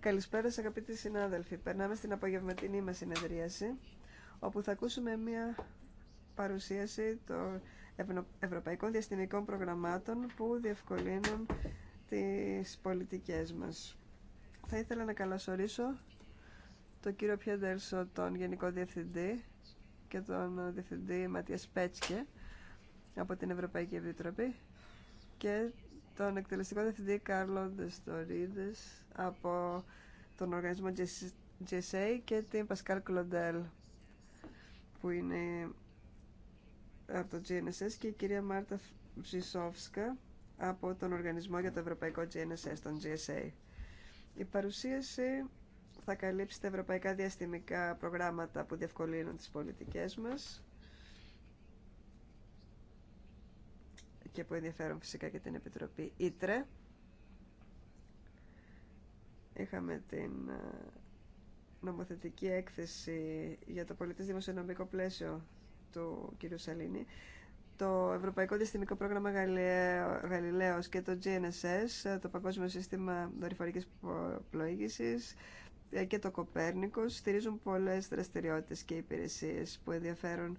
Καλησπέρα σας αγαπητοί συνάδελφοι. Περνάμε στην απογευματινή μας συνεδρίαση, όπου θα ακούσουμε μια παρουσίαση των Ευρωπαϊκών Διαστημικών Προγραμμάτων που διευκολύνουν τις πολιτικές μας. Θα ήθελα να καλωσορίσω τον κύριο Πιέντερσο, τον Γενικό Διευθυντή και τον Διευθυντή Ματία Πέτσκε από την Ευρωπαϊκή Επιτροπή και τον εκτελεστικό διευθυντή Κάρλο Ντεστορίδη από τον οργανισμό GSA και την Πασκάλ Κλοντέλ που είναι από το GNSS και η κυρία Μάρτα Ψισόφσκα από τον Οργανισμό για το Ευρωπαϊκό GNSS, τον GSA. Η παρουσίαση θα καλύψει τα ευρωπαϊκά διαστημικά προγράμματα που διευκολύνουν τις πολιτικές μας και που ενδιαφέρουν φυσικά και την Επιτροπή Ήτρε. Είχαμε την ε, νομοθετική έκθεση για το πολιτής δημοσιονομικό πλαίσιο του κ. Σαλίνη, το Ευρωπαϊκό Διαστημικό Πρόγραμμα Γαλιλαίος και το GNSS, το Παγκόσμιο Σύστημα Δορυφορικής Πλοήγησης ε, και το Κοπέρνικος στηρίζουν πολλές δραστηριότητες και υπηρεσίες που ενδιαφέρουν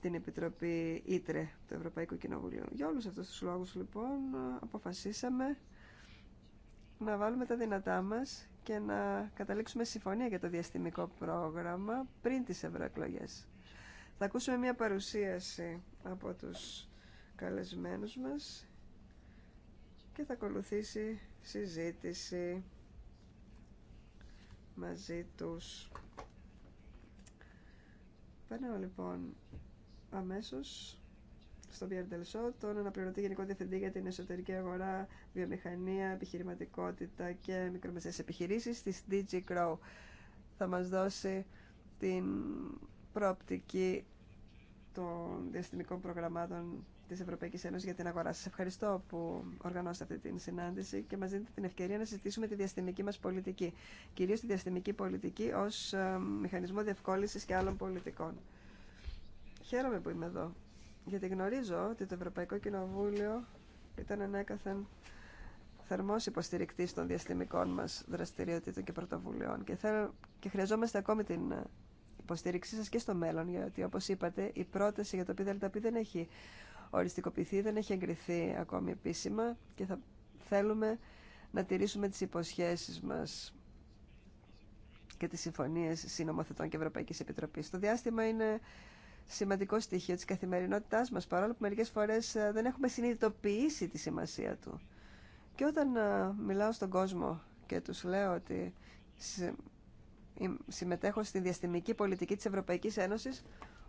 την Επιτροπή Ήτρε του Ευρωπαϊκού Κοινοβουλίου. Για όλους αυτούς τους λόγους λοιπόν αποφασίσαμε να βάλουμε τα δυνατά μας και να καταλήξουμε συμφωνία για το διαστημικό πρόγραμμα πριν τις ευρωεκλογέ. Θα ακούσουμε μια παρουσίαση από τους καλεσμένους μας και θα ακολουθήσει συζήτηση μαζί τους. Παίρνω λοιπόν Αμέσω στο Πιέρ Show τον αναπληρωτή Γενικό Διευθυντή για την Εσωτερική Αγορά, Βιομηχανία, Επιχειρηματικότητα και Μικρομεσαίες επιχειρήσει. της DG Grow. Θα μα δώσει την προοπτική των διαστημικών προγραμμάτων τη Ευρωπαϊκή Ένωση για την αγορά. Σα ευχαριστώ που οργανώσατε αυτή την συνάντηση και μα δίνετε την ευκαιρία να συζητήσουμε τη διαστημική μα πολιτική. Κυρίω τη διαστημική πολιτική ω ε, μηχανισμό διευκόλυνση και άλλων πολιτικών. Χαίρομαι που είμαι εδώ, γιατί γνωρίζω ότι το Ευρωπαϊκό Κοινοβούλιο ήταν ανέκαθεν θερμό υποστηρικτής των διαστημικών μα δραστηριοτήτων και πρωτοβουλειών και, θέλω, και χρειαζόμαστε ακόμη την υποστήριξή σα και στο μέλλον, γιατί όπω είπατε η πρόταση για το ΠΔΛΤΑΠ δεν έχει οριστικοποιηθεί, δεν έχει εγκριθεί ακόμη επίσημα και θα θέλουμε να τηρήσουμε τις υποσχέσεις μας και τις συμφωνίες συνομοθετών και Ευρωπαϊκής Επιτροπής. Το διάστημα είναι σημαντικό στοιχείο της καθημερινότητάς μας, παρόλο που μερικές φορές ε, δεν έχουμε συνειδητοποιήσει τη σημασία του. Και όταν ε, μιλάω στον κόσμο και τους λέω ότι συμμετέχω στην διαστημική πολιτική της Ευρωπαϊκής Ένωσης,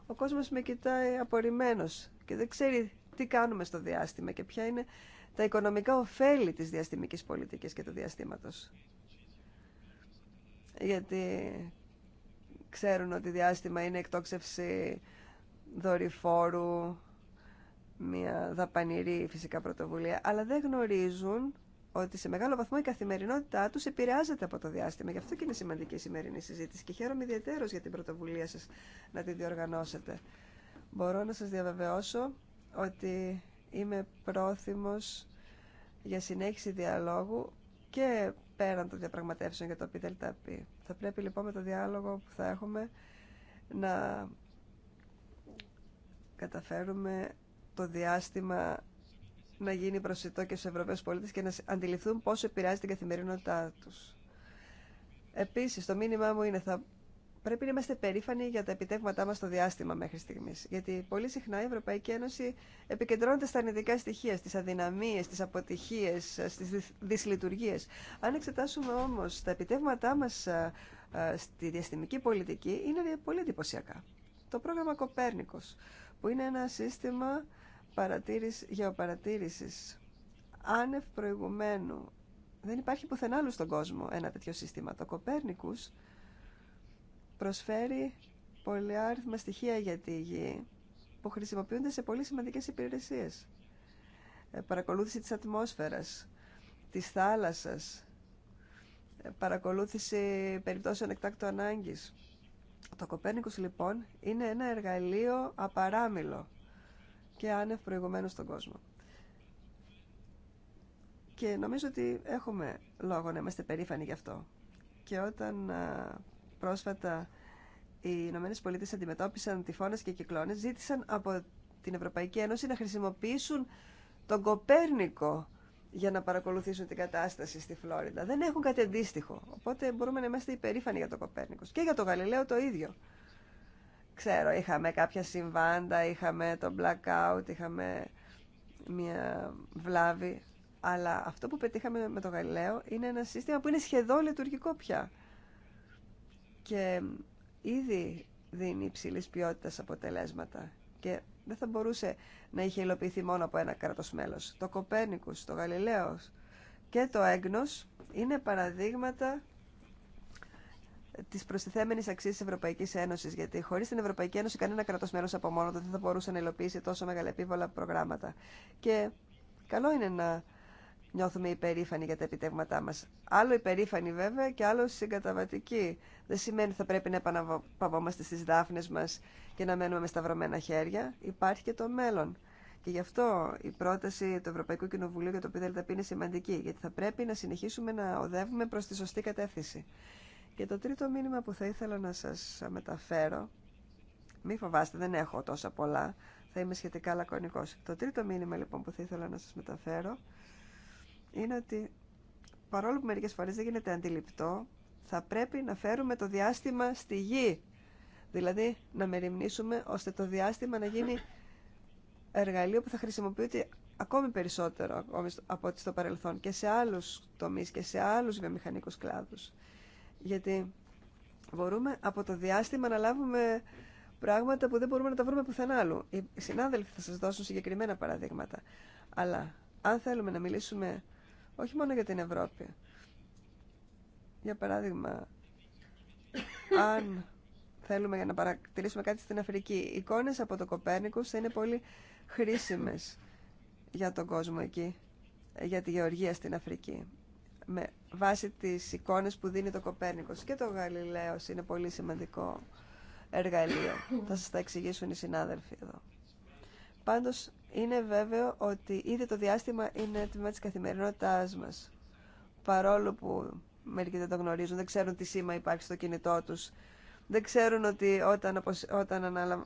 ο κόσμος με κοιτάει απορριμμένος και δεν ξέρει τι κάνουμε στο διάστημα και ποια είναι τα οικονομικά ωφέλη της διαστημικής πολιτικής και του διαστήματος. Γιατί ξέρουν ότι διάστημα είναι εκτόξευση δορυφόρου, μια δαπανηρή φυσικά πρωτοβουλία, αλλά δεν γνωρίζουν ότι σε μεγάλο βαθμό η καθημερινότητά του επηρεάζεται από το διάστημα. Γι' αυτό και είναι σημαντική η σημερινή συζήτηση και χαίρομαι ιδιαίτερω για την πρωτοβουλία σα να τη διοργανώσετε. Μπορώ να σα διαβεβαιώσω ότι είμαι πρόθυμο για συνέχιση διαλόγου και πέραν των διαπραγματεύσεων για το ΠΔΕΛΤΑΠΗ. Θα πρέπει λοιπόν με το διάλογο που θα έχουμε να καταφέρουμε το διάστημα να γίνει προσιτό και στους Ευρωπαίους πολίτες και να αντιληφθούν πόσο επηρεάζει την καθημερινότητά τους. Επίσης, το μήνυμά μου είναι θα πρέπει να είμαστε περήφανοι για τα επιτεύγματά μας στο διάστημα μέχρι στιγμής. Γιατί πολύ συχνά η Ευρωπαϊκή Ένωση επικεντρώνεται στα αρνητικά στοιχεία, στις αδυναμίες, στις αποτυχίες, στις δυσλειτουργίες. Αν εξετάσουμε όμως τα επιτεύγματά μας ε, ε, στη διαστημική πολιτική, είναι πολύ εντυπωσιακά. Το πρόγραμμα Κοπέρνικος, που είναι ένα σύστημα παρατήρηση, γεωπαρατήρησης άνευ προηγουμένου. Δεν υπάρχει πουθενά άλλο στον κόσμο ένα τέτοιο σύστημα. Το Κοπέρνικους προσφέρει άριθμα στοιχεία για τη Γη που χρησιμοποιούνται σε πολύ σημαντικές υπηρεσίες. Ε, παρακολούθηση της ατμόσφαιρας, της θάλασσας, ε, παρακολούθηση περιπτώσεων εκτάκτου ανάγκης. Το Κοπέρνικος λοιπόν είναι ένα εργαλείο απαράμιλο και άνευ προηγουμένου στον κόσμο. Και νομίζω ότι έχουμε λόγο να είμαστε περήφανοι γι' αυτό. Και όταν πρόσφατα οι Ηνωμένε Πολίτες αντιμετώπισαν τυφώνες και κυκλώνες, ζήτησαν από την Ευρωπαϊκή Ένωση να χρησιμοποιήσουν τον Κοπέρνικο για να παρακολουθήσουν την κατάσταση στη Φλόριντα. Δεν έχουν κάτι αντίστοιχο. Οπότε μπορούμε να είμαστε υπερήφανοι για το Κοπέρνικο. Και για το Γαλιλαίο το ίδιο. Ξέρω, είχαμε κάποια συμβάντα, είχαμε το blackout, είχαμε μια βλάβη. Αλλά αυτό που πετύχαμε με το Γαλιλαίο είναι ένα σύστημα που είναι σχεδόν λειτουργικό πια. Και ήδη δίνει υψηλή ποιότητα αποτελέσματα. Και δεν θα μπορούσε να είχε υλοποιηθεί μόνο από ένα κράτος μέλος. Το Κοπέρνικους, το Γαλιλαίος και το Έγνος είναι παραδείγματα τη προστιθέμενη αξία τη Ευρωπαϊκή Ένωση. Γιατί χωρί την Ευρωπαϊκή Ένωση, κανένα κράτο μέλο από μόνο του δεν θα μπορούσε να υλοποιήσει τόσο μεγάλα επίβολα προγράμματα. Και καλό είναι να νιώθουμε υπερήφανοι για τα επιτεύγματά μα. Άλλο υπερήφανοι βέβαια και άλλο συγκαταβατικοί. Δεν σημαίνει ότι θα πρέπει να επαναπαυόμαστε στι δάφνε μα και να μένουμε με σταυρωμένα χέρια. Υπάρχει και το μέλλον. Και γι' αυτό η πρόταση του Ευρωπαϊκού Κοινοβουλίου για το πιδελταπή είναι σημαντική, γιατί θα πρέπει να συνεχίσουμε να οδεύουμε προ τη σωστή κατεύθυνση. Και το τρίτο μήνυμα που θα ήθελα να σα μεταφέρω, μην φοβάστε, δεν έχω τόσα πολλά, θα είμαι σχετικά λακωνικός. Το τρίτο μήνυμα λοιπόν που θα ήθελα να σας μεταφέρω είναι ότι παρόλο που μερικές φορές δεν γίνεται αντιληπτό, θα πρέπει να φέρουμε το διάστημα στη γη. Δηλαδή να μεριμνήσουμε ώστε το διάστημα να γίνει εργαλείο που θα χρησιμοποιείται ακόμη περισσότερο από ό,τι στο παρελθόν και σε άλλους τομείς και σε άλλους βιομηχανικούς κλάδους. Γιατί μπορούμε από το διάστημα να λάβουμε πράγματα που δεν μπορούμε να τα βρούμε πουθενά άλλου. Οι συνάδελφοι θα σας δώσουν συγκεκριμένα παραδείγματα. Αλλά αν θέλουμε να μιλήσουμε όχι μόνο για την Ευρώπη. Για παράδειγμα, αν θέλουμε για να παρατηρήσουμε κάτι στην Αφρική, οι εικόνες από το Κοπέρνικο θα είναι πολύ χρήσιμες για τον κόσμο εκεί, για τη γεωργία στην Αφρική. Με βάση τις εικόνες που δίνει το Κοπέρνικος και το Γαλιλαίος είναι πολύ σημαντικό εργαλείο. θα σας τα εξηγήσουν οι συνάδελφοι εδώ. Πάντως είναι βέβαιο ότι ήδη το διάστημα είναι τμήμα της καθημερινότητάς μας. Παρόλο που μερικοί δεν το γνωρίζουν, δεν ξέρουν τι σήμα υπάρχει στο κινητό τους, δεν ξέρουν ότι όταν, όταν,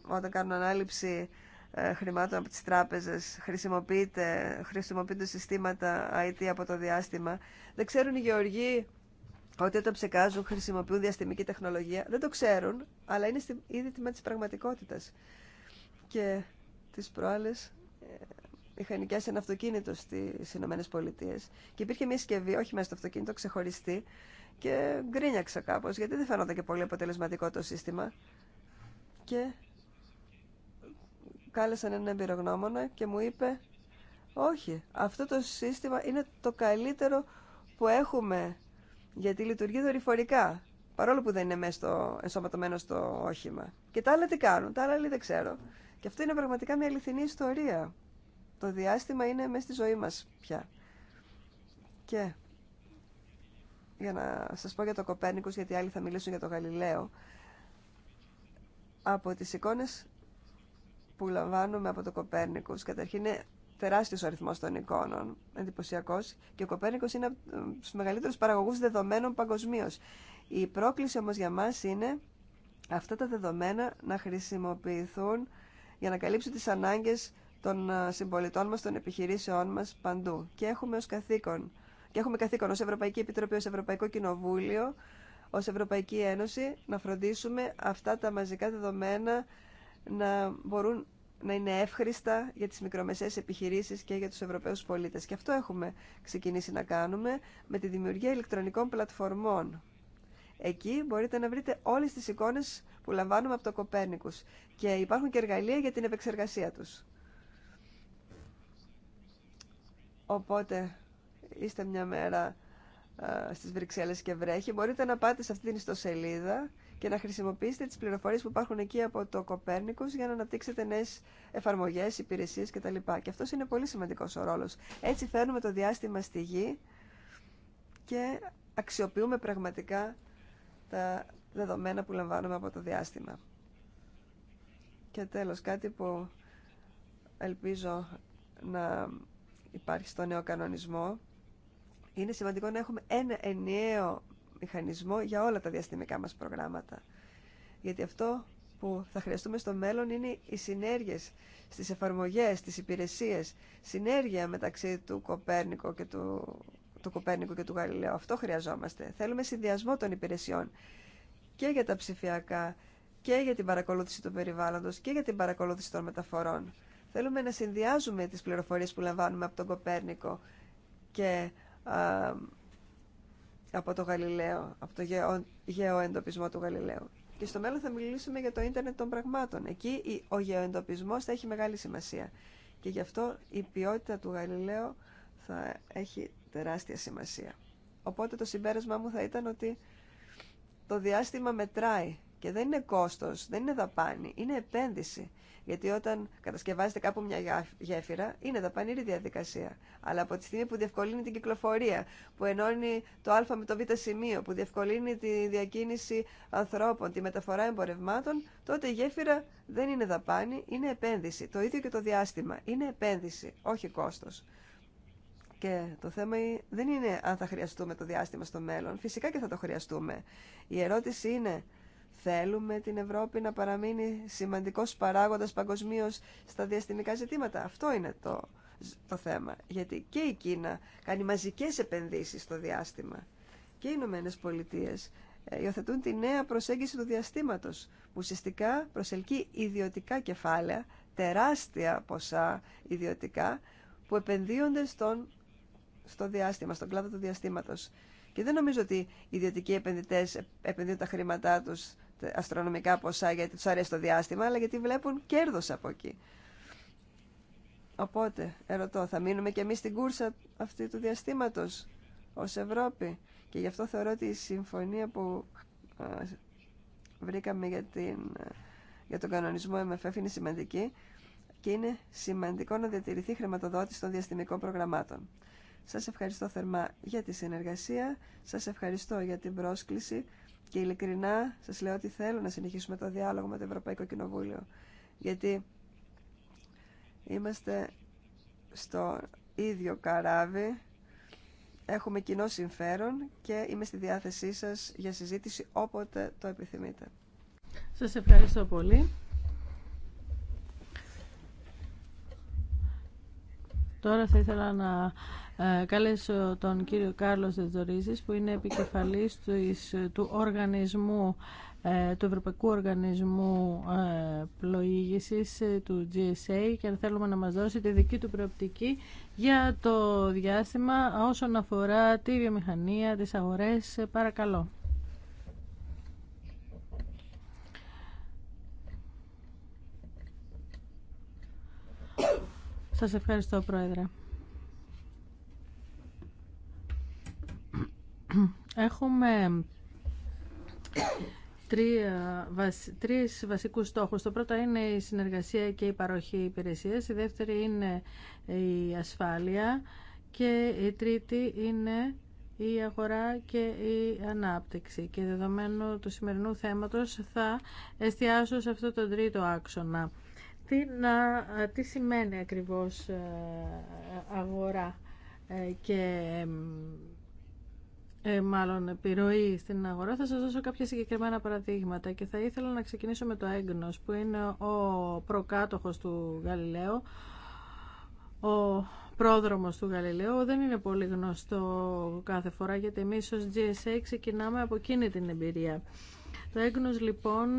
όταν κάνουν ανάληψη ε, χρημάτων από τις τράπεζες, χρησιμοποιείται, χρησιμοποιούνται συστήματα IT από το διάστημα, δεν ξέρουν οι γεωργοί ότι όταν ψεκάζουν χρησιμοποιούν διαστημική τεχνολογία. Δεν το ξέρουν, αλλά είναι ήδη τμήμα της πραγματικότητας. Και τις προάλλες είχα νοικιάσει ένα αυτοκίνητο στις Ηνωμένες Πολιτείες και υπήρχε μια συσκευή, όχι μέσα στο αυτοκίνητο, ξεχωριστή και γκρίνιαξα κάπως γιατί δεν φαίνονταν και πολύ αποτελεσματικό το σύστημα και κάλεσαν έναν εμπειρογνώμονα και μου είπε όχι, αυτό το σύστημα είναι το καλύτερο που έχουμε γιατί λειτουργεί δορυφορικά παρόλο που δεν είναι μέσα στο, ενσωματωμένο στο όχημα. Και τα άλλα τι κάνουν, τα άλλα δεν ξέρω. Και αυτό είναι πραγματικά μια αληθινή ιστορία. Το διάστημα είναι μέσα στη ζωή μας πια. Και για να σας πω για το Κοπέρνικος, γιατί άλλοι θα μιλήσουν για το Γαλιλαίο, από τις εικόνες που λαμβάνουμε από το Κοπέρνικος, καταρχήν είναι τεράστιο ο αριθμό των εικόνων, εντυπωσιακό. Και ο Κοπέρνικος είναι από του μεγαλύτερου παραγωγού δεδομένων παγκοσμίω. Η πρόκληση όμω για μα είναι αυτά τα δεδομένα να χρησιμοποιηθούν για να καλύψει τις ανάγκες των ε, συμπολιτών μας, των επιχειρήσεών μας παντού. Και έχουμε ως καθήκον, και έχουμε καθήκον ως Ευρωπαϊκή Επιτροπή, ως Ευρωπαϊκό Κοινοβούλιο, ως Ευρωπαϊκή Ένωση να φροντίσουμε αυτά τα μαζικά δεδομένα να μπορούν να είναι εύχρηστα για τις μικρομεσαίες επιχειρήσεις και για τους Ευρωπαίους πολίτες. Και αυτό έχουμε ξεκινήσει να κάνουμε με τη δημιουργία ηλεκτρονικών πλατφορμών Εκεί μπορείτε να βρείτε όλες τις εικόνες που λαμβάνουμε από το Κοπέρνικους και υπάρχουν και εργαλεία για την επεξεργασία τους. Οπότε είστε μια μέρα στις Βρυξέλλες και βρέχει, μπορείτε να πάτε σε αυτήν την ιστοσελίδα και να χρησιμοποιήσετε τις πληροφορίες που υπάρχουν εκεί από το κοπέρνικος για να αναπτύξετε νέες εφαρμογές, υπηρεσίες κτλ. Και αυτό είναι πολύ σημαντικός ο ρόλος. Έτσι φέρνουμε το διάστημα στη γη και αξιοποιούμε πραγματικά τα δεδομένα που λαμβάνουμε από το διάστημα. Και τέλος, κάτι που ελπίζω να υπάρχει στο νέο κανονισμό, είναι σημαντικό να έχουμε ένα ενιαίο μηχανισμό για όλα τα διαστημικά μας προγράμματα. Γιατί αυτό που θα χρειαστούμε στο μέλλον είναι οι συνέργειες στις εφαρμογές, στις υπηρεσίες, συνέργεια μεταξύ του Κοπέρνικο και του του Κοπέρνικου και του Γαλιλαίου. Αυτό χρειαζόμαστε. Θέλουμε συνδυασμό των υπηρεσιών και για τα ψηφιακά και για την παρακολούθηση του περιβάλλοντος και για την παρακολούθηση των μεταφορών. Θέλουμε να συνδυάζουμε τις πληροφορίες που λαμβάνουμε από τον Κοπέρνικο και α, από το Γαλιλαίο, από το γεω, γεωεντοπισμό του Γαλιλαίου. Και στο μέλλον θα μιλήσουμε για το ίντερνετ των πραγμάτων. Εκεί ο γεωεντοπισμός θα έχει μεγάλη σημασία. Και γι' αυτό η ποιότητα του Γαλιλαίου θα έχει τεράστια σημασία. Οπότε το συμπέρασμά μου θα ήταν ότι το διάστημα μετράει και δεν είναι κόστος, δεν είναι δαπάνη, είναι επένδυση. Γιατί όταν κατασκευάζεται κάπου μια γέφυρα, είναι δαπανήρη διαδικασία. Αλλά από τη στιγμή που διευκολύνει την κυκλοφορία, που ενώνει το Α με το Β σημείο, που διευκολύνει τη διακίνηση ανθρώπων, τη μεταφορά εμπορευμάτων, τότε η γέφυρα δεν είναι δαπάνη, είναι επένδυση. Το ίδιο και το διάστημα. Είναι επένδυση, όχι κόστος. Και το θέμα δεν είναι αν θα χρειαστούμε το διάστημα στο μέλλον. Φυσικά και θα το χρειαστούμε. Η ερώτηση είναι, θέλουμε την Ευρώπη να παραμείνει σημαντικός παράγοντας παγκοσμίω στα διαστημικά ζητήματα. Αυτό είναι το, το θέμα. Γιατί και η Κίνα κάνει μαζικές επενδύσεις στο διάστημα. Και οι Ηνωμένε Πολιτείε ε, υιοθετούν τη νέα προσέγγιση του διαστήματος, που ουσιαστικά προσελκύει ιδιωτικά κεφάλαια, τεράστια ποσά ιδιωτικά, που επενδύονται στον στο διάστημα, στον κλάδο του διαστήματο. Και δεν νομίζω ότι οι ιδιωτικοί επενδυτέ επενδύουν τα χρήματά του αστρονομικά ποσά γιατί του αρέσει το διάστημα, αλλά γιατί βλέπουν κέρδο από εκεί. Οπότε, ερωτώ, θα μείνουμε και εμεί στην κούρσα αυτή του διαστήματο ω Ευρώπη. Και γι' αυτό θεωρώ ότι η συμφωνία που ε, βρήκαμε για, την, ε, για τον κανονισμό MFF είναι σημαντική και είναι σημαντικό να διατηρηθεί χρηματοδότηση των διαστημικών προγραμμάτων. Σας ευχαριστώ θερμά για τη συνεργασία, σας ευχαριστώ για την πρόσκληση και ειλικρινά σας λέω ότι θέλω να συνεχίσουμε το διάλογο με το Ευρωπαϊκό Κοινοβούλιο γιατί είμαστε στο ίδιο καράβι, έχουμε κοινό συμφέρον και είμαι στη διάθεσή σας για συζήτηση όποτε το επιθυμείτε. Σας ευχαριστώ πολύ. Τώρα θα ήθελα να ε, κάλεσε τον κύριο Κάρλος Δεδορίζης που είναι επικεφαλής του οργανισμού ε, του Ευρωπαϊκού Οργανισμού ε, Πλοήγησης του GSA και αν θέλουμε να μας δώσει τη δική του προοπτική για το διάστημα όσον αφορά τη βιομηχανία, τις αγορές. Παρακαλώ. Σας ευχαριστώ, Πρόεδρε. Έχουμε τρία, τρεις βασικούς στόχους. Το πρώτο είναι η συνεργασία και η παροχή υπηρεσίας. Η δεύτερη είναι η ασφάλεια. Και η τρίτη είναι η αγορά και η ανάπτυξη. Και δεδομένου του σημερινού θέματος θα εστιάσω σε αυτό το τρίτο άξονα. Τι, να, τι σημαίνει ακριβώς ε, αγορά ε, και ε, μάλλον επιρροή στην αγορά, θα σας δώσω κάποια συγκεκριμένα παραδείγματα και θα ήθελα να ξεκινήσω με το άγνωστο που είναι ο προκάτοχος του Γαλιλαίου, ο πρόδρομος του Γαλιλαίου δεν είναι πολύ γνωστό κάθε φορά γιατί εμείς ως GSA ξεκινάμε από εκείνη την εμπειρία. Το άγνωστο λοιπόν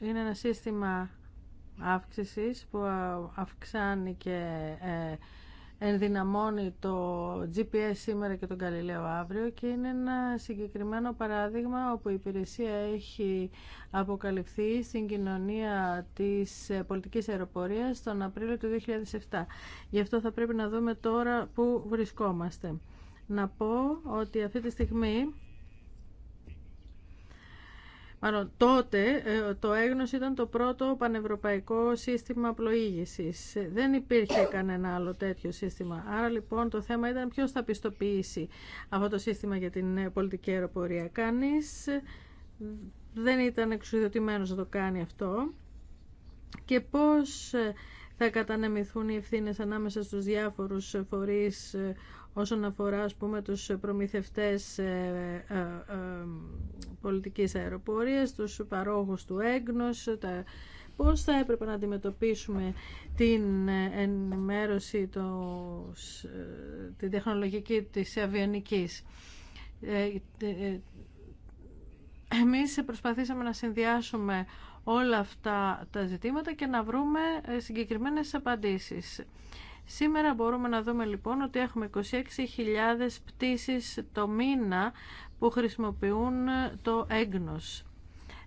είναι ένα σύστημα αύξησης που αυξάνει και ε, ενδυναμώνει το GPS σήμερα και τον Καλλιλέο αύριο και είναι ένα συγκεκριμένο παράδειγμα όπου η υπηρεσία έχει αποκαλυφθεί στην κοινωνία της πολιτικής αεροπορίας τον Απρίλιο του 2007. Γι' αυτό θα πρέπει να δούμε τώρα πού βρισκόμαστε. Να πω ότι αυτή τη στιγμή τότε ε, το έγνωση ήταν το πρώτο πανευρωπαϊκό σύστημα πλοήγησης. Δεν υπήρχε κανένα άλλο τέτοιο σύστημα. Άρα λοιπόν το θέμα ήταν ποιος θα πιστοποιήσει αυτό το σύστημα για την ε, πολιτική αεροπορία. Κανείς ε, δεν ήταν εξουσιοδοτημένος να το κάνει αυτό. Και πώς θα κατανεμηθούν οι ευθύνες ανάμεσα στους διάφορους φορείς όσον αφορά ας πούμε τους προμηθευτές ε, ε, ε, πολιτικής αεροπορίας, τους παρόχους του έγνος, τα, πώς θα έπρεπε να αντιμετωπίσουμε την ενημέρωση, το, την τεχνολογική της αβιονικής. Εμείς προσπαθήσαμε να συνδυάσουμε όλα αυτά τα ζητήματα και να βρούμε συγκεκριμένες απαντήσεις. Σήμερα μπορούμε να δούμε λοιπόν ότι έχουμε 26.000 πτήσεις το μήνα που χρησιμοποιούν το έγνος.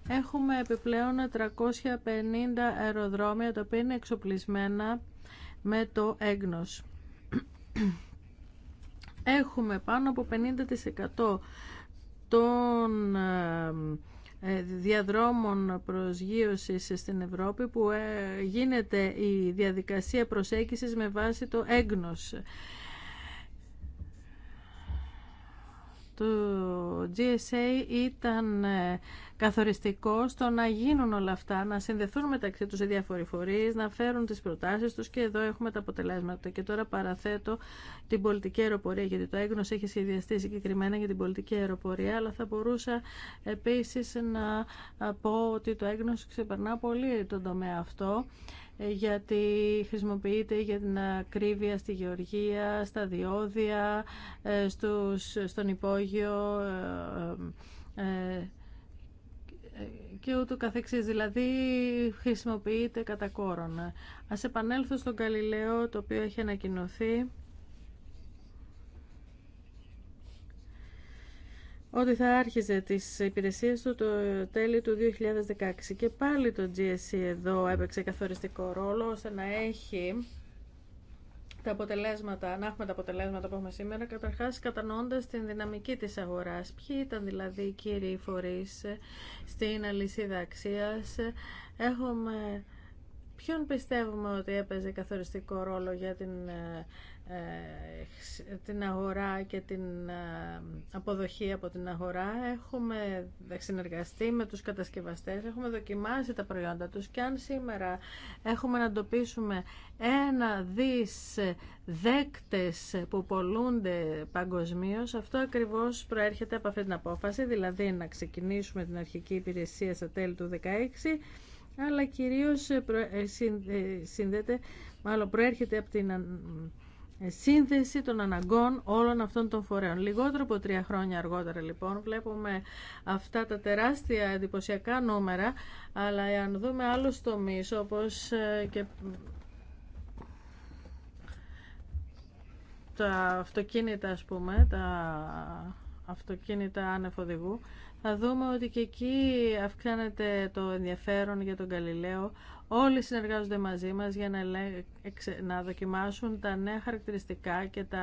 Έχουμε επιπλέον 350 αεροδρόμια τα οποία είναι εξοπλισμένα με το έγνος. Έχουμε πάνω από 50% των ε, ε, διαδρόμων προσγείωσης στην Ευρώπη που ε, γίνεται η διαδικασία προσέγγισης με βάση το έγνος. Το GSA ήταν ε, καθοριστικό στο να γίνουν όλα αυτά, να συνδεθούν μεταξύ τους οι διάφοροι φορείς, να φέρουν τις προτάσεις τους και εδώ έχουμε τα αποτελέσματα. Και τώρα παραθέτω την πολιτική αεροπορία, γιατί το έγνος έχει σχεδιαστεί συγκεκριμένα για την πολιτική αεροπορία, αλλά θα μπορούσα επίσης να πω ότι το έγνος ξεπερνά πολύ τον τομέα αυτό. Ε, γιατί χρησιμοποιείται για την ακρίβεια στη γεωργία, στα διόδια, ε, στους, στον υπόγειο ε, και ούτω καθεξής. Δηλαδή χρησιμοποιείται κατά κόρονα. Ας επανέλθω στον Καλλιλέο, το οποίο έχει ανακοινωθεί ότι θα άρχιζε τις υπηρεσίες του το τέλη του 2016. Και πάλι το GSE εδώ έπαιξε καθοριστικό ρόλο ώστε να έχει τα αποτελέσματα, να έχουμε τα αποτελέσματα που έχουμε σήμερα, καταρχάς κατανοώντας την δυναμική της αγοράς. Ποιοι ήταν δηλαδή οι κύριοι φορείς στην αλυσίδα αξίας. Έχουμε Ποιον πιστεύουμε ότι έπαιζε καθοριστικό ρόλο για την ε, την αγορά και την ε, αποδοχή από την αγορά. Έχουμε συνεργαστεί με τους κατασκευαστές, έχουμε δοκιμάσει τα προϊόντα τους και αν σήμερα έχουμε να εντοπίσουμε ένα δις δέκτες που πολλούνται παγκοσμίω, αυτό ακριβώς προέρχεται από αυτή την απόφαση, δηλαδή να ξεκινήσουμε την αρχική υπηρεσία στα τέλη του 2016 αλλά κυρίως ε, συνδέεται, μάλλον προέρχεται από την ε, σύνδεση των αναγκών όλων αυτών των φορέων. Λιγότερο από τρία χρόνια αργότερα λοιπόν βλέπουμε αυτά τα τεράστια εντυπωσιακά νούμερα, αλλά αν δούμε άλλους τομεί όπως ε, και τα αυτοκίνητα ας πούμε, τα αυτοκίνητα άνευ θα δούμε ότι και εκεί αυξάνεται το ενδιαφέρον για τον Γαλιλαίο Όλοι συνεργάζονται μαζί μας για να, δοκιμάσουν τα νέα χαρακτηριστικά και τα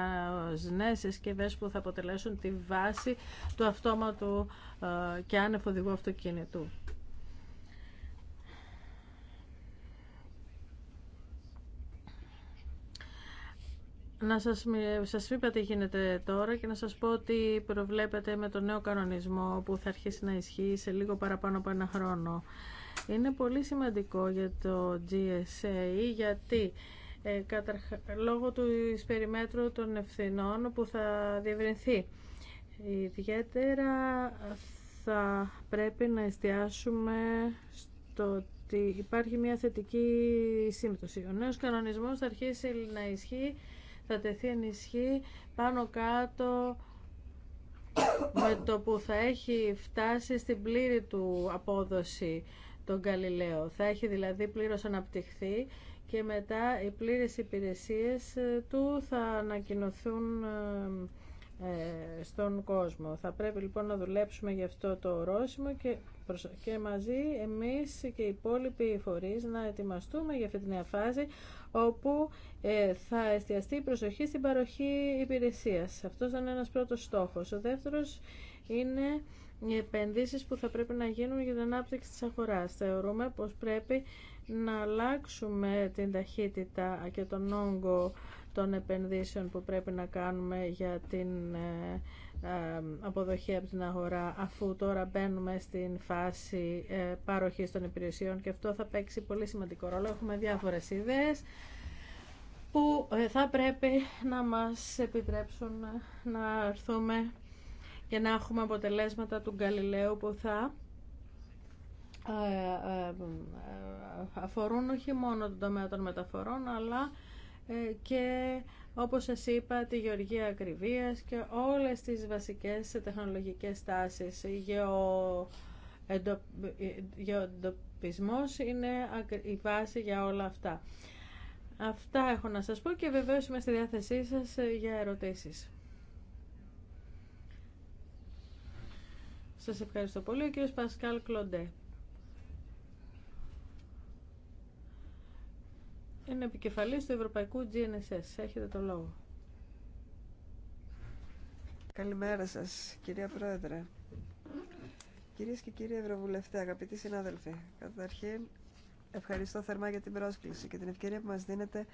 νέες συσκευέ που θα αποτελέσουν τη βάση του αυτόματου ε, και άνευ οδηγού αυτοκίνητου. Να σας, σας είπα τι γίνεται τώρα και να σας πω ότι προβλέπετε με τον νέο κανονισμό που θα αρχίσει να ισχύει σε λίγο παραπάνω από ένα χρόνο. Είναι πολύ σημαντικό για το GSA γιατί ε, λόγω του περιμέτρου των ευθυνών που θα διευρυνθεί. Ιδιαίτερα θα πρέπει να εστιάσουμε στο ότι υπάρχει μια θετική σύμπτωση. Ο νέος κανονισμός θα αρχίσει να ισχύει, θα τεθεί εν ισχύ πάνω κάτω με το που θα έχει φτάσει στην πλήρη του απόδοση τον Γαλιλαίο. Θα έχει δηλαδή πλήρως αναπτυχθεί και μετά οι πλήρες υπηρεσίες ε, του θα ανακοινωθούν ε, ε, στον κόσμο. Θα πρέπει λοιπόν να δουλέψουμε γι' αυτό το ορόσημο και, και μαζί εμείς και οι υπόλοιποι φορείς να ετοιμαστούμε για αυτή τη νέα φάση όπου θα εστιαστεί η προσοχή στην παροχή υπηρεσίας. Αυτός ήταν ένας πρώτος στόχος. Ο δεύτερος είναι οι επενδύσεις που θα πρέπει να γίνουν για την ανάπτυξη της αγοράς. Θεωρούμε πως πρέπει να αλλάξουμε την ταχύτητα και τον όγκο των επενδύσεων που πρέπει να κάνουμε για την ε, ε, αποδοχή από την αγορά αφού τώρα μπαίνουμε στην φάση ε, παροχής των υπηρεσιών και αυτό θα παίξει πολύ σημαντικό ρόλο. Έχουμε διάφορες ιδέες που θα πρέπει να μας επιτρέψουν να έρθουμε για να έχουμε αποτελέσματα του Γκαλιλαίου που θα ε, ε, αφορούν όχι μόνο τον τομέα των μεταφορών αλλά ε, και όπως σας είπα τη γεωργία ακριβίας και όλες τις βασικές τεχνολογικές τάσεις. Γεω... Εντο... είναι η βάση για όλα αυτά. Αυτά έχω να σας πω και βεβαίως είμαι στη διάθεσή σας για ερωτήσεις. Σας ευχαριστώ πολύ. Ο κύριος Πασκάλ Κλοντέ. Είναι επικεφαλής του Ευρωπαϊκού GNSS. Έχετε το λόγο. Καλημέρα σας, κυρία Πρόεδρε. Κυρίες και κύριοι Ευρωβουλευτέ, αγαπητοί συνάδελφοι, καταρχήν ευχαριστώ θερμά για την πρόσκληση και την ευκαιρία που μας δίνετε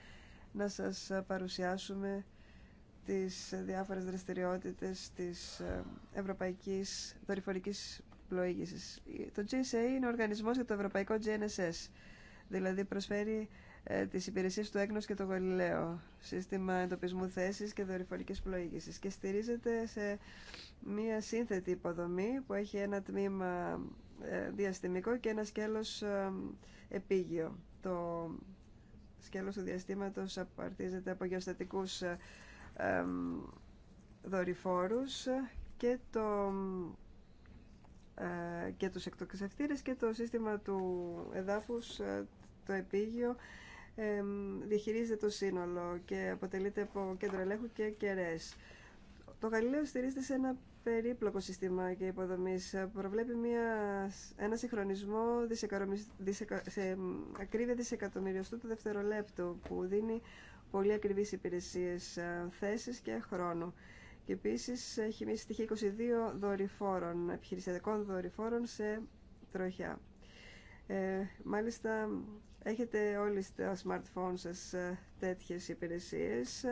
να σας παρουσιάσουμε τις διάφορες δραστηριότητες της ε, Ευρωπαϊκής Δορυφορικής Πλοήγησης. Το GSA είναι ο οργανισμός για το Ευρωπαϊκό GNSS, δηλαδή προσφέρει ε, τις υπηρεσίες του έγνος και το γολιλαίο, σύστημα εντοπισμού θέσης και δορυφορικής πλοήγησης και στηρίζεται σε μία σύνθετη υποδομή που έχει ένα τμήμα ε, διαστημικό και ένα σκέλος επίγειο. Το σκέλος του διαστήματος απαρτίζεται από γεωστατικούς δορυφόρους και, το, ε, και τους εκτοξευτήρες και το σύστημα του εδάφους, ε, το επίγειο, διαχειρίζεται το σύνολο και αποτελείται από κέντρο ελέγχου και κέρες. Το Γαλιλαίο στηρίζεται σε ένα περίπλοκο σύστημα και υποδομής. Προβλέπει μια, ένα συγχρονισμό δισεκα, σε ακρίβεια δισεκατομμυριωστού του δευτερολέπτου που δίνει πολύ ακριβείς υπηρεσίες ε, θέσεις και χρόνου. Και επίσης έχει μια στοιχεία 22 δορυφόρων, επιχειρησιακών δορυφόρων σε τροχιά. Ε, μάλιστα έχετε όλοι στα smartphone σας ε, τέτοιες υπηρεσίες.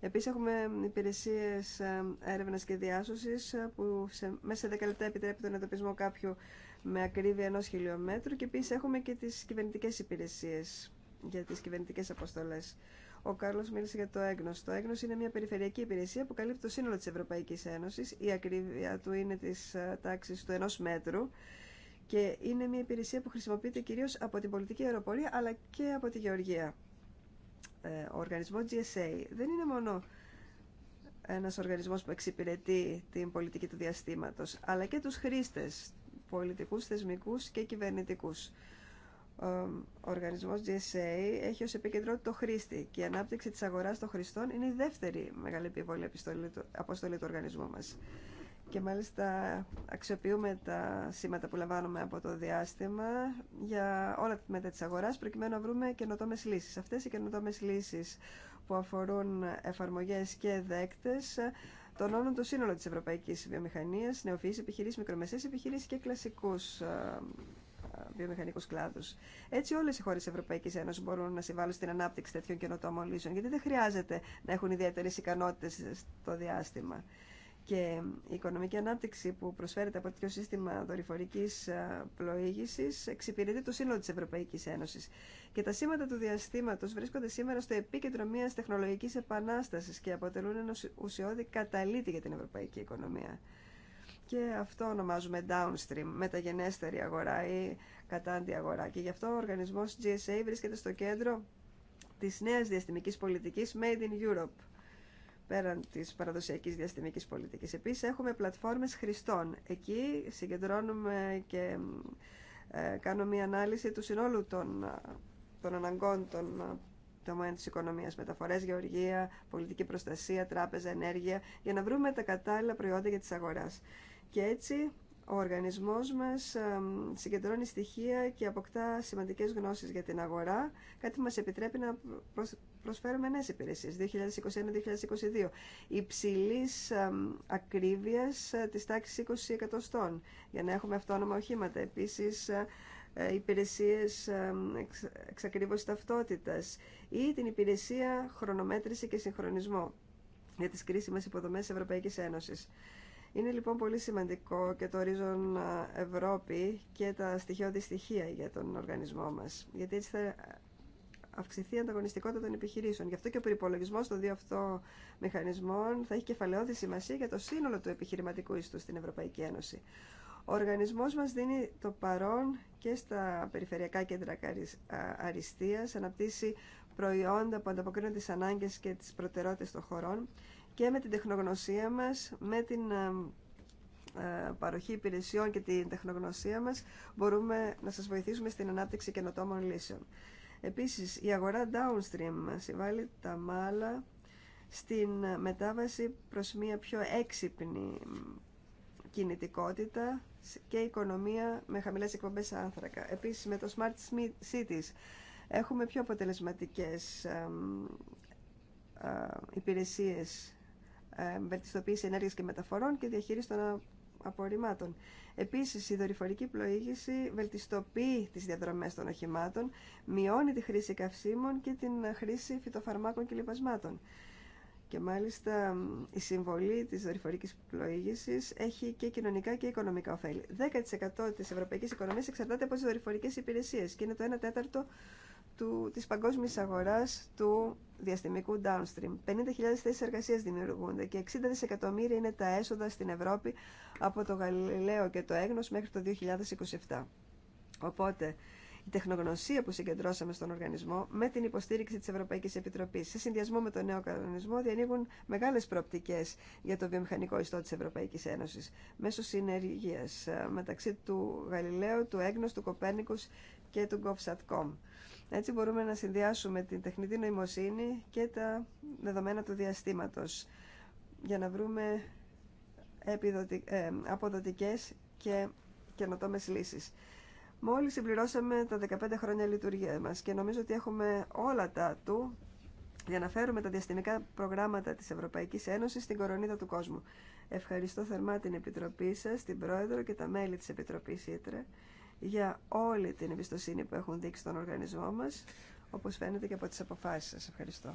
Επίσης έχουμε υπηρεσίες ε, έρευνας και διάσωσης που σε, μέσα σε 10 λεπτά επιτρέπει τον εντοπισμό κάποιου με ακρίβεια ενό χιλιόμετρου και επίσης έχουμε και τις κυβερνητικές υπηρεσίες για τις κυβερνητικές αποστολές. Ο Κάρλο μίλησε για το Έγνωστο. Το έγνος είναι μια περιφερειακή υπηρεσία που καλύπτει το σύνολο τη Ευρωπαϊκή Ένωση. Η ακρίβεια του είναι τη ε, τάξη του ενό μέτρου και είναι μια υπηρεσία που χρησιμοποιείται κυρίω από την πολιτική αεροπορία αλλά και από τη γεωργία. Ε, ο οργανισμό GSA δεν είναι μόνο ένα οργανισμό που εξυπηρετεί την πολιτική του διαστήματο αλλά και του χρήστε, πολιτικού, θεσμικού και κυβερνητικού ο ε, οργανισμός GSA έχει ως επίκεντρό το χρήστη και η ανάπτυξη της αγοράς των χρηστών είναι η δεύτερη μεγάλη επιβολή αποστολή του οργανισμού μας. Και μάλιστα αξιοποιούμε τα σήματα που λαμβάνουμε από το διάστημα για όλα τα τμήματα της αγοράς προκειμένου να βρούμε καινοτόμες λύσεις. Αυτές οι καινοτόμες λύσεις που αφορούν εφαρμογές και δέκτες ε, τονώνουν το σύνολο της ευρωπαϊκής βιομηχανίας, νεοφυείς επιχειρήσεις, μικρομεσαίες επιχειρήσεις και κλασικούς ε, βιομηχανικού κλάδου. Έτσι, όλε οι χώρε τη Ευρωπαϊκή Ένωση μπορούν να συμβάλλουν στην ανάπτυξη τέτοιων καινοτόμων λύσεων, γιατί δεν χρειάζεται να έχουν ιδιαίτερε ικανότητε στο διάστημα. Και η οικονομική ανάπτυξη που προσφέρεται από τέτοιο σύστημα δορυφορική ε, πλοήγηση εξυπηρετεί το σύνολο τη Ευρωπαϊκή Ένωση. Και τα σήματα του διαστήματο βρίσκονται σήμερα στο επίκεντρο μια τεχνολογική επανάσταση και αποτελούν ένα ουσιώδη καταλήτη για την ευρωπαϊκή οικονομία. Και αυτό ονομάζουμε downstream, μεταγενέστερη αγορά ή κατάντη αγορά. Και γι' αυτό ο οργανισμός GSA βρίσκεται στο κέντρο της νέας διαστημικής πολιτικής Made in Europe, πέραν τη παραδοσιακή διαστημική πολιτική. Επίση έχουμε πλατφόρμες χρηστών. Εκεί συγκεντρώνουμε και ε, κάνω μια ανάλυση του συνόλου των, των αναγκών των ε, τομέων τη οικονομία, μεταφορέ, γεωργία, πολιτική προστασία, τράπεζα, ενέργεια, για να βρούμε τα κατάλληλα προϊόντα για τι αγορά. Και έτσι ο οργανισμός μας συγκεντρώνει στοιχεία και αποκτά σημαντικές γνώσεις για την αγορά, κάτι που μας επιτρέπει να προσφέρουμε νέες υπηρεσίες 2021-2022, υψηλής ακρίβειας ε, της τάξης 20 εκατοστών, για να έχουμε αυτόνομα οχήματα. Επίσης, ε, ε, υπηρεσίες εξακρίβωση ταυτότητας ή την υπηρεσία χρονομέτρηση και συγχρονισμό για τις κρίσιμες υποδομές Ευρωπαϊκής Ένωσης. Είναι λοιπόν πολύ σημαντικό και το ορίζον ε, Ευρώπη και τα στοιχειώδη στοιχεία για τον οργανισμό μας, γιατί έτσι θα αυξηθεί η ανταγωνιστικότητα των επιχειρήσεων. Γι' αυτό και ο προπολογισμό των δύο αυτών μηχανισμών θα έχει κεφαλαιώδη σημασία για το σύνολο του επιχειρηματικού ιστού στην Ευρωπαϊκή Ένωση. Ο οργανισμό μα δίνει το παρόν και στα περιφερειακά κέντρα αριστείας, αναπτύσσει προϊόντα που ανταποκρίνονται τι ανάγκε και τι προτεραιότητες των χωρών και με την τεχνογνωσία μας, με την ε, ε, παροχή υπηρεσιών και την τεχνογνωσία μας μπορούμε να σας βοηθήσουμε στην ανάπτυξη καινοτόμων λύσεων. Επίσης, η αγορά downstream συμβάλλει τα μάλα στην μετάβαση προς μια πιο έξυπνη κινητικότητα και οικονομία με χαμηλές εκπομπές άνθρακα. Επίσης, με το Smart Cities έχουμε πιο αποτελεσματικές ε, υπηρεσίες ε, βελτιστοποίηση ενέργειας και μεταφορών και διαχείριση των απορριμμάτων. Επίσης, η δορυφορική πλοήγηση βελτιστοποιεί τις διαδρομές των οχημάτων, μειώνει τη χρήση καυσίμων και την χρήση φυτοφαρμάκων και λιπασμάτων. Και μάλιστα η συμβολή της δορυφορικής πλοήγησης έχει και κοινωνικά και οικονομικά ωφέλη. 10% της ευρωπαϊκής οικονομίας εξαρτάται από τις δορυφορικές υπηρεσίες και είναι το 1 τέταρτο του, της παγκόσμιας αγοράς του διαστημικού downstream. 50.000 θέσει εργασία δημιουργούνται και 60 δισεκατομμύρια είναι τα έσοδα στην Ευρώπη από το Γαλιλαίο και το Έγνος μέχρι το 2027. Οπότε, η τεχνογνωσία που συγκεντρώσαμε στον οργανισμό με την υποστήριξη της Ευρωπαϊκής Επιτροπής σε συνδυασμό με τον νέο κανονισμό διανοίγουν μεγάλες προοπτικές για το βιομηχανικό ιστό τη Ευρωπαϊκή Ένωση. μέσω συνεργίας ε, μεταξύ του Γαλιλαίου, του Έγνος, του Κοπέρνικου και του GovSatcom. Έτσι μπορούμε να συνδυάσουμε την τεχνητή νοημοσύνη και τα δεδομένα του διαστήματος για να βρούμε ε, αποδοτικές και καινοτόμες λύσεις. Μόλις συμπληρώσαμε τα 15 χρόνια λειτουργία μας και νομίζω ότι έχουμε όλα τα του για να φέρουμε τα διαστημικά προγράμματα της Ευρωπαϊκής Ένωσης στην κορονίδα του κόσμου. Ευχαριστώ θερμά την Επιτροπή σας, την Πρόεδρο και τα μέλη της Επιτροπής Ήτρε για όλη την εμπιστοσύνη που έχουν δείξει στον οργανισμό μας, όπως φαίνεται και από τις αποφάσεις σας. Ευχαριστώ.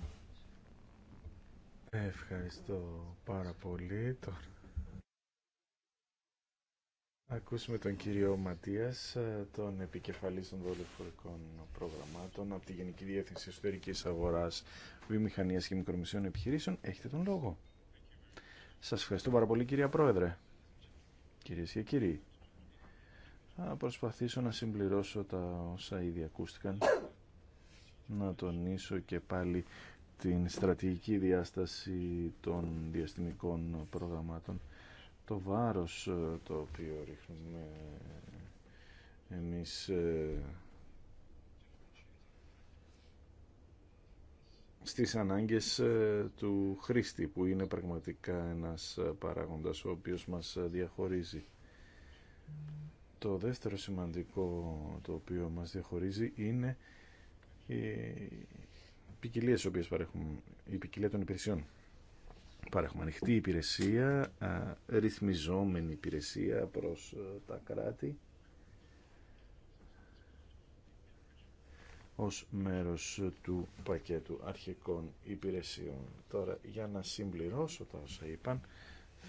Ευχαριστώ πάρα πολύ. Τώρα... Ακούσουμε τον κύριο Ματίας, ε, τον επικεφαλής των δολοφορικών προγραμμάτων από τη Γενική Διεύθυνση Εσωτερικής Αγοράς, Βιομηχανίας και Μικρομεσαίων Επιχειρήσεων. Έχετε τον λόγο. Σας ευχαριστώ πάρα πολύ κυρία Πρόεδρε. Κυρίες και κύριοι, θα προσπαθήσω να συμπληρώσω τα όσα ήδη ακούστηκαν. Να τονίσω και πάλι την στρατηγική διάσταση των διαστημικών προγραμμάτων. Το βάρος ε, το οποίο ρίχνουμε εμείς ε, στις ανάγκες ε, του χρήστη που είναι πραγματικά ένας παράγοντας ο οποίος μας διαχωρίζει. Το δεύτερο σημαντικό το οποίο μας διαχωρίζει είναι οι ποικιλίε οποίες η ποικιλία των υπηρεσιών. Παρέχουμε ανοιχτή υπηρεσία, ρυθμιζόμενη υπηρεσία προς ε, τα κράτη ως μέρος του πακέτου αρχικών υπηρεσιών. Τώρα για να συμπληρώσω τα όσα είπαν,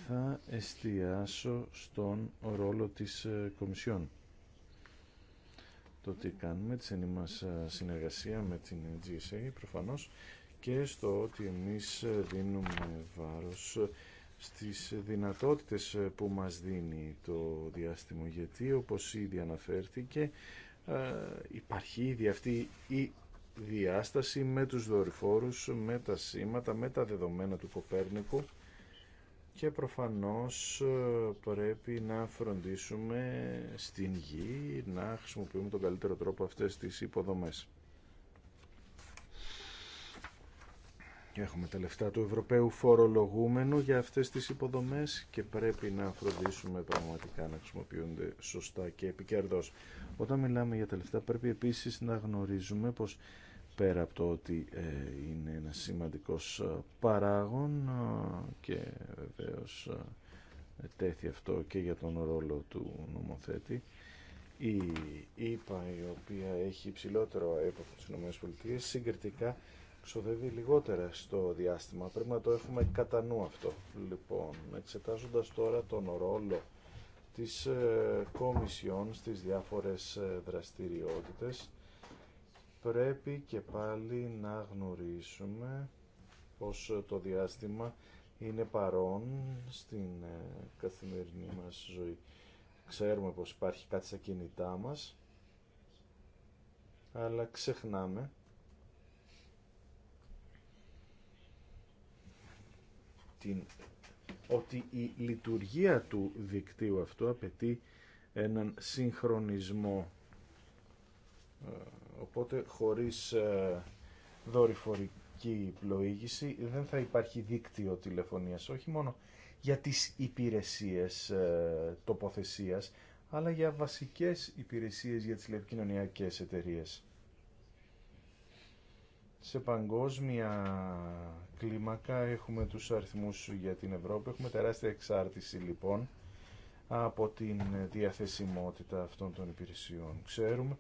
θα εστιάσω στον ρόλο της ε, Κομισιόν. Το τι κάνουμε, τη στενή μας ε, συνεργασία με την GSA προφανώς και στο ότι εμείς ε, δίνουμε βάρος στις δυνατότητες που μας δίνει το διάστημα γιατί όπως ήδη αναφέρθηκε υπάρχει ήδη αυτή η διάσταση με τους δορυφόρους, με τα σήματα, με τα δεδομένα του Κοπέρνικου και προφανώς ε, πρέπει να φροντίσουμε στην γη να χρησιμοποιούμε τον καλύτερο τρόπο αυτές τις υποδομές. Έχουμε τα λεφτά του Ευρωπαίου φορολογούμενου για αυτές τις υποδομές και πρέπει να φροντίσουμε πραγματικά να χρησιμοποιούνται σωστά και επικέρδως. Όταν μιλάμε για τα λεφτά πρέπει επίσης να γνωρίζουμε πως πέρα από το ότι ε, είναι ένα σημαντικός ε, παράγων ε, και βεβαίως τέθη αυτό και για τον ρόλο του νομοθέτη η ΕΠΑ η οποία έχει υψηλότερο έποπτο από ΗΠΑ συγκριτικά ξοδεύει λιγότερα στο διάστημα πρέπει να το έχουμε κατά νου αυτό λοιπόν εξετάζοντας τώρα τον ρόλο της Κομισιόν στις διάφορες δραστηριότητες πρέπει και πάλι να γνωρίσουμε πως το διάστημα είναι παρόν στην ε, καθημερινή μας ζωή. Ξέρουμε πως υπάρχει κάτι στα κινητά μας, αλλά ξεχνάμε την, ότι η λειτουργία του δικτύου αυτού απαιτεί έναν συγχρονισμό ε, Οπότε χωρίς ε, δορυφορική πλοήγηση δεν θα υπάρχει δίκτυο τηλεφωνίας, όχι μόνο για τις υπηρεσίες ε, τοποθεσίας, αλλά για βασικές υπηρεσίες για τις λευκοινωνιακές εταιρείες. Σε παγκόσμια κλίμακα έχουμε τους αριθμούς για την Ευρώπη, έχουμε τεράστια εξάρτηση λοιπόν από την διαθεσιμότητα αυτών των υπηρεσιών. Ξέρουμε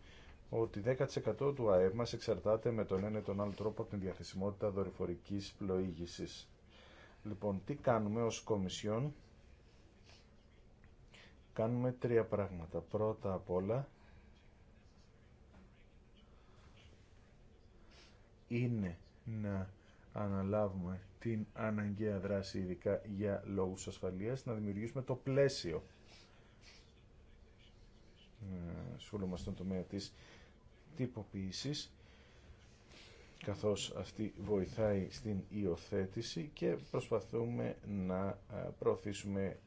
ότι 10% του ΑΕΠ μας εξαρτάται με τον ένα ή τον άλλο τρόπο από την διαθεσιμότητα δορυφορικής πλοήγησης. Λοιπόν, τι κάνουμε ως Κομισιόν. Κάνουμε τρία πράγματα. Πρώτα απ' όλα είναι να αναλάβουμε την αναγκαία δράση ειδικά για λόγους ασφαλείας, να δημιουργήσουμε το πλαίσιο. Σχολούμαστε στον τομέα της τυποποίησης καθώς αυτή βοηθάει στην υιοθέτηση και προσπαθούμε να ε, προωθήσουμε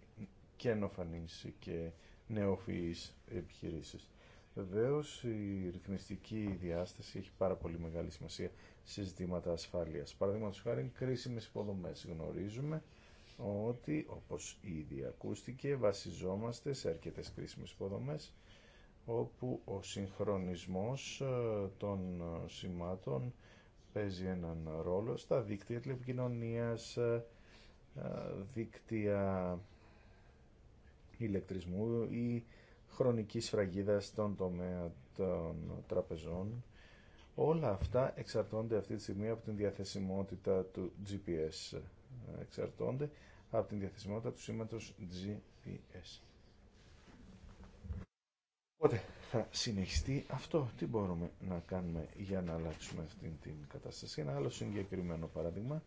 καινοφανείς και νεοφυείς επιχειρήσεις. Βεβαίω, η ρυθμιστική διάσταση έχει πάρα πολύ μεγάλη σημασία σε ζητήματα ασφάλειας. Παραδείγματος χάρη, κρίσιμες υποδομές. Γνωρίζουμε ότι, όπως ήδη ακούστηκε, βασιζόμαστε σε αρκετές κρίσιμες υποδομές όπου ο συγχρονισμός ε, των ε, σημάτων παίζει έναν ρόλο στα δίκτυα τηλεπικοινωνίας, ε, δίκτυα ηλεκτρισμού ή χρονική σφραγίδα στον τομέα των τραπεζών. Όλα αυτά εξαρτώνται αυτή τη στιγμή από την διαθεσιμότητα του GPS. Εξαρτώνται από την διαθεσιμότητα του σήματος GPS. Οπότε θα συνεχιστεί αυτό. Τι μπορούμε να κάνουμε για να αλλάξουμε αυτή την κατάσταση. Ένα άλλο συγκεκριμένο παράδειγμα.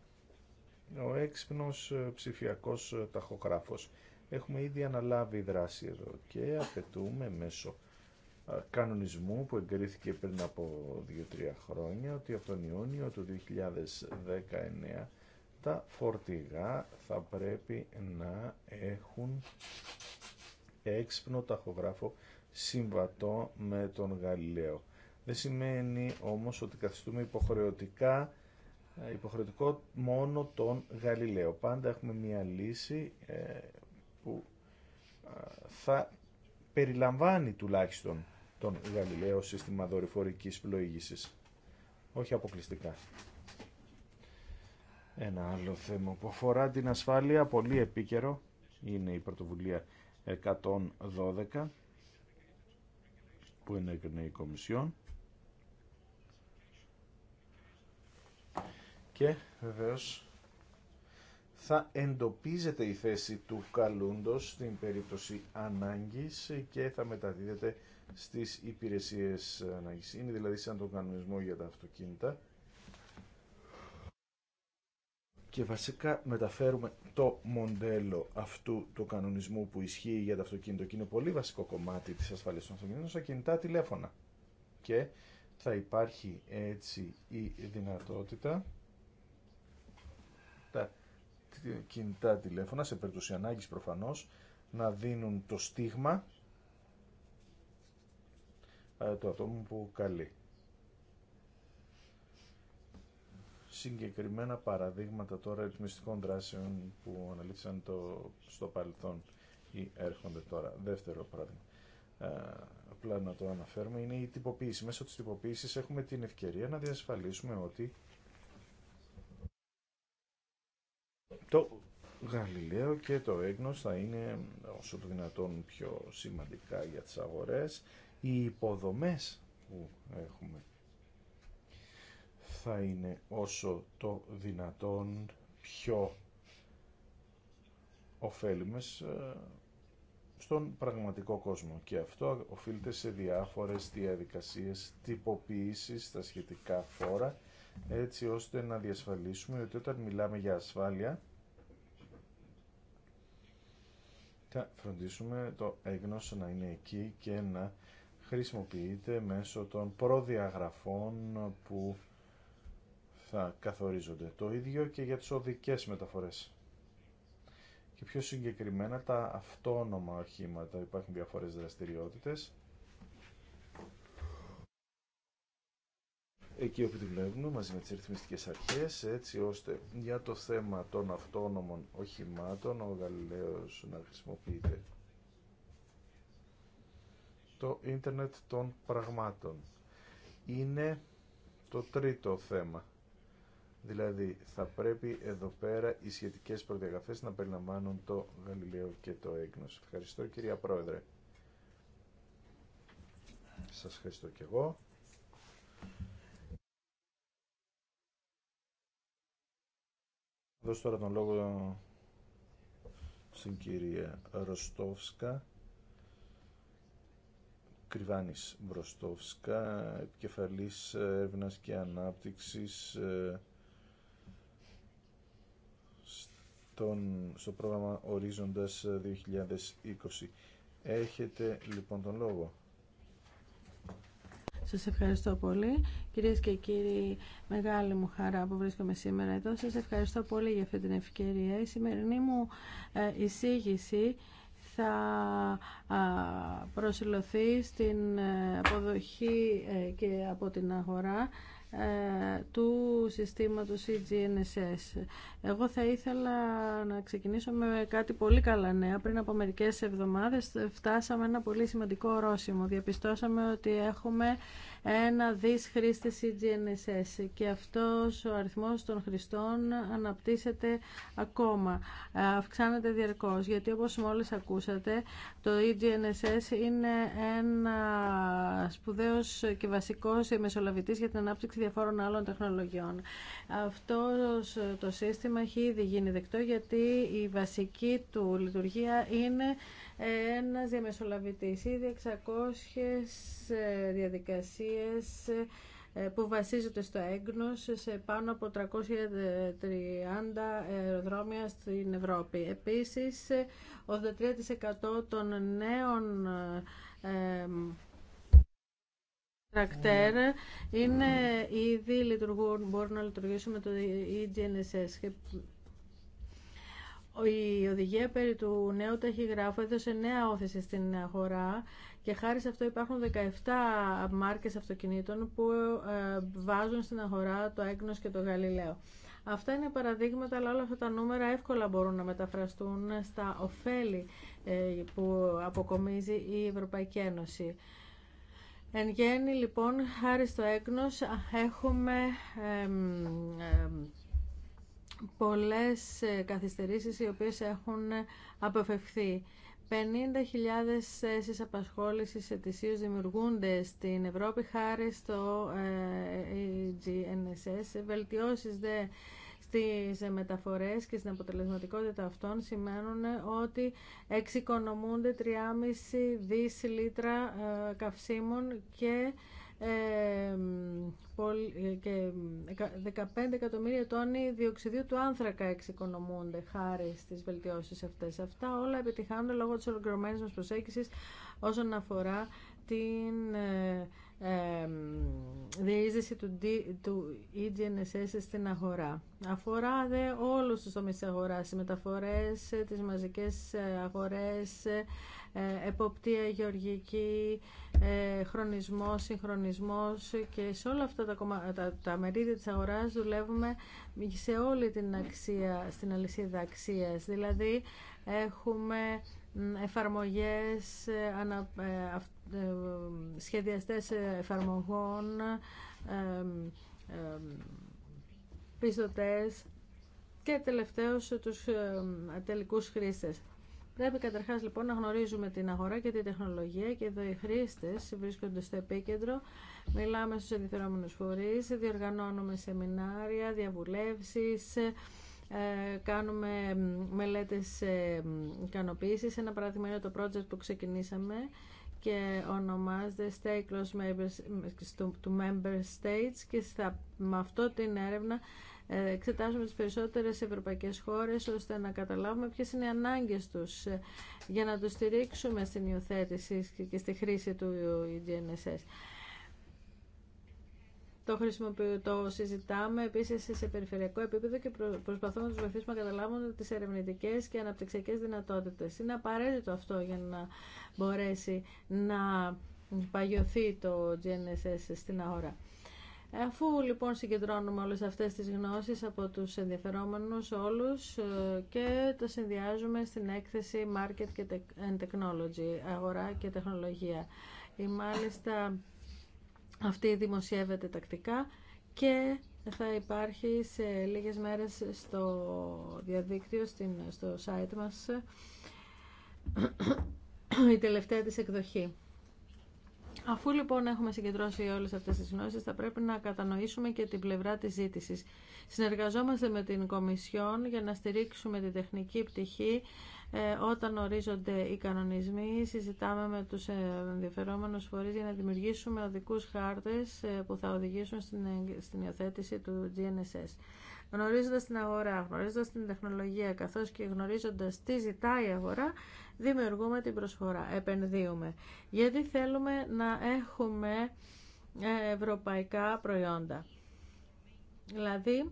Ο έξυπνος ε, ψηφιακός ε, ταχογράφος. Έχουμε ήδη αναλάβει δράση εδώ και απαιτούμε μέσω ε, κανονισμού που εγκρίθηκε πριν από 2-3 χρόνια ότι από τον Ιούνιο του 2019 τα φορτηγά θα πρέπει να έχουν έξυπνο ταχογράφο συμβατό με τον Γαλιλαίο. Δεν σημαίνει όμως ότι καθιστούμε υποχρεωτικά ε, υποχρεωτικό μόνο τον Γαλιλαίο. Πάντα έχουμε μια λύση ε, που θα περιλαμβάνει τουλάχιστον τον Γαλιλαίο σύστημα δορυφορικής πλοήγησης. Όχι αποκλειστικά. Ένα άλλο θέμα που αφορά την ασφάλεια, πολύ επίκαιρο, είναι η πρωτοβουλία 112 που ενέκρινε η Κομισιόν και βεβαίως θα εντοπίζεται η θέση του καλούντος στην περίπτωση ανάγκης και θα μεταδίδεται στις υπηρεσίες ανάγκης. Είναι δηλαδή σαν τον κανονισμό για τα αυτοκίνητα και βασικά μεταφέρουμε το μοντέλο αυτού του κανονισμού που ισχύει για το αυτοκίνητο και είναι πολύ βασικό κομμάτι της ασφαλείας των αυτοκινήτων στα κινητά τηλέφωνα και θα υπάρχει έτσι η δυνατότητα τα κινητά τηλέφωνα σε περίπτωση ανάγκης προφανώς να δίνουν το στίγμα ε, του ατόμου που καλεί. συγκεκριμένα παραδείγματα τώρα ρυθμιστικών δράσεων που αναλύθησαν το, στο παρελθόν ή έρχονται τώρα. Δεύτερο παράδειγμα. Ε, απλά να το αναφέρουμε είναι η τυποποίηση. Μέσω της τυποποίησης έχουμε την ευκαιρία να διασφαλίσουμε ότι το Γαλιλαίο και το έγνος θα είναι όσο το δυνατόν πιο σημαντικά για τις αγορές. Οι υποδομές που έχουμε θα είναι όσο το δυνατόν πιο ωφέλιμες ε, στον πραγματικό κόσμο και αυτό οφείλεται σε διάφορες διαδικασίες τυποποίησης στα σχετικά φόρα έτσι ώστε να διασφαλίσουμε ότι όταν μιλάμε για ασφάλεια θα φροντίσουμε το έγνωσο να είναι εκεί και να χρησιμοποιείται μέσω των προδιαγραφών που θα καθορίζονται. Το ίδιο και για τις οδικές μεταφορές. Και πιο συγκεκριμένα τα αυτόνομα οχήματα. Υπάρχουν διαφορές δραστηριότητες. Εκεί όπου τη βλέπουμε μαζί με τις ρυθμιστικές αρχές έτσι ώστε για το θέμα των αυτόνομων οχημάτων ο Γαλιλαίος να χρησιμοποιείται το ίντερνετ των πραγμάτων. Είναι το τρίτο θέμα. Δηλαδή θα πρέπει εδώ πέρα οι σχετικές προδιαγραφές να περιλαμβάνουν το Γαλιλαίο και το Έγνος. Ευχαριστώ κυρία Πρόεδρε. Σας ευχαριστώ και εγώ. Δώσω τώρα τον λόγο στην κυρία Ροστόφσκα. Κρυβάνης Μπροστόφσκα, επικεφαλής έρευνας και ανάπτυξης ε, στο πρόγραμμα Ορίζοντας 2020. Ε, Έχετε λοιπόν τον λόγο. Σας ευχαριστώ πολύ. Κυρίες και κύριοι, μεγάλη μου χαρά που βρίσκομαι σήμερα εδώ. Σας ευχαριστώ πολύ για αυτή την ευκαιρία. Η σημερινή μου ε, εισήγηση θα προσιλωθεί στην ε, αποδοχή και από την αγορά ε, του συστήματος EGNSS. Εγώ θα ήθελα να ξεκινήσω με κάτι πολύ καλά νέα. Πριν από μερικές εβδομάδες φτάσαμε ένα πολύ σημαντικό ορόσημο. Διαπιστώσαμε ότι έχουμε ένα δις χρήστες CGNSS και αυτός ο αριθμός των χρηστών αναπτύσσεται ακόμα, ε, αυξάνεται διαρκώς γιατί όπως μόλις ακούσατε το EGNSS είναι ένα σπουδαίος και βασικός μεσολαβητής για την ανάπτυξη διαφόρων άλλων τεχνολογιών. Αυτό ε, το σύστημα έχει ήδη γίνει δεκτό γιατί η βασική του λειτουργία είναι ένα διαμεσολαβητή Ήδη 600 ε, διαδικασίες ε, που βασίζονται στο έγκνος σε πάνω από 330 αεροδρόμια στην Ευρώπη. Επίσης, 83% ε, των νέων τρακτέρ είναι ήδη λειτουργούν, μπορούν να λειτουργήσουν με το EGNSS η οδηγία περί του νέου ταχυγράφου έδωσε νέα όθηση στην αγορά και χάρη σε αυτό υπάρχουν 17 μάρκες αυτοκινήτων που ε, βάζουν στην αγορά το Έγνος και το Γαλιλαίο. Αυτά είναι παραδείγματα, αλλά όλα αυτά τα νούμερα εύκολα μπορούν να μεταφραστούν στα ωφέλη ε, που αποκομίζει η Ευρωπαϊκή Ένωση. Εν γέννη, λοιπόν, χάρη στο έγνος έχουμε πολλές ε, καθυστερήσεις οι οποίες έχουν ε, αποφευχθεί. 50.000 θέσει απασχόλησης ετησίω δημιουργούνται στην Ευρώπη χάρη στο GNSS. Ε, Βελτιώσεις δε στις μεταφορές και στην αποτελεσματικότητα αυτών σημαίνουν ότι εξοικονομούνται 3,5 δις λίτρα καυσίμων και ε, και 15 ε, εκατομμύρια τόνοι διοξιδίου του άνθρακα εξοικονομούνται χάρη στις βελτιώσεις αυτές. Αυτά όλα επιτυχάνονται λόγω της ολοκληρωμένης μας προσέγγισης όσον αφορά την ε, διείσδυση του, του EGNSS στην αγορά. Αφορά δε όλους τους τομείς της αγοράς, οι μεταφορές, ε, τις μαζικές αγορές, ε, εποπτεία γεωργική, ε, χρονισμός, συγχρονισμός και σε όλα αυτά τα, τα, τα μερίδια της αγοράς δουλεύουμε σε όλη την αξία, στην αλυσίδα αξίας. Δηλαδή έχουμε εφαρμογές, ε, ανα, σχεδιαστές εφαρμογών, πιστωτές και τελευταίως τους τελικούς χρήστες. Πρέπει καταρχά λοιπόν να γνωρίζουμε την αγορά και την τεχνολογία και εδώ οι χρήστε βρίσκονται στο επίκεντρο. Μιλάμε στου ενδιαφερόμενου φορεί, διοργανώνουμε σεμινάρια, διαβουλεύσεις, ε, κάνουμε μελέτες ε, ικανοποίησης. Ένα παράδειγμα είναι το project που ξεκινήσαμε και ονομάζεται Stay Close to Member States και με αυτό την έρευνα εξετάζουμε τις περισσότερες ευρωπαϊκές χώρες ώστε να καταλάβουμε ποιες είναι οι ανάγκες τους ε, για να τους στηρίξουμε στην υιοθέτηση και στη χρήση του GNSS. Το, το συζητάμε επίση σε περιφερειακό επίπεδο και προσπαθούμε να του βοηθήσουμε να καταλάβουν τι ερευνητικέ και αναπτυξιακές δυνατότητε. Είναι απαραίτητο αυτό για να μπορέσει να παγιωθεί το GNSS στην αγορά. Αφού λοιπόν συγκεντρώνουμε όλες αυτές τις γνώσεις από τους ενδιαφερόμενους όλους ε, και τα συνδυάζουμε στην έκθεση Market and Technology, αγορά και τεχνολογία. Ή μάλιστα αυτή δημοσιεύεται τακτικά και θα υπάρχει σε λίγες μέρες στο διαδίκτυο, στο site μας, η τελευταία της εκδοχή. Αφού λοιπόν έχουμε συγκεντρώσει όλες αυτές τις γνώσεις, θα πρέπει να κατανοήσουμε και την πλευρά της ζήτησης. Συνεργαζόμαστε με την Κομισιόν για να στηρίξουμε την τεχνική πτυχή ε, όταν ορίζονται οι κανονισμοί. Συζητάμε με τους ε, ενδιαφερόμενους φορείς για να δημιουργήσουμε οδικούς χάρτες ε, που θα οδηγήσουν στην, στην υιοθέτηση του GNSS γνωρίζοντας την αγορά, γνωρίζοντας την τεχνολογία, καθώς και γνωρίζοντας τι ζητάει η αγορά, δημιουργούμε την προσφορά, επενδύουμε. Γιατί θέλουμε να έχουμε ε, ευρωπαϊκά προϊόντα. Δηλαδή,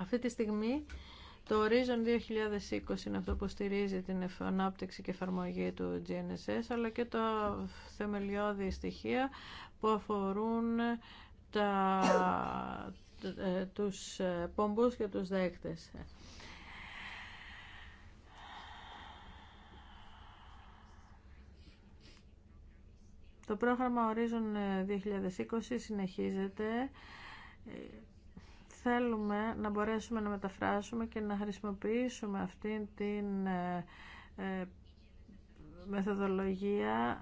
αυτή τη στιγμή το Horizon 2020 είναι αυτό που στηρίζει την ανάπτυξη και εφαρμογή του GNSS, αλλά και τα θεμελιώδη στοιχεία που αφορούν τα τους ε, πόμπους και τους δέκτες. Το πρόγραμμα Horizon 2020 ε, συνεχίζεται. Ε, θέλουμε να μπορέσουμε να μεταφράσουμε και να χρησιμοποιήσουμε αυτήν την μεθοδολογία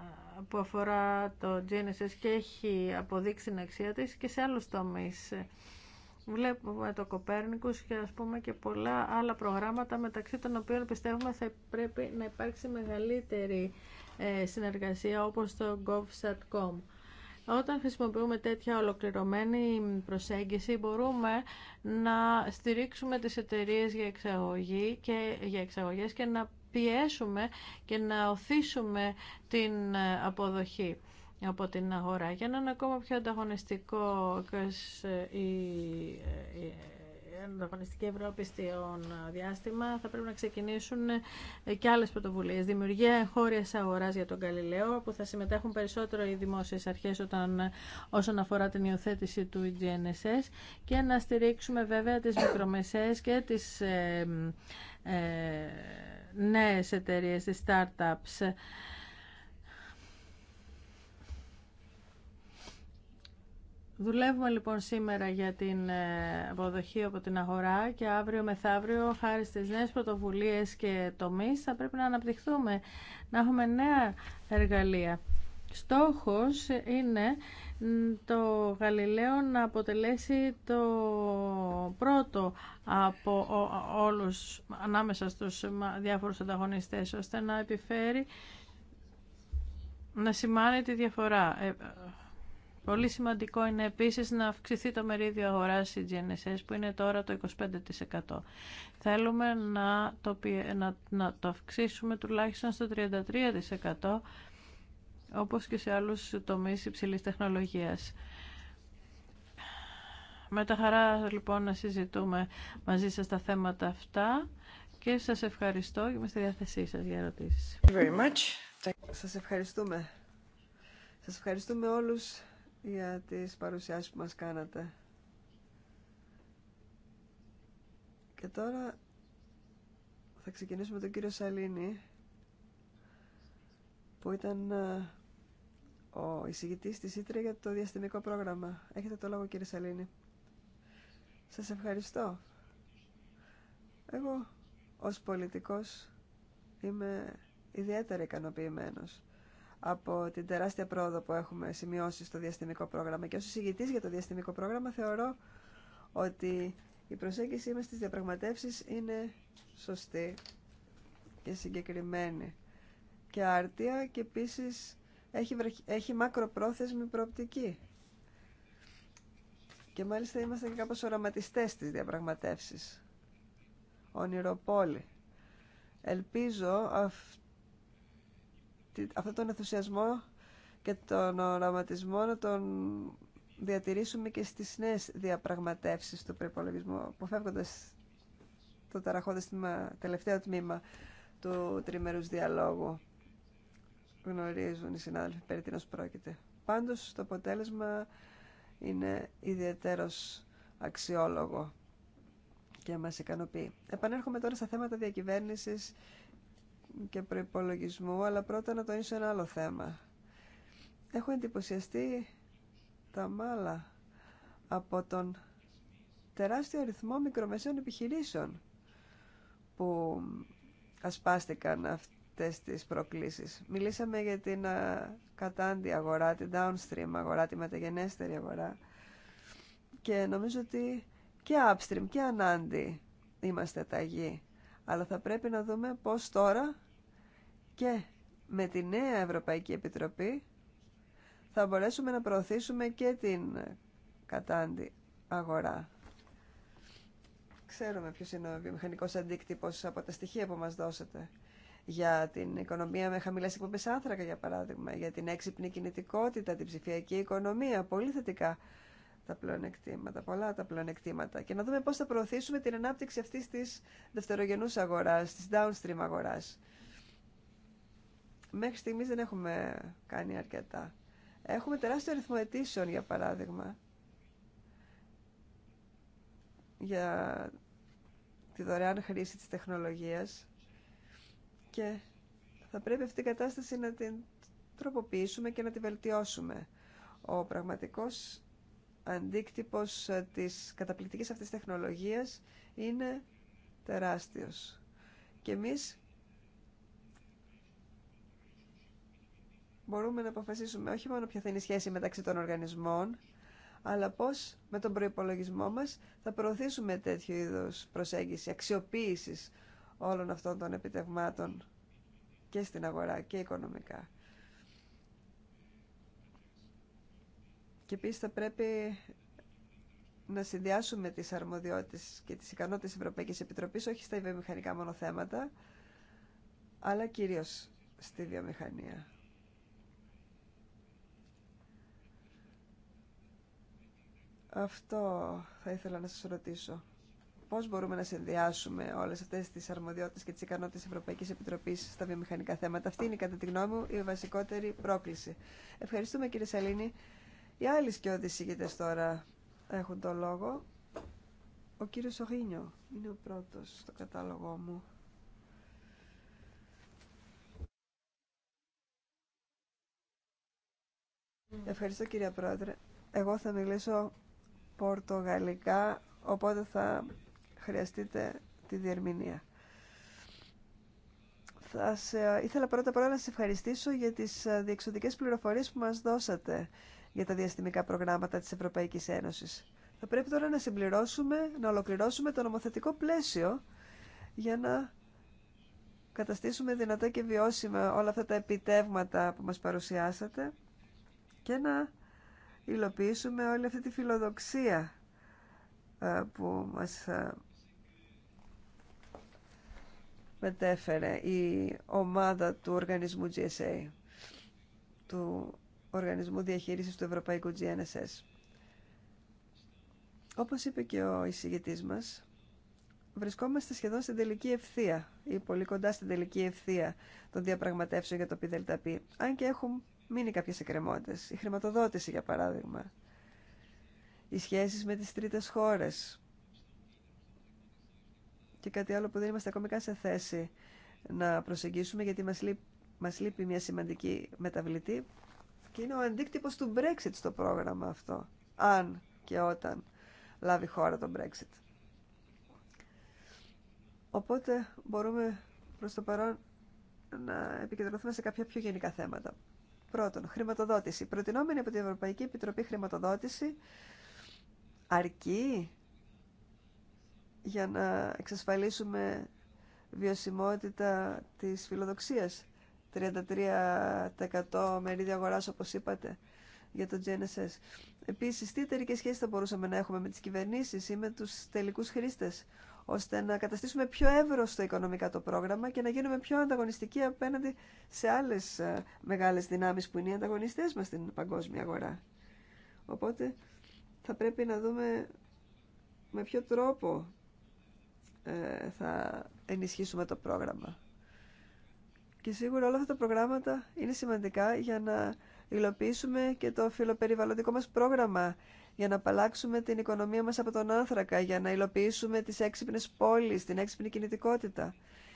που αφορά το Genesis και έχει αποδείξει την αξία της και σε άλλους τομείς. Βλέπουμε το Κοπέρνικους και ας πούμε και πολλά άλλα προγράμματα μεταξύ των οποίων πιστεύουμε θα πρέπει να υπάρξει μεγαλύτερη ε, συνεργασία όπως το GovSatcom. Όταν χρησιμοποιούμε τέτοια ολοκληρωμένη προσέγγιση μπορούμε να στηρίξουμε τις εταιρείες για, εξαγωγή και, για εξαγωγές και να πιέσουμε και να οθήσουμε την ε, αποδοχή από την αγορά. Για να ακόμα πιο ανταγωνιστικό ε, η ε, ε, ανταγωνιστική Ευρώπη στον διάστημα, θα πρέπει να ξεκινήσουν και άλλες πρωτοβουλίες. Δημιουργία εγχώριας αγοράς για τον Καλλιλέο, που θα συμμετέχουν περισσότερο οι δημόσιες αρχές όταν, όσον αφορά την υιοθέτηση του GNSS και να στηρίξουμε βέβαια τις μικρομεσαίες και τις ε, ε, νέες εταιρείες, τις startups. Δουλεύουμε λοιπόν σήμερα για την ε, αποδοχή από την αγορά και αύριο μεθαύριο χάρη στι νέες πρωτοβουλίες και τομεί. θα πρέπει να αναπτυχθούμε, να έχουμε νέα εργαλεία. Στόχος είναι το Γαλιλαίο να αποτελέσει το πρώτο από όλους ανάμεσα στους διάφορους ανταγωνιστές ώστε να επιφέρει να σημάνει τη διαφορά ε, Πολύ σημαντικό είναι επίσης να αυξηθεί το μερίδιο αγοράς στις GNSS που είναι τώρα το 25%. Θέλουμε να το, να, να το αυξήσουμε τουλάχιστον στο 33% όπως και σε άλλους τομείς υψηλής τεχνολογίας. Με τα χαρά λοιπόν να συζητούμε μαζί σας τα θέματα αυτά και σας ευχαριστώ και είμαι στη διάθεσή σας για ερωτήσεις. Very Σας ευχαριστούμε. Σας ευχαριστούμε όλους για τις παρουσιάσεις που μας κάνατε. Και τώρα θα ξεκινήσουμε τον κύριο Σαλίνη που ήταν ε, ο εισηγητής της Ήτρε για το διαστημικό πρόγραμμα. Έχετε το λόγο κύριε Σαλίνη. Σας ευχαριστώ. Εγώ ως πολιτικός είμαι ιδιαίτερα ικανοποιημένος από την τεράστια πρόοδο που έχουμε σημειώσει στο διαστημικό πρόγραμμα. Και ως εισηγητής για το διαστημικό πρόγραμμα θεωρώ ότι η προσέγγιση μας στις διαπραγματεύσεις είναι σωστή και συγκεκριμένη και άρτια και επίση έχει, έχει μακροπρόθεσμη προοπτική. Και μάλιστα είμαστε και κάπως οραματιστές στις διαπραγματεύσεις. ονειροπόλοι Ελπίζω αυτό αυτόν τον ενθουσιασμό και τον οραματισμό να τον διατηρήσουμε και στις νέες διαπραγματεύσεις του προπολογισμού, αποφεύγοντα το ταραχώδες τελευταίο τμήμα του τριμερούς διαλόγου. Γνωρίζουν οι συνάδελφοι περί τίνος πρόκειται. Πάντως το αποτέλεσμα είναι ιδιαίτερος αξιόλογο και μας ικανοποιεί. Επανέρχομαι τώρα στα θέματα διακυβέρνησης και προϋπολογισμού, αλλά πρώτα να τονίσω ένα άλλο θέμα. Έχω εντυπωσιαστεί τα μάλα από τον τεράστιο αριθμό μικρομεσαίων επιχειρήσεων που ασπάστηκαν αυτές τις προκλήσεις. Μιλήσαμε για την κατάντη αγορά, την downstream αγορά, τη μεταγενέστερη αγορά και νομίζω ότι και upstream και ανάντι είμαστε ταγοί. Αλλά θα πρέπει να δούμε πώς τώρα και με τη νέα Ευρωπαϊκή Επιτροπή θα μπορέσουμε να προωθήσουμε και την κατάντη αγορά. Ξέρουμε ποιος είναι ο βιομηχανικός αντίκτυπος από τα στοιχεία που μας δώσετε. Για την οικονομία με χαμηλές εκπομπές άνθρακα, για παράδειγμα, για την έξυπνη κινητικότητα, την ψηφιακή οικονομία, πολύ θετικά τα πλεονεκτήματα, πολλά τα πλεονεκτήματα. Και να δούμε πώς θα προωθήσουμε την ανάπτυξη αυτής της δευτερογενούς αγοράς, της downstream αγοράς Μέχρι στιγμής δεν έχουμε κάνει αρκετά. Έχουμε τεράστιο αριθμό για παράδειγμα, για τη δωρεάν χρήση της τεχνολογίας και θα πρέπει αυτή η κατάσταση να την τροποποιήσουμε και να την βελτιώσουμε. Ο πραγματικός αντίκτυπος της καταπληκτικής αυτής τεχνολογίας είναι τεράστιος. Και εμείς μπορούμε να αποφασίσουμε όχι μόνο ποια θα είναι η σχέση μεταξύ των οργανισμών, αλλά πώς με τον προϋπολογισμό μας θα προωθήσουμε τέτοιο είδος προσέγγιση, αξιοποίηση όλων αυτών των επιτευγμάτων και στην αγορά και οικονομικά. Και επίση θα πρέπει να συνδυάσουμε τις αρμοδιότητες και τις ικανότητες Ευρωπαϊκής Επιτροπής όχι στα βιομηχανικά μόνο θέματα, αλλά κυρίως στη βιομηχανία. Αυτό θα ήθελα να σας ρωτήσω. Πώς μπορούμε να συνδυάσουμε όλες αυτές τις αρμοδιότητες και τις ικανότητες της Ευρωπαϊκής Επιτροπής στα βιομηχανικά θέματα. Αυτή είναι κατά τη γνώμη μου η βασικότερη πρόκληση. Ευχαριστούμε κύριε Σαλίνη. Οι άλλοι σκιώδεις ηγητές τώρα έχουν το λόγο. Ο κύριος Σογίνιο είναι ο πρώτος στο κατάλογό μου. Ευχαριστώ κύριε Πρόεδρε. Εγώ θα μιλήσω πορτογαλικά, οπότε θα χρειαστείτε τη διερμηνία. Θα σε, ήθελα πρώτα απ' όλα να σε ευχαριστήσω για τις ε, διεξοδικές πληροφορίες που μας δώσατε για τα διαστημικά προγράμματα της Ευρωπαϊκής Ένωσης. Θα πρέπει τώρα να συμπληρώσουμε, να ολοκληρώσουμε το νομοθετικό πλαίσιο για να καταστήσουμε δυνατά και βιώσιμα όλα αυτά τα επιτεύγματα που μας παρουσιάσατε και να υλοποιήσουμε όλη αυτή τη φιλοδοξία ε, που μας ε, μετέφερε η ομάδα του οργανισμού GSA, του Οργανισμού Διαχείρισης του Ευρωπαϊκού GNSS. Όπως είπε και ο εισηγητής μας, βρισκόμαστε σχεδόν στην τελική ευθεία ή πολύ κοντά στην τελική ευθεία των διαπραγματεύσεων για το ΠΔΠ, αν και έχουν μείνει κάποιες εκκρεμότητες. Η χρηματοδότηση, για παράδειγμα. Οι σχέσεις με τις τρίτες χώρες. Και κάτι άλλο που δεν είμαστε ακόμη σε θέση να προσεγγίσουμε, γιατί μας, μας λείπει μια σημαντική μεταβλητή και είναι ο αντίκτυπος του Brexit στο πρόγραμμα αυτό, αν και όταν λάβει χώρα το Brexit. Οπότε μπορούμε προς το παρόν να επικεντρωθούμε σε κάποια πιο γενικά θέματα. Πρώτον, χρηματοδότηση. Προτινόμενη από την Ευρωπαϊκή Επιτροπή χρηματοδότηση αρκεί για να εξασφαλίσουμε βιωσιμότητα της φιλοδοξίας. 33% μερίδια αγοράς, όπως είπατε, για το GNSS. Επίσης, τι εταιρικές σχέσεις θα μπορούσαμε να έχουμε με τις κυβερνήσεις ή με τους τελικούς χρήστες ώστε να καταστήσουμε πιο εύρωστο οικονομικά το πρόγραμμα και να γίνουμε πιο ανταγωνιστικοί απέναντι σε άλλες ε, μεγάλες δυνάμεις που είναι οι ανταγωνιστές μας στην παγκόσμια αγορά. Οπότε θα πρέπει να δούμε με ποιο τρόπο ε, θα ενισχύσουμε το πρόγραμμα. Και σίγουρα όλα αυτά τα προγράμματα είναι σημαντικά για να υλοποιήσουμε και το φιλοπεριβαλλοντικό μας πρόγραμμα για να απαλλάξουμε την οικονομία μας από τον άνθρακα, για να υλοποιήσουμε τις έξυπνες πόλεις, την έξυπνη κινητικότητα.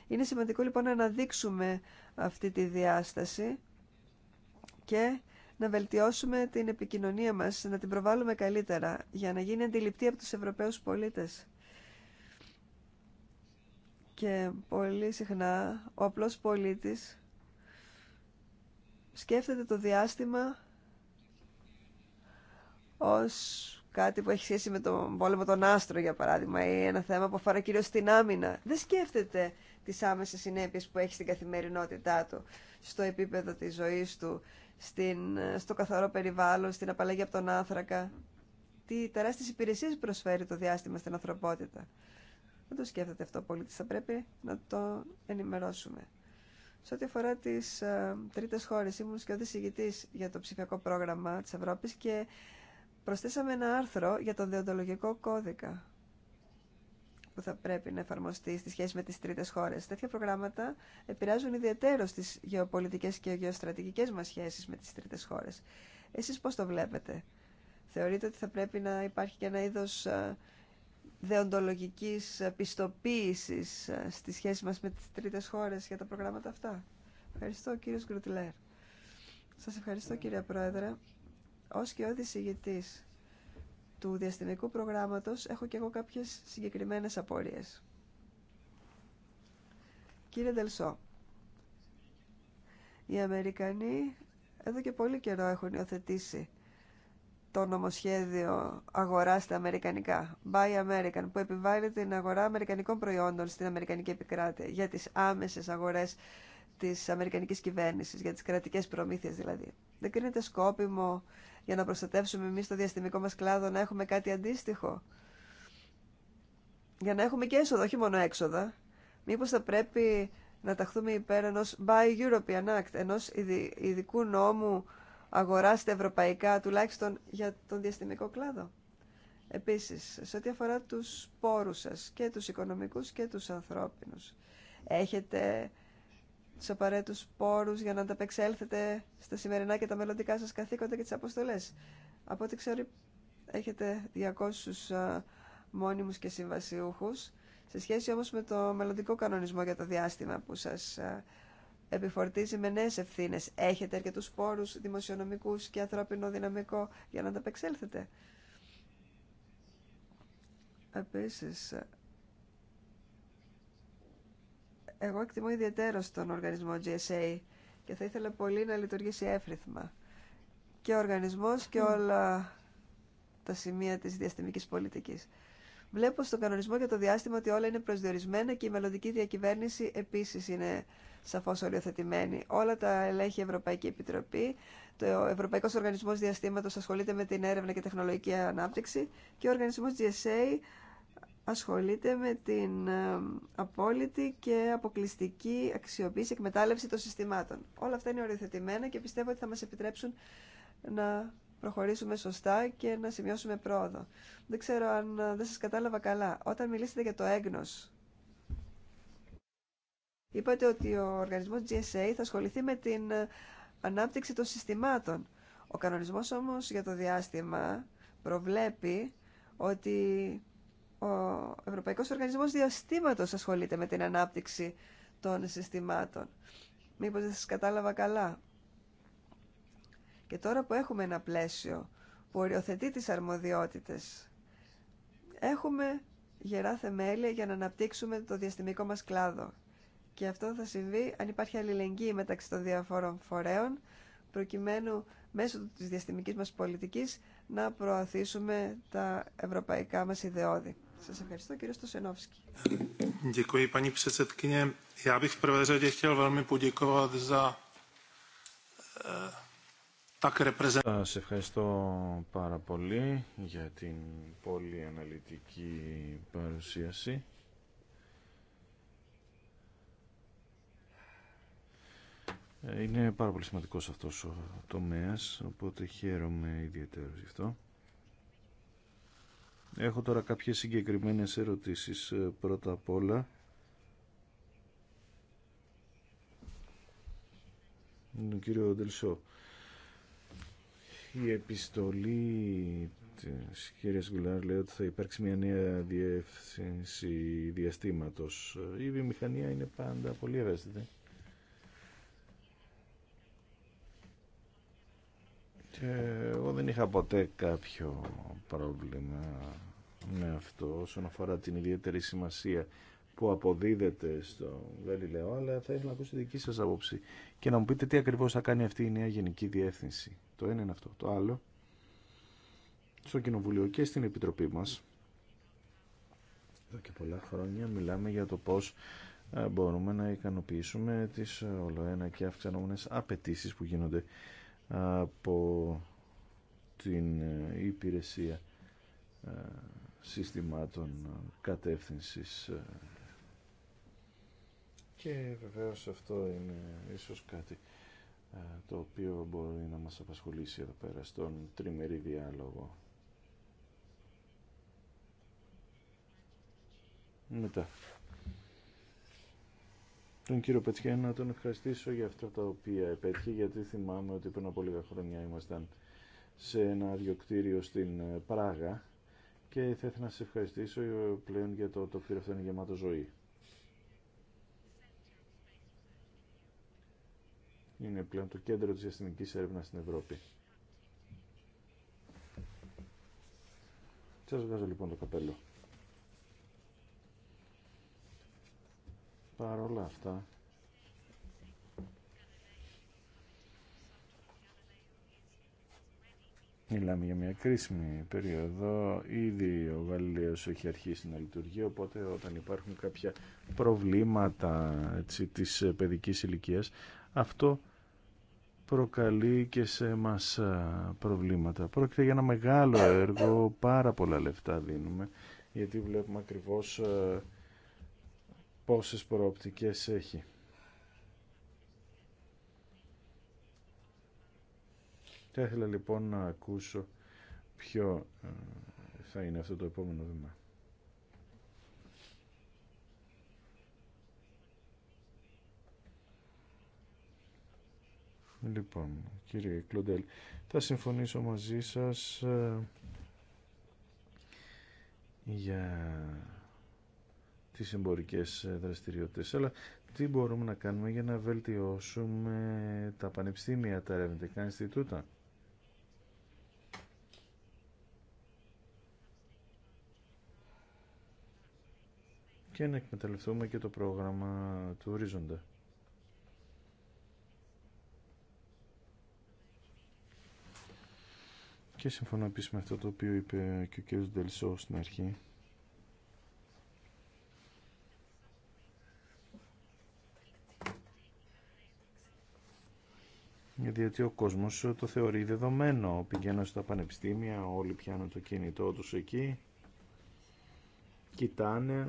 Είναι σημαντικό λοιπόν να αναδείξουμε αυτή τη διάσταση και να βελτιώσουμε την επικοινωνία μας, να την προβάλλουμε καλύτερα, για να γίνει αντιληπτή από τους Ευρωπαίους πολίτες. Και πολύ συχνά ο απλός πολίτης σκέφτεται το διάστημα Ω κάτι που έχει σχέση με τον πόλεμο των άστρων, για παράδειγμα, ή ένα θέμα που αφορά κυρίω την άμυνα. Δεν σκέφτεται τι άμεσε συνέπειε που έχει στην καθημερινότητά του, στο επίπεδο τη ζωή του, στην, στο καθαρό περιβάλλον, στην απαλλαγή από τον άνθρακα. Τι τεράστιες υπηρεσίε προσφέρει το διάστημα στην ανθρωπότητα. Δεν το σκέφτεται αυτό ο θα πρέπει να το ενημερώσουμε. Σε ό,τι αφορά τι ε, τρίτε χώρε, ήμουν και ο για το ψηφιακό πρόγραμμα τη Ευρώπη και προσθέσαμε ένα άρθρο για τον διοντολογικό κώδικα που θα πρέπει να εφαρμοστεί στη σχέση με τις τρίτες χώρες. Τέτοια προγράμματα επηρεάζουν ιδιαίτερο τις γεωπολιτικές και γεωστρατηγικές μας σχέσεις με τις τρίτες χώρες. Εσείς πώς το βλέπετε. Θεωρείτε ότι θα πρέπει να υπάρχει και ένα είδος ε, δεοντολογικής πιστοποίησης ε, στη σχέση μας με τις τρίτες χώρες για τα προγράμματα αυτά. Ευχαριστώ κύριο Γκρουτιλέρ. Σας ευχαριστώ κύριε Πρόεδρε. Ως και ο δισηγητής του διαστημικού προγράμματος έχω και εγώ κάποιες συγκεκριμένες απορίες. Κύριε Δελσό, οι Αμερικανοί εδώ και πολύ καιρό έχουν υιοθετήσει το νομοσχέδιο αγορά στα Αμερικανικά, Buy American, που επιβάλλει την αγορά Αμερικανικών προϊόντων στην Αμερικανική επικράτεια για τις άμεσες αγορές της Αμερικανικής κυβέρνησης, για τις κρατικές προμήθειες δηλαδή. Δεν κρίνεται σκόπιμο για να προστατεύσουμε εμείς το διαστημικό μας κλάδο να έχουμε κάτι αντίστοιχο. Για να έχουμε και έσοδα, όχι μόνο έξοδα. Μήπως θα πρέπει να ταχθούμε υπέρ ενός Buy European Act, ενός ειδικού νόμου αγοράστε ευρωπαϊκά, τουλάχιστον για τον διαστημικό κλάδο. Επίσης, σε ό,τι αφορά τους πόρους σας, και τους οικονομικούς και τους ανθρώπινους, έχετε τους απαραίτητου πόρου για να ανταπεξέλθετε στα σημερινά και τα μελλοντικά σας καθήκοντα και τι αποστολέ. Από ό,τι ξέρω έχετε 200 μόνιμους και συμβασιούχου. Σε σχέση όμως με το μελλοντικό κανονισμό για το διάστημα που σας επιφορτίζει με νέες ευθύνες, έχετε αρκετούς πόρου δημοσιονομικούς και ανθρώπινο δυναμικό για να ανταπεξέλθετε. Επίσης, εγώ εκτιμώ ιδιαίτερα τον οργανισμό GSA και θα ήθελα πολύ να λειτουργήσει εύρυθμα. Και ο οργανισμός και όλα τα σημεία της διαστημικής πολιτικής. Βλέπω στον κανονισμό για το διάστημα ότι όλα είναι προσδιορισμένα και η μελλοντική διακυβέρνηση επίσης είναι σαφώς οριοθετημένη. Όλα τα ελέγχει η Ευρωπαϊκή Επιτροπή, το Ευρωπαϊκό Οργανισμό Διαστήματο ασχολείται με την έρευνα και τεχνολογική ανάπτυξη και ο οργανισμό GSA ασχολείται με την ε, απόλυτη και αποκλειστική αξιοποίηση εκμετάλλευση των συστημάτων. Όλα αυτά είναι οριοθετημένα και πιστεύω ότι θα μας επιτρέψουν να προχωρήσουμε σωστά και να σημειώσουμε πρόοδο. Δεν ξέρω αν ε, δεν σας κατάλαβα καλά. Όταν μιλήσατε για το έγνος, είπατε ότι ο οργανισμός GSA θα ασχοληθεί με την ε, ανάπτυξη των συστημάτων. Ο κανονισμός όμως για το διάστημα προβλέπει ότι ο Ευρωπαϊκός Οργανισμός Διαστήματος ασχολείται με την ανάπτυξη των συστημάτων. Μήπως δεν σας κατάλαβα καλά. Και τώρα που έχουμε ένα πλαίσιο που οριοθετεί τις αρμοδιότητες, έχουμε γερά θεμέλια για να αναπτύξουμε το διαστημικό μας κλάδο. Και αυτό θα συμβεί αν υπάρχει αλληλεγγύη μεταξύ των διαφόρων φορέων, προκειμένου μέσω της διαστημικής μας πολιτικής να προωθήσουμε τα ευρωπαϊκά μας ιδεώδη. Σας ευχαριστώ κύριε Στοσενόφσκι. Σας ευχαριστώ πάρα πολύ για την πολύ αναλυτική παρουσίαση. Είναι πάρα πολύ σημαντικός αυτός ο τομέας, οπότε χαίρομαι ιδιαίτερα γι' αυτό. Έχω τώρα κάποιες συγκεκριμένες ερωτήσεις ε, πρώτα απ' όλα. ο ναι, κύριο Ντελσό. Η επιστολή της κυρίας Γκουλάρ λέει ότι θα υπάρξει μια νέα διεύθυνση διαστήματος. Η βιομηχανία είναι πάντα πολύ ευαίσθητη. εγώ δεν είχα ποτέ κάποιο πρόβλημα με αυτό όσον αφορά την ιδιαίτερη σημασία που αποδίδεται στο Γαλιλαίο, αλλά θα ήθελα να ακούσω τη δική σας άποψη και να μου πείτε τι ακριβώς θα κάνει αυτή η νέα γενική διεύθυνση. Το ένα είναι αυτό. Το άλλο, στο Κοινοβουλίο και στην Επιτροπή μας, εδώ και πολλά χρόνια μιλάμε για το πώς ε, μπορούμε να ικανοποιήσουμε τις ε, ολοένα και αυξανόμενες απαιτήσει που γίνονται από την ε, υπηρεσία ε, συστημάτων ε, κατεύθυνσης και βεβαίως αυτό είναι ίσως κάτι το οποίο μπορεί να μας απασχολήσει εδώ πέρα στον τριμερή διάλογο. Μετά, τον κύριο να τον ευχαριστήσω για αυτά τα οποία επέτυχε, γιατί θυμάμαι ότι πριν από λίγα χρόνια ήμασταν σε ένα διοκτήριο στην ε, Πράγα και θα ήθελα να σε ευχαριστήσω ε, πλέον για το τοπίο αυτό είναι γεμάτο ζωή. Είναι πλέον το κέντρο της αστυνικής έρευνας στην Ευρώπη. Σας βγάζω λοιπόν το καπέλο. όλα αυτά Μιλάμε για μια κρίσιμη περίοδο. Ήδη ο Γαλλίος έχει αρχίσει να λειτουργεί, οπότε όταν υπάρχουν κάποια προβλήματα έτσι, της παιδικής ηλικίας, αυτό προκαλεί και σε μας προβλήματα. Πρόκειται για ένα μεγάλο έργο, πάρα πολλά λεφτά δίνουμε, γιατί βλέπουμε ακριβώς πόσες προοπτικές έχει. Θα ήθελα λοιπόν να ακούσω ποιο ε, θα είναι αυτό το επόμενο βήμα. Λοιπόν, κύριε Κλοντέλ, θα συμφωνήσω μαζί σας ε, για τις εμπορικές ε, δραστηριότητες. Αλλά τι μπορούμε να κάνουμε για να βελτιώσουμε τα πανεπιστήμια, τα ερευνητικά Ινστιτούτα. και να εκμεταλλευτούμε και το πρόγραμμα του Ορίζοντα. Και συμφωνώ επίσης με αυτό το οποίο είπε και ο κ. Ντελσό στην αρχή. διότι ο κόσμος το θεωρεί δεδομένο. Πηγαίνω στα πανεπιστήμια, όλοι πιάνουν το κινητό τους εκεί, κοιτάνε.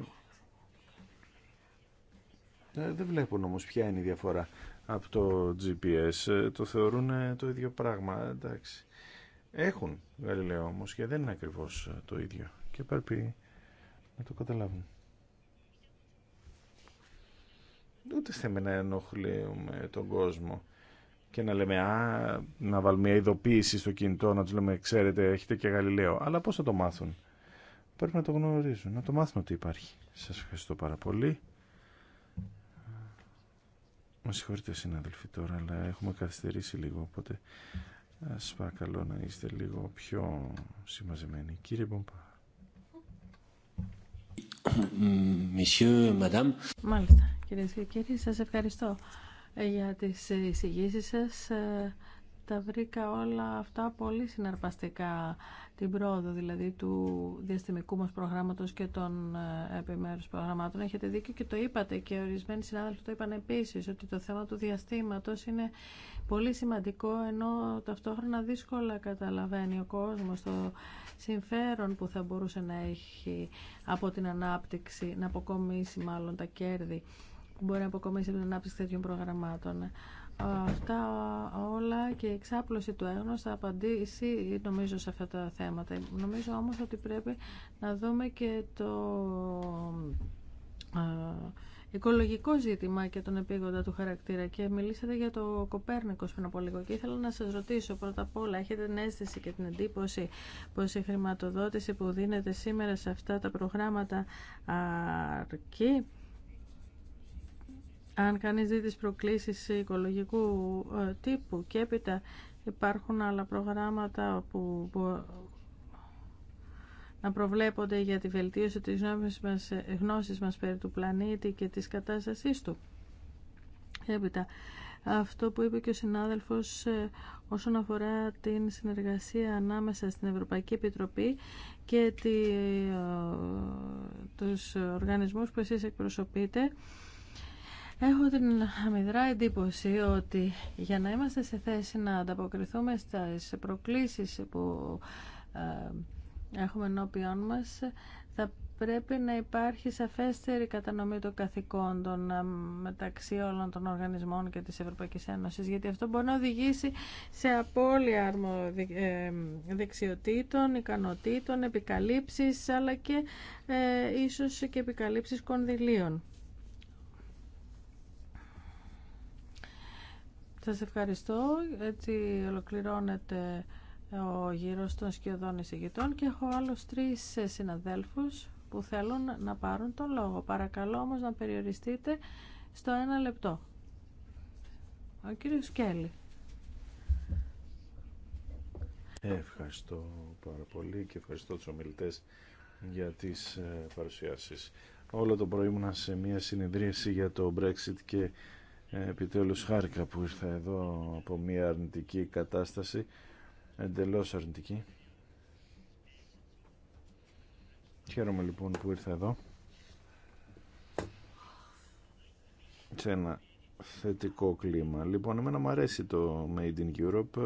Ε, δεν βλέπουν όμως ποια είναι η διαφορά από το GPS. Ε, το θεωρούν ε, το ίδιο πράγμα, εντάξει. Έχουν γαλιλαίο όμως και δεν είναι ακριβώς το ίδιο και πρέπει να το καταλάβουν. Ούτε θέλουμε να ενοχλούμε τον κόσμο και να λέμε να βάλουμε μια ειδοποίηση στο κινητό, να του λέμε ξέρετε έχετε και Γαλιλαίο. Αλλά πώς θα το μάθουν. Πρέπει να το γνωρίζουν, να το μάθουν ότι υπάρχει. Σας ευχαριστώ πάρα πολύ. Με συγχωρείτε συνάδελφοι τώρα, αλλά έχουμε καθυστερήσει λίγο, οπότε σα παρακαλώ να είστε λίγο πιο συμμαζεμένοι. Κύριε Μπομπά. Μάλιστα, κυρίε και κύριοι, σας ευχαριστώ για τις εισηγήσεις σας. Ε, τα βρήκα όλα αυτά πολύ συναρπαστικά την πρόοδο δηλαδή του διαστημικού μας προγράμματος και των ε, επιμέρους προγραμμάτων. Έχετε δίκιο και το είπατε και ορισμένοι συνάδελφοι το είπαν επίσης ότι το θέμα του διαστήματος είναι πολύ σημαντικό ενώ ταυτόχρονα δύσκολα καταλαβαίνει ο κόσμος το συμφέρον που θα μπορούσε να έχει από την ανάπτυξη, να αποκομίσει μάλλον τα κέρδη που μπορεί να αποκομίσει την ανάπτυξη τέτοιων προγραμμάτων. Αυτά όλα και η εξάπλωση του έγνωστα θα απαντήσει νομίζω σε αυτά τα θέματα. Νομίζω όμως ότι πρέπει να δούμε και το ε, οικολογικό ζήτημα και τον επίγοντα του χαρακτήρα και μιλήσατε για το Κοπέρνικο πριν από λίγο και ήθελα να σας ρωτήσω πρώτα απ' όλα έχετε την αίσθηση και την εντύπωση πως η χρηματοδότηση που δίνεται σήμερα σε αυτά τα προγράμματα αρκεί αν κανείς δει τις προκλήσεις οικολογικού ε, τύπου και έπειτα υπάρχουν άλλα προγράμματα που να προβλέπονται για τη βελτίωση της μας, ε, γνώσης μας περί του πλανήτη και της κατάστασής του. Έπειτα, αυτό που είπε και ο συνάδελφος ε, όσον αφορά την συνεργασία ανάμεσα στην Ευρωπαϊκή Επιτροπή και τη, τους οργανισμούς που εσείς εκπροσωπείτε, Έχω την αμυδρά εντύπωση ότι για να είμαστε σε θέση να ανταποκριθούμε στις προκλήσεις που ε, έχουμε ενώπιόν μας, θα πρέπει να υπάρχει σαφέστερη κατανομή των καθηκόντων ε, μεταξύ όλων των οργανισμών και της Ευρωπαϊκής Ένωσης, γιατί αυτό μπορεί να οδηγήσει σε απώλεια αρμο... Ε, δεξιοτήτων, ικανοτήτων, επικαλύψεις, αλλά και ε, ίσως και επικαλύψεις κονδυλίων. Σας ευχαριστώ. Έτσι ολοκληρώνεται ο γύρος των σκιωδών εισηγητών και έχω άλλους τρεις συναδέλφους που θέλουν να πάρουν τον λόγο. Παρακαλώ όμως να περιοριστείτε στο ένα λεπτό. Ο κύριος Κέλλη. Ευχαριστώ πάρα πολύ και ευχαριστώ τους ομιλητές για τις ε, παρουσιάσεις. Όλο το πρωί ήμουνα σε μια συνεδρίαση για το Brexit και ε, επιτέλους χάρηκα που ήρθα εδώ από μια αρνητική κατάσταση, εντελώς αρνητική. Χαίρομαι λοιπόν που ήρθα εδώ. Σε ένα θετικό κλίμα. Λοιπόν, εμένα μου αρέσει το Made in Europe.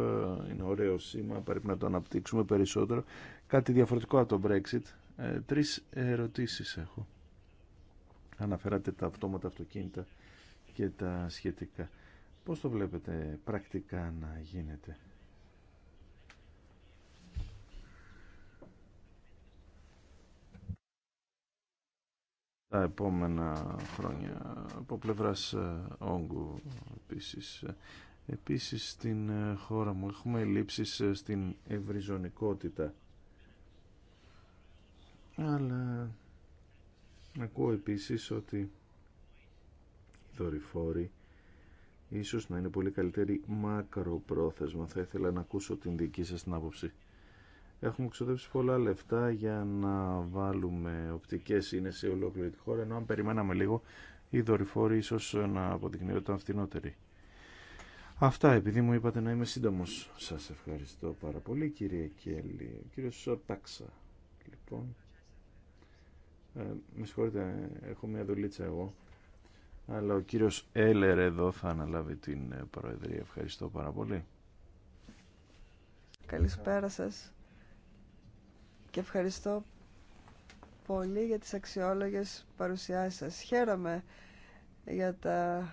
Ε, είναι ωραίο σήμα, πρέπει να το αναπτύξουμε περισσότερο. Κάτι διαφορετικό από το Brexit. Ε, τρεις ερωτήσεις έχω. Αναφέρατε τα αυτόματα αυτοκίνητα και τα σχετικά. Πώς το βλέπετε πρακτικά να γίνεται. τα επόμενα χρόνια από πλευράς ε, όγκου επίσης. Επίσης στην ε, χώρα μου έχουμε ελλείψεις ε, στην ευρυζωνικότητα. Αλλά ακούω επίσης ότι δορυφόροι ίσως να είναι πολύ καλύτερη μακροπρόθεσμα. Θα ήθελα να ακούσω την δική σας την άποψη. Έχουμε ξοδέψει πολλά λεφτά για να βάλουμε οπτικές είναι σε ολόκληρη τη χώρα, ενώ αν περιμέναμε λίγο οι δορυφόροι ίσως να αποδεικνύονταν φθηνότεροι. Αυτά, επειδή μου είπατε να είμαι σύντομος. Σας ευχαριστώ πάρα πολύ, κύριε Κέλλη. κύριος Σοτάξα, λοιπόν. Ε, με συγχωρείτε, έχω μια δουλίτσα εγώ αλλά ο κύριος Έλερ εδώ θα αναλάβει την ε, Προεδρία. Ευχαριστώ πάρα πολύ. Καλησπέρα σας και ευχαριστώ πολύ για τις αξιόλογες παρουσιάσεις σας. Χαίρομαι για τα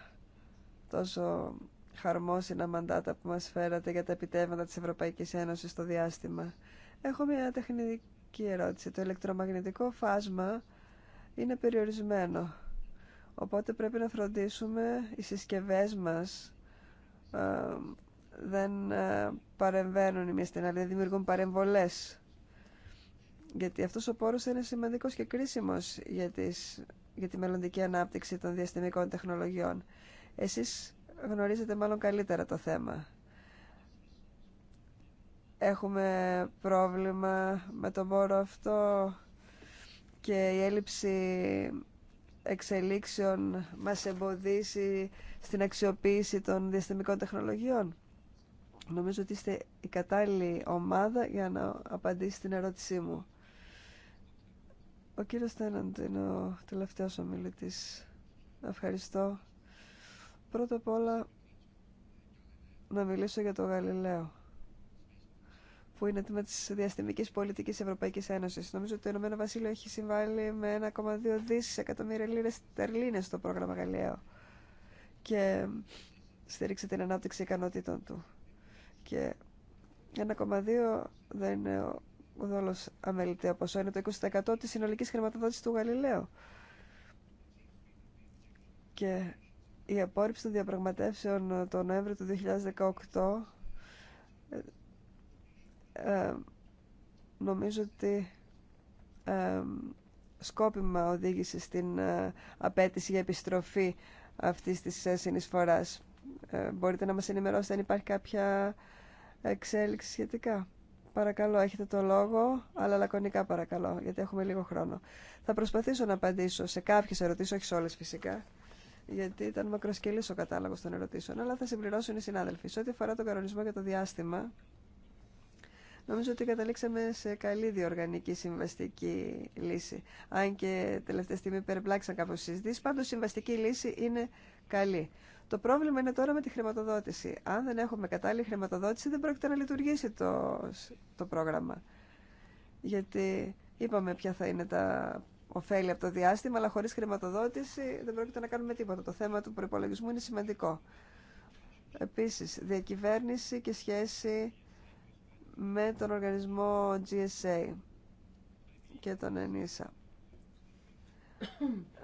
τόσο χαρμόσυνα μαντάτα που μας φέρατε για τα επιτεύγματα της Ευρωπαϊκής Ένωσης στο διάστημα. Έχω μια τεχνική ερώτηση. Το ηλεκτρομαγνητικό φάσμα είναι περιορισμένο Οπότε πρέπει να φροντίσουμε οι συσκευές μας ε, δεν ε, παρεμβαίνουν η μία στην άλλη, δεν δημιουργούν παρεμβολές. Γιατί αυτός ο πόρος είναι σημαντικός και κρίσιμος για, τις, για τη μελλοντική ανάπτυξη των διαστημικών τεχνολογιών. Εσείς γνωρίζετε μάλλον καλύτερα το θέμα. Έχουμε πρόβλημα με τον πόρο αυτό και η έλλειψη εξελίξεων μας εμποδίσει στην αξιοποίηση των διαστημικών τεχνολογιών. Νομίζω ότι είστε η κατάλληλη ομάδα για να απαντήσει την ερώτησή μου. Ο κύριος Τέναντ είναι ο τελευταίος ομιλητής. Ευχαριστώ. Πρώτα απ' όλα να μιλήσω για το Γαλιλαίο που είναι τμήμα τη Διαστημική Πολιτική Ευρωπαϊκή Ένωση. Νομίζω ότι το Ηνωμένο Βασίλειο έχει συμβάλει με 1,2 δισεκατομμύρια λίρε τερλίνε στο πρόγραμμα Γαλλιαίο και στηρίξει την ανάπτυξη ικανότητων του. Και 1,2 δεν είναι ο δόλο αμεληταίο ποσό, είναι το 20% τη συνολική χρηματοδότηση του Γαλιλαίου. Και η απόρριψη των διαπραγματεύσεων τον Νοέμβριο του 2018 ε, νομίζω ότι ε, σκόπιμα οδήγησε στην ε, απέτηση για επιστροφή αυτής της ε, συνεισφοράς. Μπορείτε να μας ενημερώσετε αν υπάρχει κάποια εξέλιξη σχετικά. Παρακαλώ, έχετε το λόγο, αλλά λακωνικά παρακαλώ, γιατί έχουμε λίγο χρόνο. Θα προσπαθήσω να απαντήσω σε κάποιες ερωτήσεις, όχι σε όλες φυσικά, γιατί ήταν μακροσκελής ο κατάλογος των ερωτήσεων, αλλά θα συμπληρώσουν οι συνάδελφοι. Σε ό,τι αφορά τον κανονισμό για το διάστημα, Νομίζω ότι καταλήξαμε σε καλή διοργανική συμβαστική λύση. Αν και τελευταία στιγμή περιπλάξαν κάπως συζητήσεις, πάντως συμβαστική λύση είναι καλή. Το πρόβλημα είναι τώρα με τη χρηματοδότηση. Αν δεν έχουμε κατάλληλη χρηματοδότηση, δεν πρόκειται να λειτουργήσει το, το πρόγραμμα. Γιατί είπαμε ποια θα είναι τα ωφέλη από το διάστημα, αλλά χωρίς χρηματοδότηση δεν πρόκειται να κάνουμε τίποτα. Το θέμα του προπολογισμού είναι σημαντικό. Επίσης, διακυβέρνηση και σχέση με τον οργανισμό GSA και τον ΕΝΙΣΑ.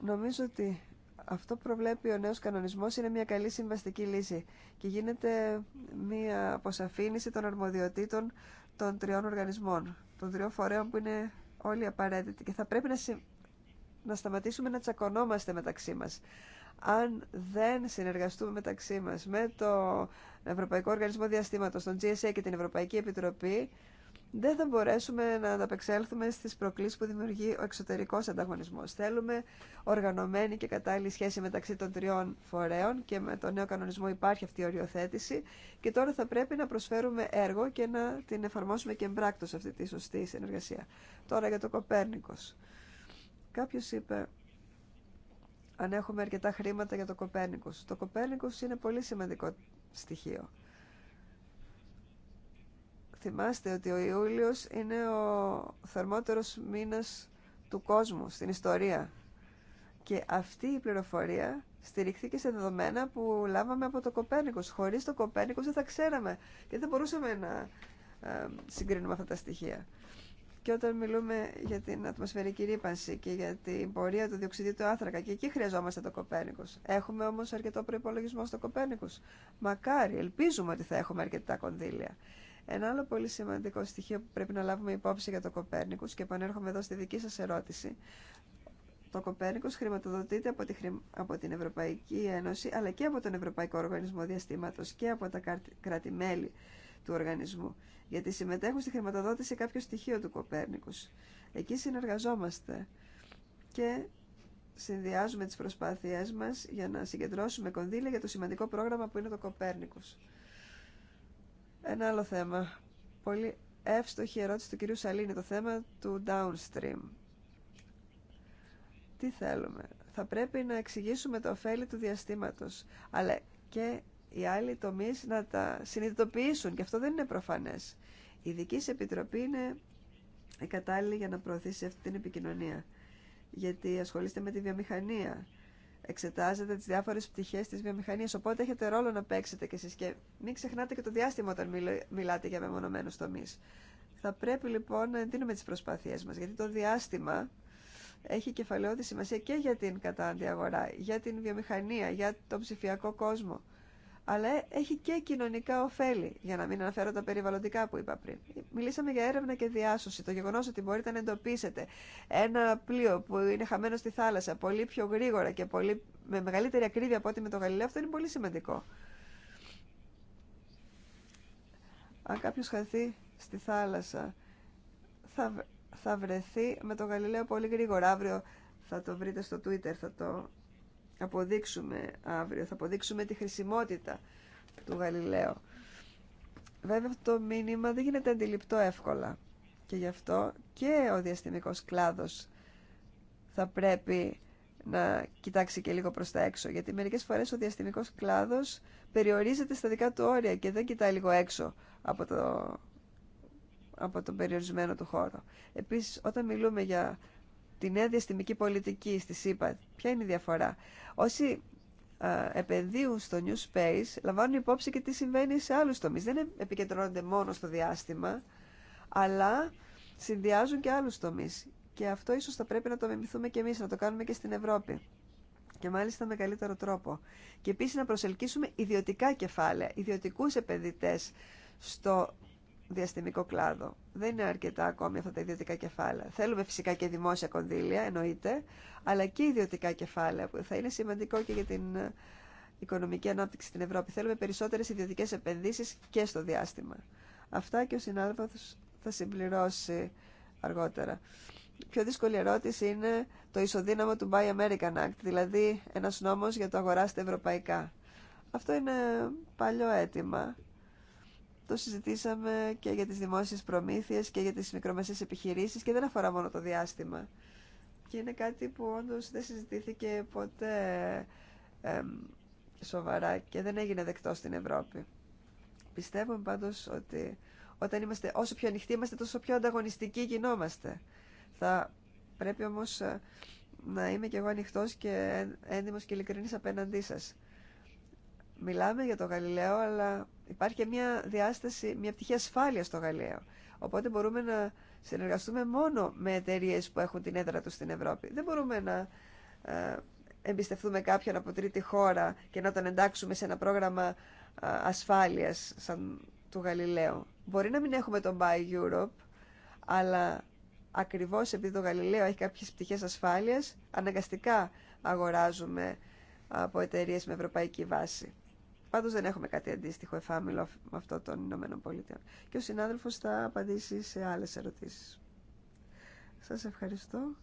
Νομίζω ότι αυτό που προβλέπει ο νέος κανονισμός είναι μια καλή συμβαστική λύση και γίνεται μια αποσαφήνιση των αρμοδιοτήτων των τριών οργανισμών, των τριών φορέων που είναι όλοι απαραίτητοι και θα πρέπει να, να σταματήσουμε να τσακωνόμαστε μεταξύ μας αν δεν συνεργαστούμε μεταξύ μας με το Ευρωπαϊκό Οργανισμό Διαστήματος, τον GSA και την Ευρωπαϊκή Επιτροπή, δεν θα μπορέσουμε να ανταπεξέλθουμε στις προκλήσεις που δημιουργεί ο εξωτερικός ανταγωνισμός. Θέλουμε οργανωμένη και κατάλληλη σχέση μεταξύ των τριών φορέων και με τον νέο κανονισμό υπάρχει αυτή η οριοθέτηση και τώρα θα πρέπει να προσφέρουμε έργο και να την εφαρμόσουμε και εμπράκτως αυτή τη σωστή συνεργασία. Τώρα για το Κοπέρνικο. Κάποιο είπε αν έχουμε αρκετά χρήματα για το κοπένικος. Το κοπένικος είναι πολύ σημαντικό στοιχείο. Θυμάστε ότι ο Ιούλιος είναι ο θερμότερος μήνας του κόσμου στην ιστορία. Και αυτή η πληροφορία στηριχθήκε σε δεδομένα που λάβαμε από το κοπένικος. Χωρίς το κοπένικος δεν θα ξέραμε και δεν μπορούσαμε να ε, συγκρίνουμε αυτά τα στοιχεία και όταν μιλούμε για την ατμοσφαιρική ρήπανση και για την πορεία του διοξιδίου του άνθρακα, και εκεί χρειαζόμαστε το Κοπέρνικο. Έχουμε όμω αρκετό προπολογισμό στο Κοπέρνικο. Μακάρι, ελπίζουμε ότι θα έχουμε αρκετά κονδύλια. Ένα άλλο πολύ σημαντικό στοιχείο που πρέπει να λάβουμε υπόψη για το Κοπέρνικο και επανέρχομαι εδώ στη δική σα ερώτηση. Το Κοπέρνικο χρηματοδοτείται από, τη, από την Ευρωπαϊκή Ένωση αλλά και από τον Ευρωπαϊκό Οργανισμό Διαστήματο και από τα κράτη-μέλη του οργανισμού γιατί συμμετέχουν στη χρηματοδότηση κάποιο στοιχείο του Κοπέρνικους. Εκεί συνεργαζόμαστε και συνδυάζουμε τις προσπάθειές μας για να συγκεντρώσουμε κονδύλια για το σημαντικό πρόγραμμα που είναι το Κοπέρνικος. Ένα άλλο θέμα. Πολύ εύστοχη ερώτηση του κυρίου Σαλίνη, το θέμα του downstream. Τι θέλουμε. Θα πρέπει να εξηγήσουμε το ωφέλη του διαστήματος, αλλά και οι άλλοι τομεί να τα συνειδητοποιήσουν και αυτό δεν είναι προφανέ. Η ειδική επιτροπή είναι η κατάλληλη για να προωθήσει αυτή την επικοινωνία γιατί ασχολείστε με τη βιομηχανία, εξετάζετε τι διάφορε πτυχέ τη βιομηχανία. οπότε έχετε ρόλο να παίξετε κι εσεί. και μην ξεχνάτε και το διάστημα όταν μιλάτε για μεμονωμένους τομεί. Θα πρέπει λοιπόν να εντείνουμε τι προσπάθειές μα, γιατί το διάστημα έχει κεφαλαιότητα σημασία και για την κατάντια αγορά, για την βιομηχανία, για τον ψηφιακό κόσμο αλλά έχει και κοινωνικά ωφέλη, για να μην αναφέρω τα περιβαλλοντικά που είπα πριν. Μιλήσαμε για έρευνα και διάσωση. Το γεγονό ότι μπορείτε να εντοπίσετε ένα πλοίο που είναι χαμένο στη θάλασσα πολύ πιο γρήγορα και πολύ, με μεγαλύτερη ακρίβεια από ό,τι με το Γαλιλαίο, αυτό είναι πολύ σημαντικό. Αν κάποιο χαθεί στη θάλασσα, θα, θα βρεθεί με το Γαλιλαίο πολύ γρήγορα. Αύριο θα το βρείτε στο Twitter, θα το αποδείξουμε αύριο, θα αποδείξουμε τη χρησιμότητα του Γαλιλαίου. Βέβαια αυτό το μήνυμα δεν γίνεται αντιληπτό εύκολα και γι' αυτό και ο διαστημικός κλάδος θα πρέπει να κοιτάξει και λίγο προς τα έξω, γιατί μερικές φορές ο διαστημικός κλάδος περιορίζεται στα δικά του όρια και δεν κοιτάει λίγο έξω από, το, από τον περιορισμένο του χώρο. Επίσης, όταν μιλούμε για τη νέα διαστημική πολιτική στη ΣΥΠΑ. Ποια είναι η διαφορά. Όσοι επενδύουν στο New Space λαμβάνουν υπόψη και τι συμβαίνει σε άλλους τομείς. Δεν επικεντρώνονται μόνο στο διάστημα, αλλά συνδυάζουν και άλλους τομείς. Και αυτό ίσως θα πρέπει να το μιμηθούμε και εμείς, να το κάνουμε και στην Ευρώπη. Και μάλιστα με καλύτερο τρόπο. Και επίσης να προσελκύσουμε ιδιωτικά κεφάλαια, ιδιωτικούς επενδυτές στο διαστημικό κλάδο. Δεν είναι αρκετά ακόμη αυτά τα ιδιωτικά κεφάλαια. Θέλουμε φυσικά και δημόσια κονδύλια, εννοείται, αλλά και ιδιωτικά κεφάλαια, που θα είναι σημαντικό και για την ε, οικονομική ανάπτυξη στην Ευρώπη. Θέλουμε περισσότερε ιδιωτικέ επενδύσει και στο διάστημα. Αυτά και ο συνάδελφο θα συμπληρώσει αργότερα. Η πιο δύσκολη ερώτηση είναι το ισοδύναμο του Buy American Act, δηλαδή ένας νόμος για το αγοράστε ευρωπαϊκά. Αυτό είναι παλιό αίτημα το συζητήσαμε και για τις δημόσιες προμήθειες και για τις μικρομεσαίες επιχειρήσεις και δεν αφορά μόνο το διάστημα. Και είναι κάτι που όντως δεν συζητήθηκε ποτέ σοβαρά και δεν έγινε δεκτό στην Ευρώπη. Πιστεύουμε πάντως ότι όταν είμαστε, όσο πιο ανοιχτοί είμαστε, τόσο πιο ανταγωνιστικοί γινόμαστε. Θα πρέπει όμως ε, να είμαι και εγώ ανοιχτό και έντιμος και ειλικρινής απέναντί σας. Μιλάμε για το Γαλιλαίο, αλλά υπάρχει μια διάσταση, μια πτυχή ασφάλεια στο Γαλλιαίο. Οπότε μπορούμε να συνεργαστούμε μόνο με εταιρείε που έχουν την έδρα του στην Ευρώπη. Δεν μπορούμε να ε, εμπιστευτούμε κάποιον από τρίτη χώρα και να τον εντάξουμε σε ένα πρόγραμμα ε, ασφάλειας σαν του Γαλιλαίου. Μπορεί να μην έχουμε τον Buy Europe, αλλά ακριβώς επειδή το Γαλιλαίο έχει κάποιες πτυχές ασφάλειας, αναγκαστικά αγοράζουμε από εταιρείε με ευρωπαϊκή βάση. Πάντως δεν έχουμε κάτι αντίστοιχο εφάμιλο με αυτό των Ηνωμένων Πολιτειών. Και ο συνάδελφος θα απαντήσει σε άλλες ερωτήσεις. Σας ευχαριστώ.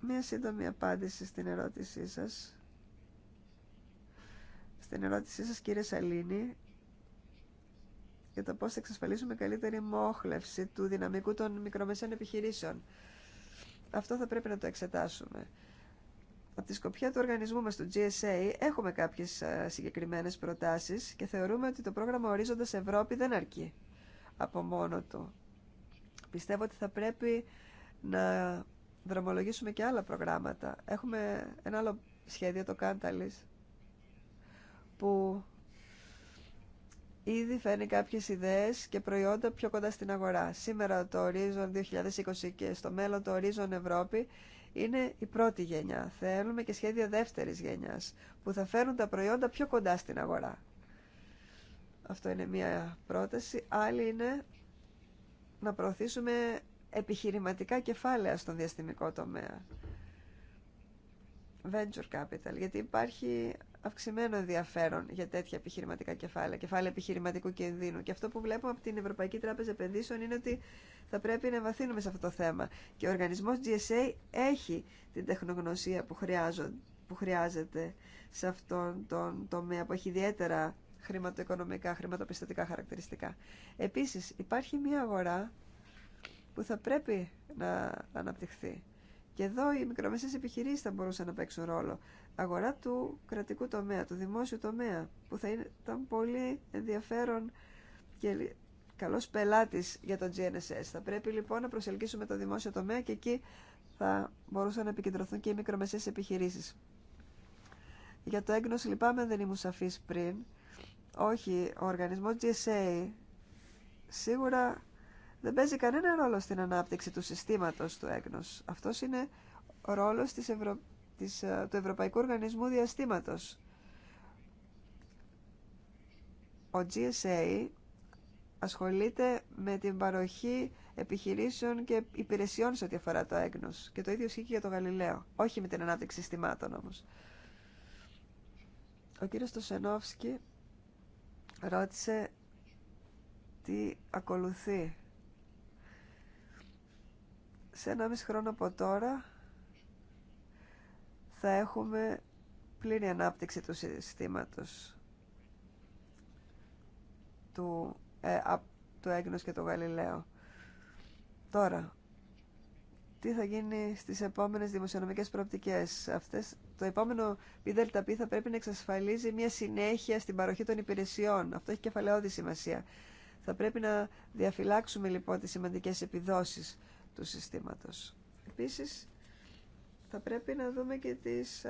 Μία σύντομη απάντηση στην ερώτησή σας. Στην ερώτησή σας κύριε Σαλίνη για το πώς θα εξασφαλίσουμε καλύτερη μόχλευση του δυναμικού των μικρομεσαίων επιχειρήσεων. Αυτό θα πρέπει να το εξετάσουμε. Από τη σκοπιά του οργανισμού μας, του GSA, έχουμε κάποιες συγκεκριμένες προτάσεις και θεωρούμε ότι το πρόγραμμα Ορίζοντας Ευρώπη δεν αρκεί από μόνο του. Πιστεύω ότι θα πρέπει να δρομολογήσουμε και άλλα προγράμματα. Έχουμε ένα άλλο σχέδιο, το Κάνταλης, που ήδη φέρνει κάποιες ιδέες και προϊόντα πιο κοντά στην αγορά. Σήμερα το Horizon 2020 και στο μέλλον το Horizon Ευρώπη είναι η πρώτη γενιά. Θέλουμε και σχέδια δεύτερης γενιάς που θα φέρουν τα προϊόντα πιο κοντά στην αγορά. Αυτό είναι μία πρόταση. Άλλη είναι να προωθήσουμε επιχειρηματικά κεφάλαια στον διαστημικό τομέα. Venture capital, γιατί υπάρχει αυξημένο ενδιαφέρον για τέτοια επιχειρηματικά κεφάλαια, κεφάλαια επιχειρηματικού κινδύνου. Και αυτό που βλέπουμε από την Ευρωπαϊκή Τράπεζα Επενδύσεων είναι ότι θα πρέπει να βαθύνουμε σε αυτό το θέμα. Και ο οργανισμό GSA έχει την τεχνογνωσία που, που χρειάζεται σε αυτόν τον τομέα που έχει ιδιαίτερα χρηματοοικονομικά, χρηματοπιστωτικά χαρακτηριστικά. Επίση, υπάρχει μια αγορά που θα πρέπει να αναπτυχθεί. Και εδώ οι μικρομεσαίες επιχειρήσεις θα μπορούσαν να παίξουν ρόλο αγορά του κρατικού τομέα, του δημόσιου τομέα, που θα ήταν πολύ ενδιαφέρον και καλός πελάτης για τον GNSS. Θα πρέπει λοιπόν να προσελκύσουμε το δημόσιο τομέα και εκεί θα μπορούσαν να επικεντρωθούν και οι μικρομεσαίες επιχειρήσεις. Για το έγκνος, λυπάμαι αν δεν ήμουν σαφής πριν. Όχι, ο οργανισμός GSA σίγουρα δεν παίζει κανένα ρόλο στην ανάπτυξη του συστήματος του έγκνος. Αυτός είναι ο ρόλος της, Ευρω... Ε, του Ευρωπαϊκού Οργανισμού Διαστήματος. Ο GSA ασχολείται με την παροχή επιχειρήσεων και υπηρεσιών σε ό,τι αφορά το έγνος. Και το ίδιο ισχύει και για το Γαλιλαίο. Όχι με την ανάπτυξη συστημάτων όμως. Ο κύριος Στοσενόφσκι ρώτησε τι ακολουθεί. Σε ένα μισό χρόνο από τώρα θα έχουμε πλήρη ανάπτυξη του συστήματος του, ε, του Έγνος και του Γαλιλαίου. Τώρα, τι θα γίνει στις επόμενες δημοσιονομικές προοπτικές. Αυτές, το επόμενο πι θα πρέπει να εξασφαλίζει μια συνέχεια στην παροχή των υπηρεσιών. Αυτό έχει κεφαλαιώδη σημασία. Θα πρέπει να διαφυλάξουμε λοιπόν τις σημαντικές επιδόσεις του συστήματος. Επίσης, θα πρέπει να δούμε και τις,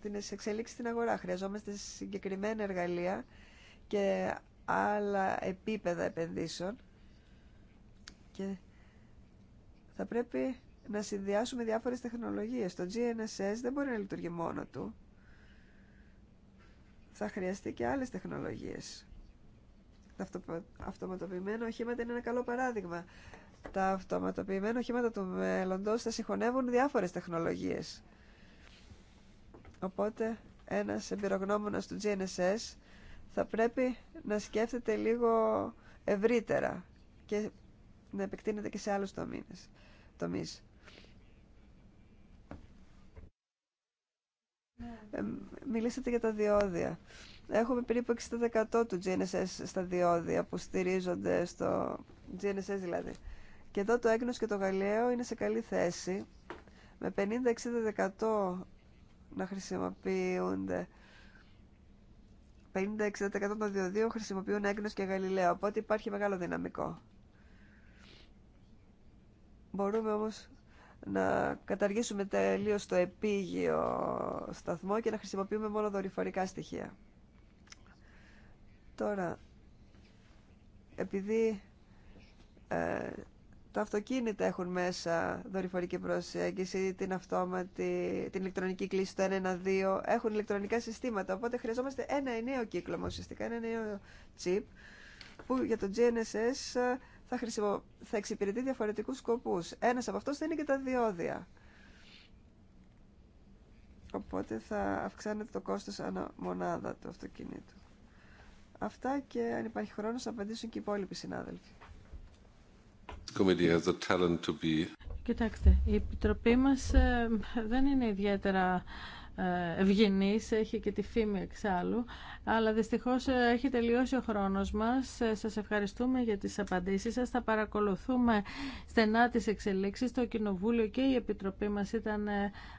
την εξέλιξη στην αγορά. Χρειαζόμαστε συγκεκριμένα εργαλεία και άλλα επίπεδα επενδύσεων και θα πρέπει να συνδυάσουμε διάφορες τεχνολογίες. Το GNSS δεν μπορεί να λειτουργεί μόνο του. Θα χρειαστεί και άλλες τεχνολογίες. Τα αυτοματοποιημένα οχήματα είναι ένα καλό παράδειγμα τα αυτοματοποιημένα οχήματα του μέλλοντό θα συγχωνεύουν διάφορες τεχνολογίες. Οπότε ένα εμπειρογνώμονα του GNSS θα πρέπει να σκέφτεται λίγο ευρύτερα και να επεκτείνεται και σε άλλους τομείς. Ε, μιλήσατε για τα διόδια. Έχουμε περίπου 60% του GNSS στα διόδια που στηρίζονται στο GNSS δηλαδή. Και εδώ το Έγνος και το Γαλλιαίο είναι σε καλή θέση με 50-60% να χρησιμοποιούνται. 50-60% των διοδίων χρησιμοποιούν Έγνος και Γαλιλαίο, οπότε υπάρχει μεγάλο δυναμικό. Μπορούμε όμως να καταργήσουμε τελείως το επίγειο σταθμό και να χρησιμοποιούμε μόνο δορυφορικά στοιχεία. Τώρα, επειδή ε, τα αυτοκίνητα έχουν μέσα δορυφορική προσέγγιση, την αυτόματη, την ηλεκτρονική κλίση το 112, έχουν ηλεκτρονικά συστήματα, οπότε χρειαζόμαστε ένα νέο κύκλωμα, ουσιαστικά ένα νέο chip, που για το GNSS θα, χρησιμο... θα εξυπηρετεί διαφορετικούς σκοπούς. Ένας από αυτούς θα είναι και τα διόδια. Οπότε θα αυξάνεται το κόστος ανά μονάδα του αυτοκινήτου. Αυτά και αν υπάρχει χρόνος θα απαντήσουν και οι υπόλοιποι συνάδελφοι. Κοιτάξτε, η Επιτροπή μας ε, δεν είναι ιδιαίτερα ε, ευγενής, έχει και τη φήμη εξάλλου, αλλά δυστυχώς ε, έχει τελειώσει ο χρόνος μας. Σας ευχαριστούμε για τις απαντήσεις σας. Θα παρακολουθούμε στενά τις εξελίξεις. Το Κοινοβούλιο και η Επιτροπή μας ήταν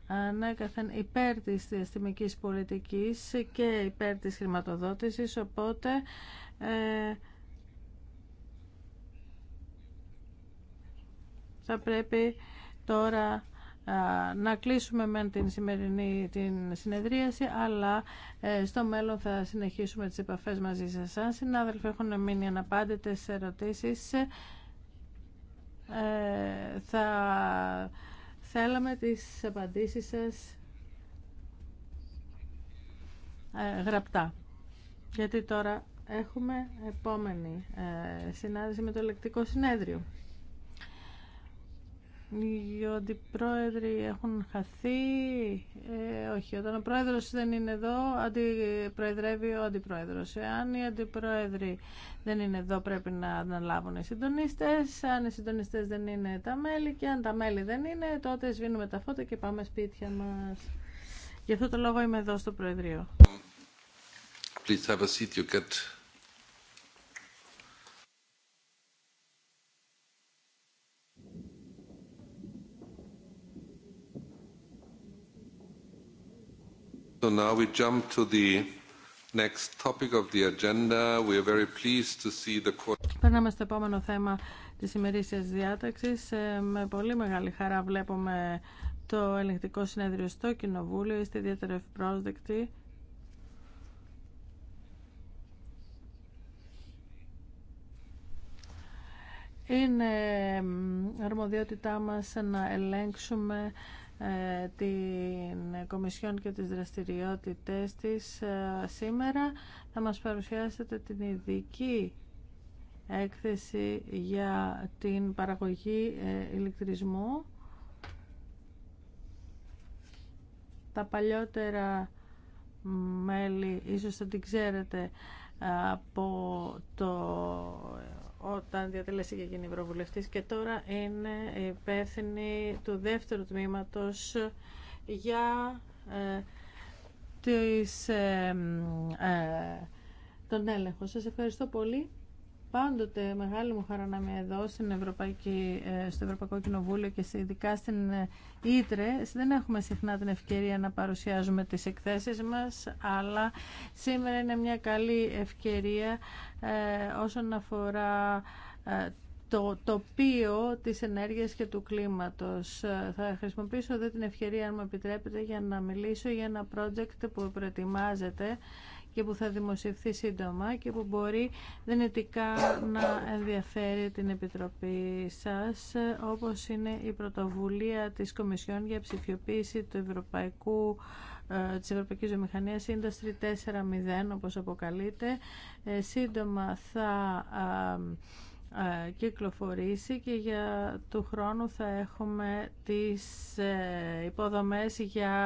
ανέκαθεν υπέρ της διαστημικής πολιτικής και υπέρ της χρηματοδότησης, οπότε... Θα πρέπει τώρα να κλείσουμε με την σημερινή την συνεδρίαση, αλλά ε, στο μέλλον θα συνεχίσουμε τις επαφές μαζί σας. Σαν συνάδελφοι έχουν μείνει αναπάντητες ερωτήσεις. Ε, θα θέλαμε τις απαντήσεις σας ε, γραπτά. Γιατί τώρα έχουμε επόμενη ε, συνάντηση με το ελεκτικό συνέδριο. Οι αντιπρόεδροι έχουν χαθεί. Ε, όχι, όταν ο πρόεδρος δεν είναι εδώ, αντιπροεδρεύει ο αντιπρόεδρος. Εάν οι αντιπρόεδροι δεν είναι εδώ, πρέπει να αναλάβουν οι συντονίστες. Αν οι συντονίστες δεν είναι τα μέλη και αν τα μέλη δεν είναι, τότε σβήνουμε τα φώτα και πάμε σπίτια μας. Γι' αυτό το λόγο είμαι εδώ στο Προεδρείο. Please have a now we next topic of the agenda. We are very pleased to see the Περνάμε στο επόμενο θέμα της ημερήσιας διάταξης. Ε, με πολύ μεγάλη χαρά βλέπουμε το ελεγκτικό συνέδριο στο Κοινοβούλιο. Είστε ιδιαίτερα ευπρόσδεκτοι. Είναι αρμοδιότητά μας να ελέγξουμε ε, την Κομισιόν και τις δραστηριότητες της ε, σήμερα θα μας παρουσιάσετε την ειδική έκθεση για την παραγωγή ε, ηλεκτρισμού τα παλιότερα μέλη ίσως θα την ξέρετε από το όταν διατελέσει και γίνει Ευρωβουλευτής και τώρα είναι υπεύθυνη του δεύτερου τμήματος για ε, ε, ε τον έλεγχο. Σας ευχαριστώ πολύ. Πάντοτε μεγάλη μου χαρά να είμαι εδώ στην Ευρωπαϊκή, ε, στο Ευρωπαϊκό Κοινοβούλιο και ειδικά στην ε, Ήτρε. Δεν έχουμε συχνά την ευκαιρία να παρουσιάζουμε τις εκθέσεις μας, αλλά σήμερα είναι μια καλή ευκαιρία ε, όσον αφορά το τοπίο της ενέργειας και του κλίματος. Θα χρησιμοποιήσω εδώ την ευκαιρία, αν μου επιτρέπετε, για να μιλήσω για ένα project που προετοιμάζεται και που θα δημοσιευθεί σύντομα και που μπορεί δυνητικά να ενδιαφέρει την Επιτροπή σας, όπως είναι η πρωτοβουλία της Κομισιόν για ψηφιοποίηση του Ευρωπαϊκού ε, της Ευρωπαϊκής Βιομηχανίας Industry 4.0 όπως αποκαλείται ε, σύντομα θα ε, κυκλοφορήσει και για του χρόνου θα έχουμε τις υποδομές για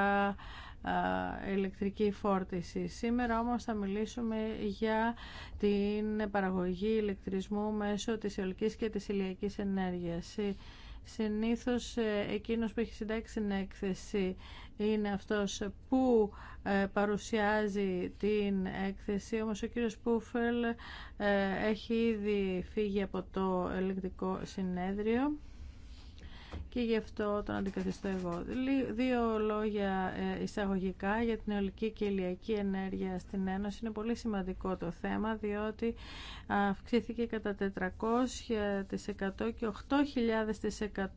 ηλεκτρική φόρτιση. Σήμερα όμως θα μιλήσουμε για την παραγωγή ηλεκτρισμού μέσω της αιωλικής και της ηλιακής ενέργειας. Ε, συνήθως ε, εκείνος που έχει συντάξει την έκθεση είναι αυτός που ε, παρουσιάζει την έκθεση, όμως ο κύριος Πούφελ έχει ήδη φύγει από το ηλεκτρικό συνέδριο και γι' αυτό τον αντικαθιστώ εγώ. Δύο λόγια ε, εισαγωγικά για την αιωλική και ηλιακή ενέργεια στην Ένωση. Είναι πολύ σημαντικό το θέμα διότι αυξήθηκε κατά 400% και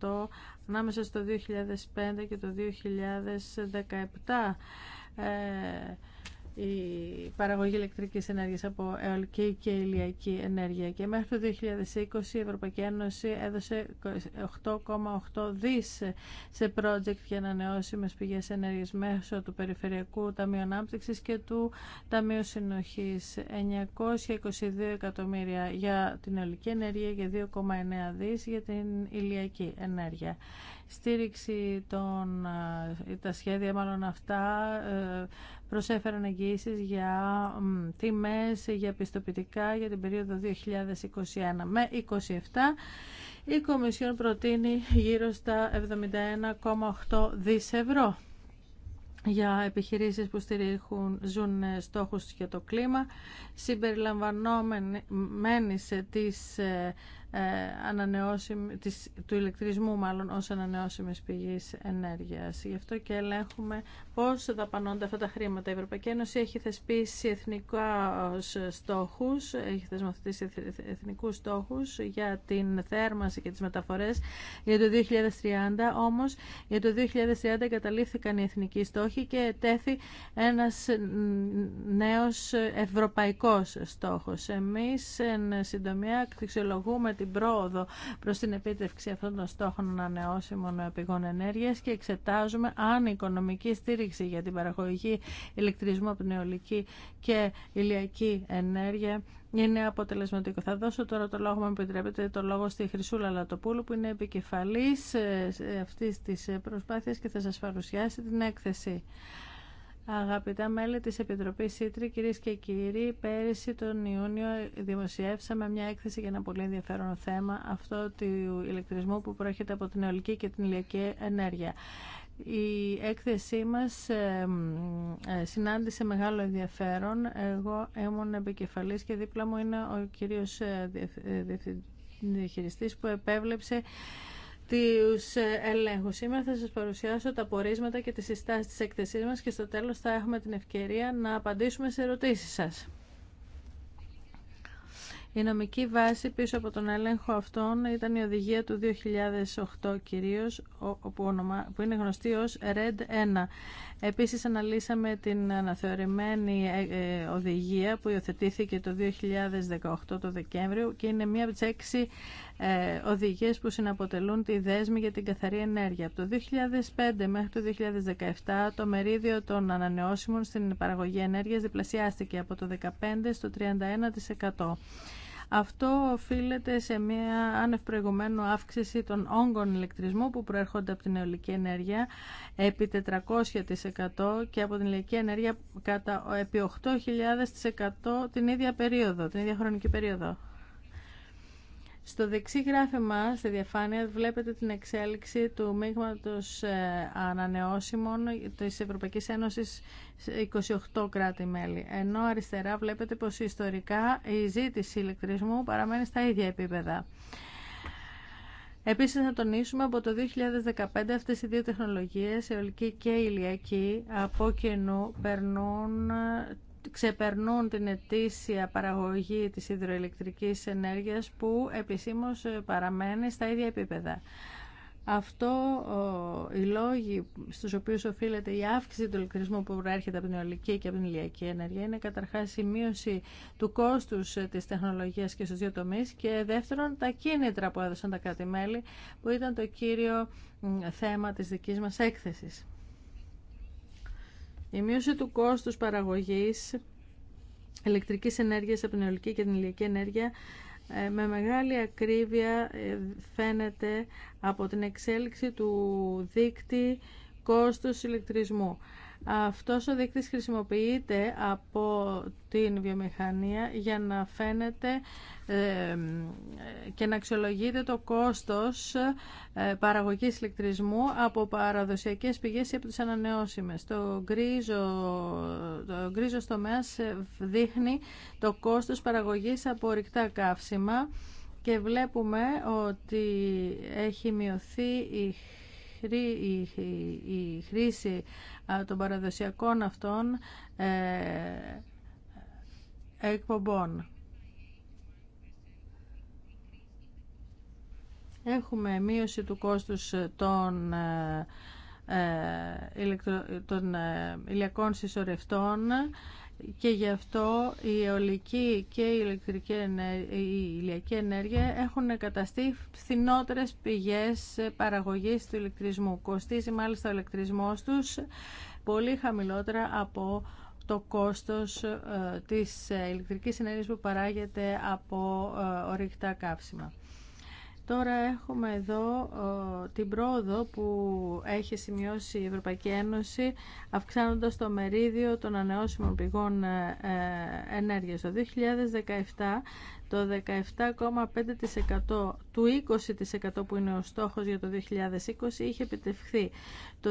8.000% ανάμεσα στο 2005 και το 2017 η παραγωγή ηλεκτρικής ενέργειας από αιωλική και ηλιακή ενέργεια. Και μέχρι το 2020 η Ευρωπαϊκή Ένωση έδωσε 8,8 δις σε project για ανανεώσιμες πηγές ενέργειας μέσω του Περιφερειακού Ταμείου ανάπτυξη και του Ταμείου Συνοχής. 922 εκατομμύρια για την αιωλική ενέργεια και 2,9 δις για την ηλιακή ενέργεια στήριξη των, ε, τα σχέδια μάλλον αυτά ε, προσέφεραν εγγύησει για τιμέ για πιστοποιητικά για την περίοδο 2021 με 27. Η Κομισιόν προτείνει γύρω στα 71,8 δις ευρώ για επιχειρήσεις που στηρίχουν, ζουν ε, στόχους για το κλίμα, συμπεριλαμβανομένης της ε, της, του ηλεκτρισμού μάλλον ως ανανεώσιμες πηγές ενέργειας. Γι' αυτό και ελέγχουμε πώς δαπανώνται αυτά τα χρήματα. Η Ευρωπαϊκή Ένωση έχει θεσπίσει εθνικά στόχους, έχει θεσμοθετήσει εθνικούς στόχους για την θέρμανση και τις μεταφορές για το 2030, όμως για το 2030 καταλήφθηκαν οι εθνικοί στόχοι και τέθη ένας νέος ευρωπαϊκός στόχος. Εμείς, εν συντομία, αξιολογούμε την πρόοδο προς την επίτευξη αυτών των στόχων ανανεώσιμων πηγών ενέργειας και εξετάζουμε αν η οικονομική στήριξη για την παραγωγή ηλεκτρισμού από νεολική και ηλιακή ενέργεια είναι αποτελεσματικό. Θα δώσω τώρα το λόγο, αν επιτρέπετε, το λόγο στη Χρυσούλα Λατοπούλου που είναι επικεφαλής ε, αυτής της προσπάθειας και θα σα παρουσιάσει την έκθεση. Αγαπητά μέλη της Επιτροπής Σίτρη, κυρίε και κύριοι, πέρυσι τον Ιούνιο δημοσιεύσαμε μια έκθεση για ένα πολύ ενδιαφέρον θέμα, αυτό του ηλεκτρισμού που προέρχεται από την αιωλική και την ηλιακή ενέργεια. Η έκθεσή μας ε, συνάντησε μεγάλο ενδιαφέρον. Εγώ ήμουν επικεφαλής και δίπλα μου είναι ο κύριος ε, διαχειριστής ε, που επέβλεψε τους ελέγχους. Σήμερα θα σας παρουσιάσω τα πορίσματα και τις συστάσεις της έκθεσής μας και στο τέλος θα έχουμε την ευκαιρία να απαντήσουμε σε ερωτήσεις σας. Η νομική βάση πίσω από τον έλεγχο αυτών ήταν η οδηγία του 2008 κυρίως, που είναι γνωστή ως RED 1. Επίσης αναλύσαμε την αναθεωρημένη ε, ε, οδηγία που υιοθετήθηκε το 2018 το Δεκέμβριο και είναι μία από τις έξι ε, οδηγίες που συναποτελούν τη δέσμη για την καθαρή ενέργεια. Από το 2005 μέχρι το 2017 το μερίδιο των ανανεώσιμων στην παραγωγή ενέργειας διπλασιάστηκε από το 15% στο 31%. Αυτό οφείλεται σε μια άνευ αύξηση των όγκων ηλεκτρισμού που προέρχονται από την αιωλική ενέργεια επί 400% και από την ηλεκτρική ενέργεια κατά επί 8.000% την ίδια περίοδο, την ίδια χρονική περίοδο. Στο δεξί γράφημα, στη διαφάνεια, βλέπετε την εξέλιξη του μείγματος ε, ανανεώσιμων της Ευρωπαϊκής Ένωσης 28 κράτη-μέλη. Ενώ αριστερά βλέπετε πως ιστορικά η ζήτηση ηλεκτρισμού παραμένει στα ίδια επίπεδα. Επίσης να τονίσουμε από το 2015 αυτές οι δύο τεχνολογίες, αιωλική και ηλιακή, από κοινού περνούν ξεπερνούν την ετήσια παραγωγή της υδροελεκτρικής ενέργειας που επισήμως παραμένει στα ίδια επίπεδα. Αυτό οι λόγοι στους οποίους οφείλεται η αύξηση του ηλεκτρισμού που προέρχεται από την ολική και από την ηλιακή ενέργεια είναι καταρχάς η μείωση του κόστους της τεχνολογίας και στους δύο τομείς και δεύτερον τα κίνητρα που έδωσαν τα κράτη-μέλη που ήταν το κύριο θέμα της δικής μας έκθεσης. Η μείωση του κόστους παραγωγής ηλεκτρικής ενέργειας από την αιωλική και την ηλιακή ενέργεια ε, με μεγάλη ακρίβεια ε, φαίνεται από την εξέλιξη του δίκτυ κόστους ηλεκτρισμού. Αυτός ο δείκτης χρησιμοποιείται από την βιομηχανία για να φαίνεται και να αξιολογείται το κόστος ε, παραγωγής ηλεκτρισμού από παραδοσιακές πηγές ή από τις ανανεώσιμες. Το γκρίζο, το γκρίζο ε, δείχνει το κόστος παραγωγής από ρηκτά καύσιμα και βλέπουμε ότι έχει μειωθεί η η χρήση των παραδοσιακών αυτών ε, εκπομπών. Έχουμε μείωση του κόστους των ε, ε, των ηλιακών συσσωρευτών και γι' αυτό η αιωλική και η, ηλεκτρική η ηλιακή ενέργεια έχουν καταστεί φθηνότερες πηγές παραγωγής του ηλεκτρισμού. Κοστίζει μάλιστα ο ηλεκτρισμός τους πολύ χαμηλότερα από το κόστος ε, της ηλεκτρικής ενέργειας που παράγεται από ε, ορυκτά καύσιμα. Τώρα έχουμε εδώ την πρόοδο που έχει σημειώσει η Ευρωπαϊκή Ένωση αυξάνοντας το μερίδιο των ανεώσιμων πηγών ε, ε, ενέργειας. Το 2017 το 17,5% του 20% που είναι ο στόχος για το 2020 είχε επιτευχθεί. Το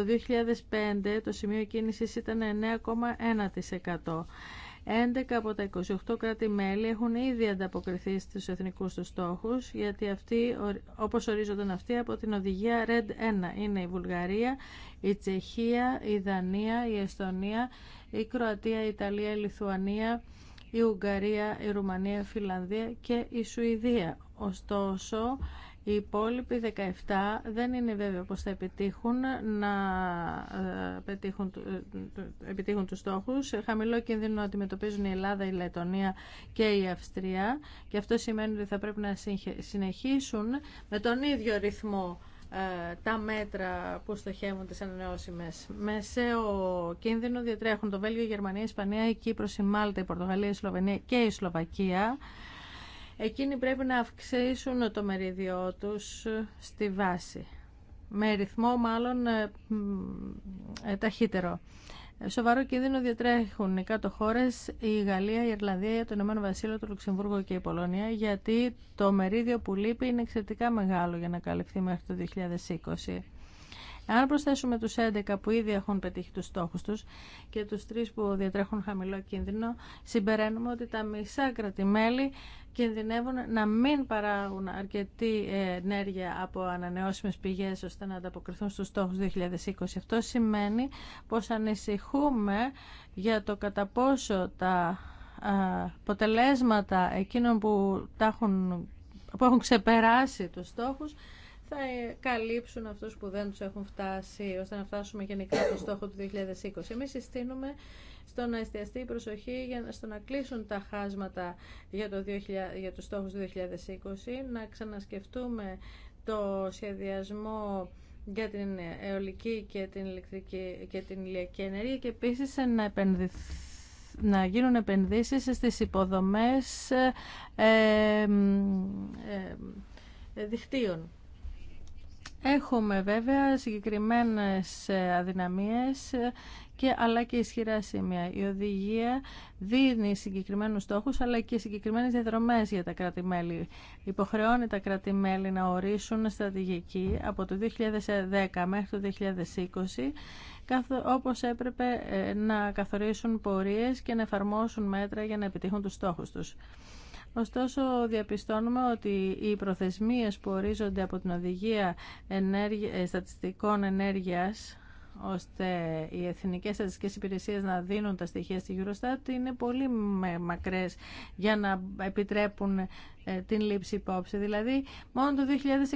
2005 το σημείο κίνησης ήταν 9,1%. 11 από τα 28 κράτη-μέλη έχουν ήδη ανταποκριθεί στους εθνικούς τους στόχους, γιατί αυτοί, όπως ορίζονταν αυτοί από την οδηγία RED 1. Είναι η Βουλγαρία, η Τσεχία, η Δανία, η Εστονία, η Κροατία, η Ιταλία, η Λιθουανία, η Ουγγαρία, η Ρουμανία, η Φιλανδία και η Σουηδία. Ωστόσο, οι υπόλοιποι 17 δεν είναι βέβαιο πως θα επιτύχουν να ε, ε, επιτύχουν, τους στόχους. Χαμηλό κίνδυνο αντιμετωπίζουν η Ελλάδα, η Λετωνία και η Αυστρία και αυτό σημαίνει ότι θα πρέπει να συνεχίσουν με τον ίδιο ρυθμό ε, τα μέτρα που στοχεύουν τις ανανεώσιμες. Μεσαίο κίνδυνο διατρέχουν το Βέλγιο, η Γερμανία, η Ισπανία, η Κύπρος, η Μάλτα, η Πορτογαλία, η Σλοβενία και η Σλοβακία εκείνοι πρέπει να αυξήσουν το μερίδιό τους στη βάση. Με ρυθμό μάλλον ε, ε, ταχύτερο. Σοβαρό κίνδυνο διατρέχουν οι κάτω χώρε, η Γαλλία, η Ιρλανδία, το Ηνωμένο Βασίλειο, το Λουξεμβούργο και η Πολωνία, γιατί το μερίδιο που λείπει είναι εξαιρετικά μεγάλο για να καλυφθεί μέχρι το 2020. Αν προσθέσουμε τους 11 που ήδη έχουν πετύχει τους στόχους τους και τους 3 που διατρέχουν χαμηλό κίνδυνο, συμπεραίνουμε ότι τα μισά κρατημέλη κινδυνεύουν να μην παράγουν αρκετή ενέργεια από ανανεώσιμες πηγές ώστε να ανταποκριθούν στους στόχους 2020. Αυτό σημαίνει πως ανησυχούμε για το κατά πόσο τα αποτελέσματα εκείνων που, έχουν, που έχουν ξεπεράσει τους στόχους θα ε, καλύψουν αυτούς που δεν τους έχουν φτάσει ώστε να φτάσουμε γενικά στο στόχο του 2020. Εμείς συστήνουμε στο να εστιαστεί η προσοχή για να, στο να κλείσουν τα χάσματα για, το 2000, για τους στόχους του 2020, να ξανασκεφτούμε το σχεδιασμό για την αιωλική και την, ηλεκτρική, και την ηλιακή ενέργεια και επίσης να να γίνουν επενδύσεις στις υποδομές ε, ε, ε δικτύων. Έχουμε βέβαια συγκεκριμένες ε, αδυναμίες ε, και, αλλά και ισχυρά σημεία. Η οδηγία δίνει συγκεκριμένους στόχους αλλά και συγκεκριμένες διαδρομές για τα κράτη-μέλη. Υποχρεώνει τα κράτη-μέλη να ορίσουν στρατηγική από το 2010 μέχρι το 2020 όπως έπρεπε ε, να καθορίσουν πορείες και να εφαρμόσουν μέτρα για να επιτύχουν τους στόχους τους. Ωστόσο, διαπιστώνουμε ότι οι προθεσμίες που ορίζονται από την Οδηγία ε, Στατιστικών Ενέργειας ώστε οι εθνικές στατιστικές υπηρεσίες να δίνουν τα στοιχεία στη Eurostat είναι πολύ μακρές για να επιτρέπουν ε, την λήψη υπόψη. Δηλαδή, μόνο το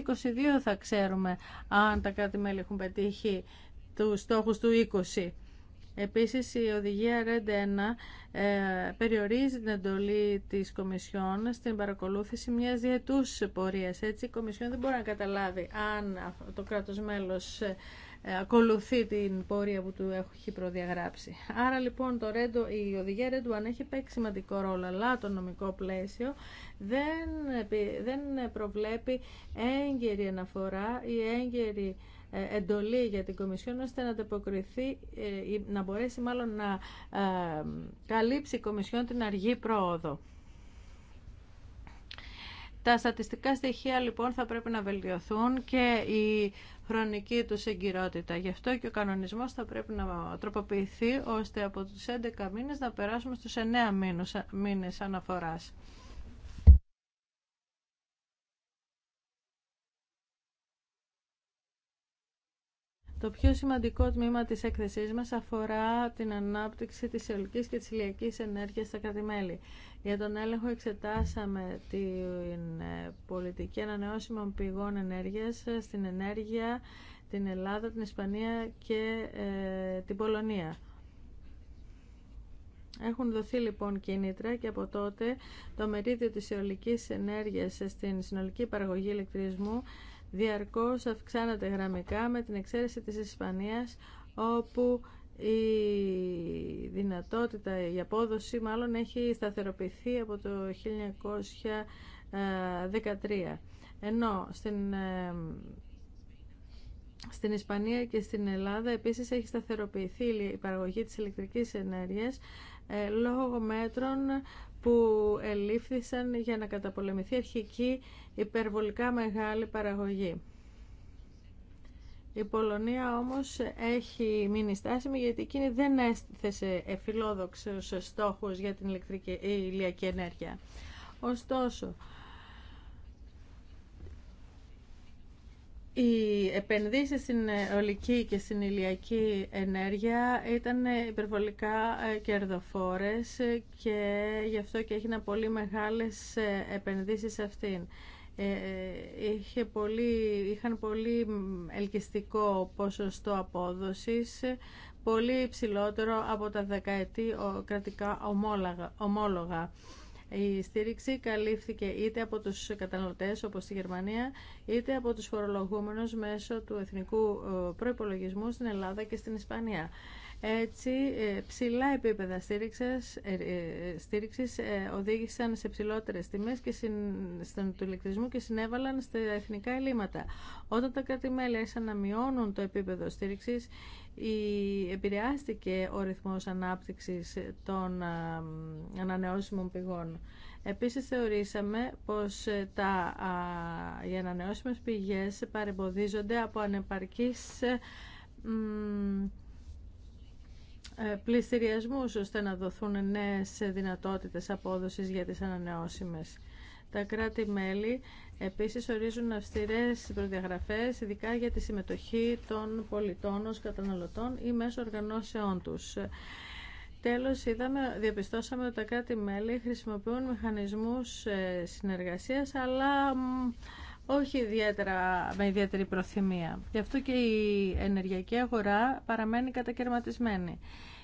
2022 θα ξέρουμε αν τα κράτη-μέλη έχουν πετύχει τους στόχους του 20. Επίσης, η οδηγία RED 1 ε, περιορίζει την εντολή της Κομισιόν στην παρακολούθηση μιας διετούς πορείας. Έτσι, η Κομισιόν δεν μπορεί να καταλάβει αν το κράτος μέλος ε, ε, ακολουθεί την πορεία που του έχει προδιαγράψει. Άρα λοιπόν το η οδηγία ΡΕΝΤ-1 έχει παίξει σημαντικό ρόλο, αλλά το νομικό πλαίσιο δεν, δεν προβλέπει έγκαιρη αναφορά ή έγκαιρη ε, εντολή για την Κομισιόν ώστε να ανταποκριθεί, ε, να μπορέσει μάλλον να ε, καλύψει η Κομισιόν την αργή πρόοδο. Τα στατιστικά στοιχεία λοιπόν θα πρέπει να βελτιωθούν και η χρονική του εγκυρότητα. Γι' αυτό και ο κανονισμός θα πρέπει να τροποποιηθεί ώστε από τους 11 μήνε να περάσουμε στου 9 μήνε αναφορά. Το πιο σημαντικό τμήμα της έκθεσής μας αφορά την ανάπτυξη της αιωλικής και της ηλιακής ενέργειας στα κράτη-μέλη. Για τον έλεγχο εξετάσαμε την ε, πολιτική ανανεώσιμων πηγών ενέργειας ε, στην ενέργεια, την Ελλάδα, την Ισπανία και ε, την Πολωνία. Έχουν δοθεί λοιπόν κίνητρα και από τότε το μερίδιο της αιωλικής ενέργειας στην συνολική παραγωγή ηλεκτρισμού διαρκώς αυξάνεται γραμμικά με την εξαίρεση της Ισπανίας όπου η δυνατότητα, η απόδοση μάλλον έχει σταθεροποιηθεί από το 1913. Ενώ στην, ε, στην Ισπανία και στην Ελλάδα επίσης έχει σταθεροποιηθεί η παραγωγή της ηλεκτρικής ενέργειας ε, λόγω μέτρων που ελήφθησαν για να καταπολεμηθεί αρχική υπερβολικά μεγάλη παραγωγή. Η Πολωνία όμως έχει μείνει στάσιμη γιατί εκείνη δεν έθεσε εφιλόδοξους στόχους για την ηλιακή ενέργεια. Ωστόσο, Οι επενδύσεις στην ολική και στην ηλιακή ενέργεια ήταν υπερβολικά ε, κερδοφόρες ε, και γι' αυτό και έγιναν πολύ μεγάλες ε, επενδύσεις σε αυτήν. Είχε πολύ, είχαν πολύ ελκυστικό ποσοστό απόδοσης, πολύ υψηλότερο από τα δεκαετή κρατικά ομόλογα. Η στήριξη καλύφθηκε είτε από τους καταναλωτές όπως στη Γερμανία, είτε από τους φορολογούμενους μέσω του εθνικού ε, προϋπολογισμού στην Ελλάδα και στην Ισπανία. Έτσι, ε, ψηλά επίπεδα ε, ε, στήριξης, στήριξης οδήγησαν σε ψηλότερες τιμές και στον του ηλεκτρισμού και συνέβαλαν στα εθνικά ελλείμματα. Όταν τα κράτη-μέλη να μειώνουν το επίπεδο στήριξης, η, επηρεάστηκε ο ρυθμός ανάπτυξης των ανανεώσιμων πηγών. Επίσης θεωρήσαμε πως τα, οι ανανεώσιμες πηγές παρεμποδίζονται από ανεπαρκείς ε, πληστηριασμούς ώστε να δοθούν νέες δυνατότητες απόδοσης για τις ανανεώσιμες. Τα κράτη-μέλη επίσης ορίζουν αυστηρές προδιαγραφές, ειδικά για τη συμμετοχή των πολιτών ως καταναλωτών ή μέσω οργανώσεών τους. Τέλος, είδαμε, διαπιστώσαμε ότι τα κράτη-μέλη χρησιμοποιούν μηχανισμούς ε, συνεργασίας, αλλά όχι ιδιαίτερα, με ιδιαίτερη προθυμία. Γι' αυτό και η ενεργειακή αγορά παραμένει κατακαιρματισμένη.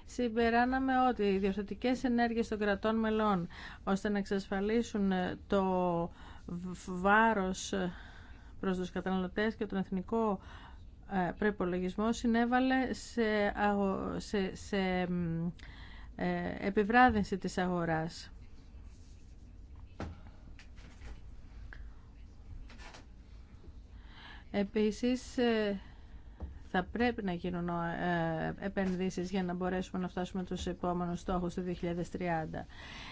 Συμπεράναμε ότι οι διορθωτικές ενέργειες των κρατών μελών ώστε να εξασφαλίσουν το βάρος προς τους καταναλωτές και τον εθνικό ε, προπολογισμό συνέβαλε σε, σε, σε ε, επιβράδυνση της αγοράς. Επίσης, ε, θα πρέπει να γίνουν ε, επενδύσεις για να μπορέσουμε να φτάσουμε τους επόμενους στόχους του 2030.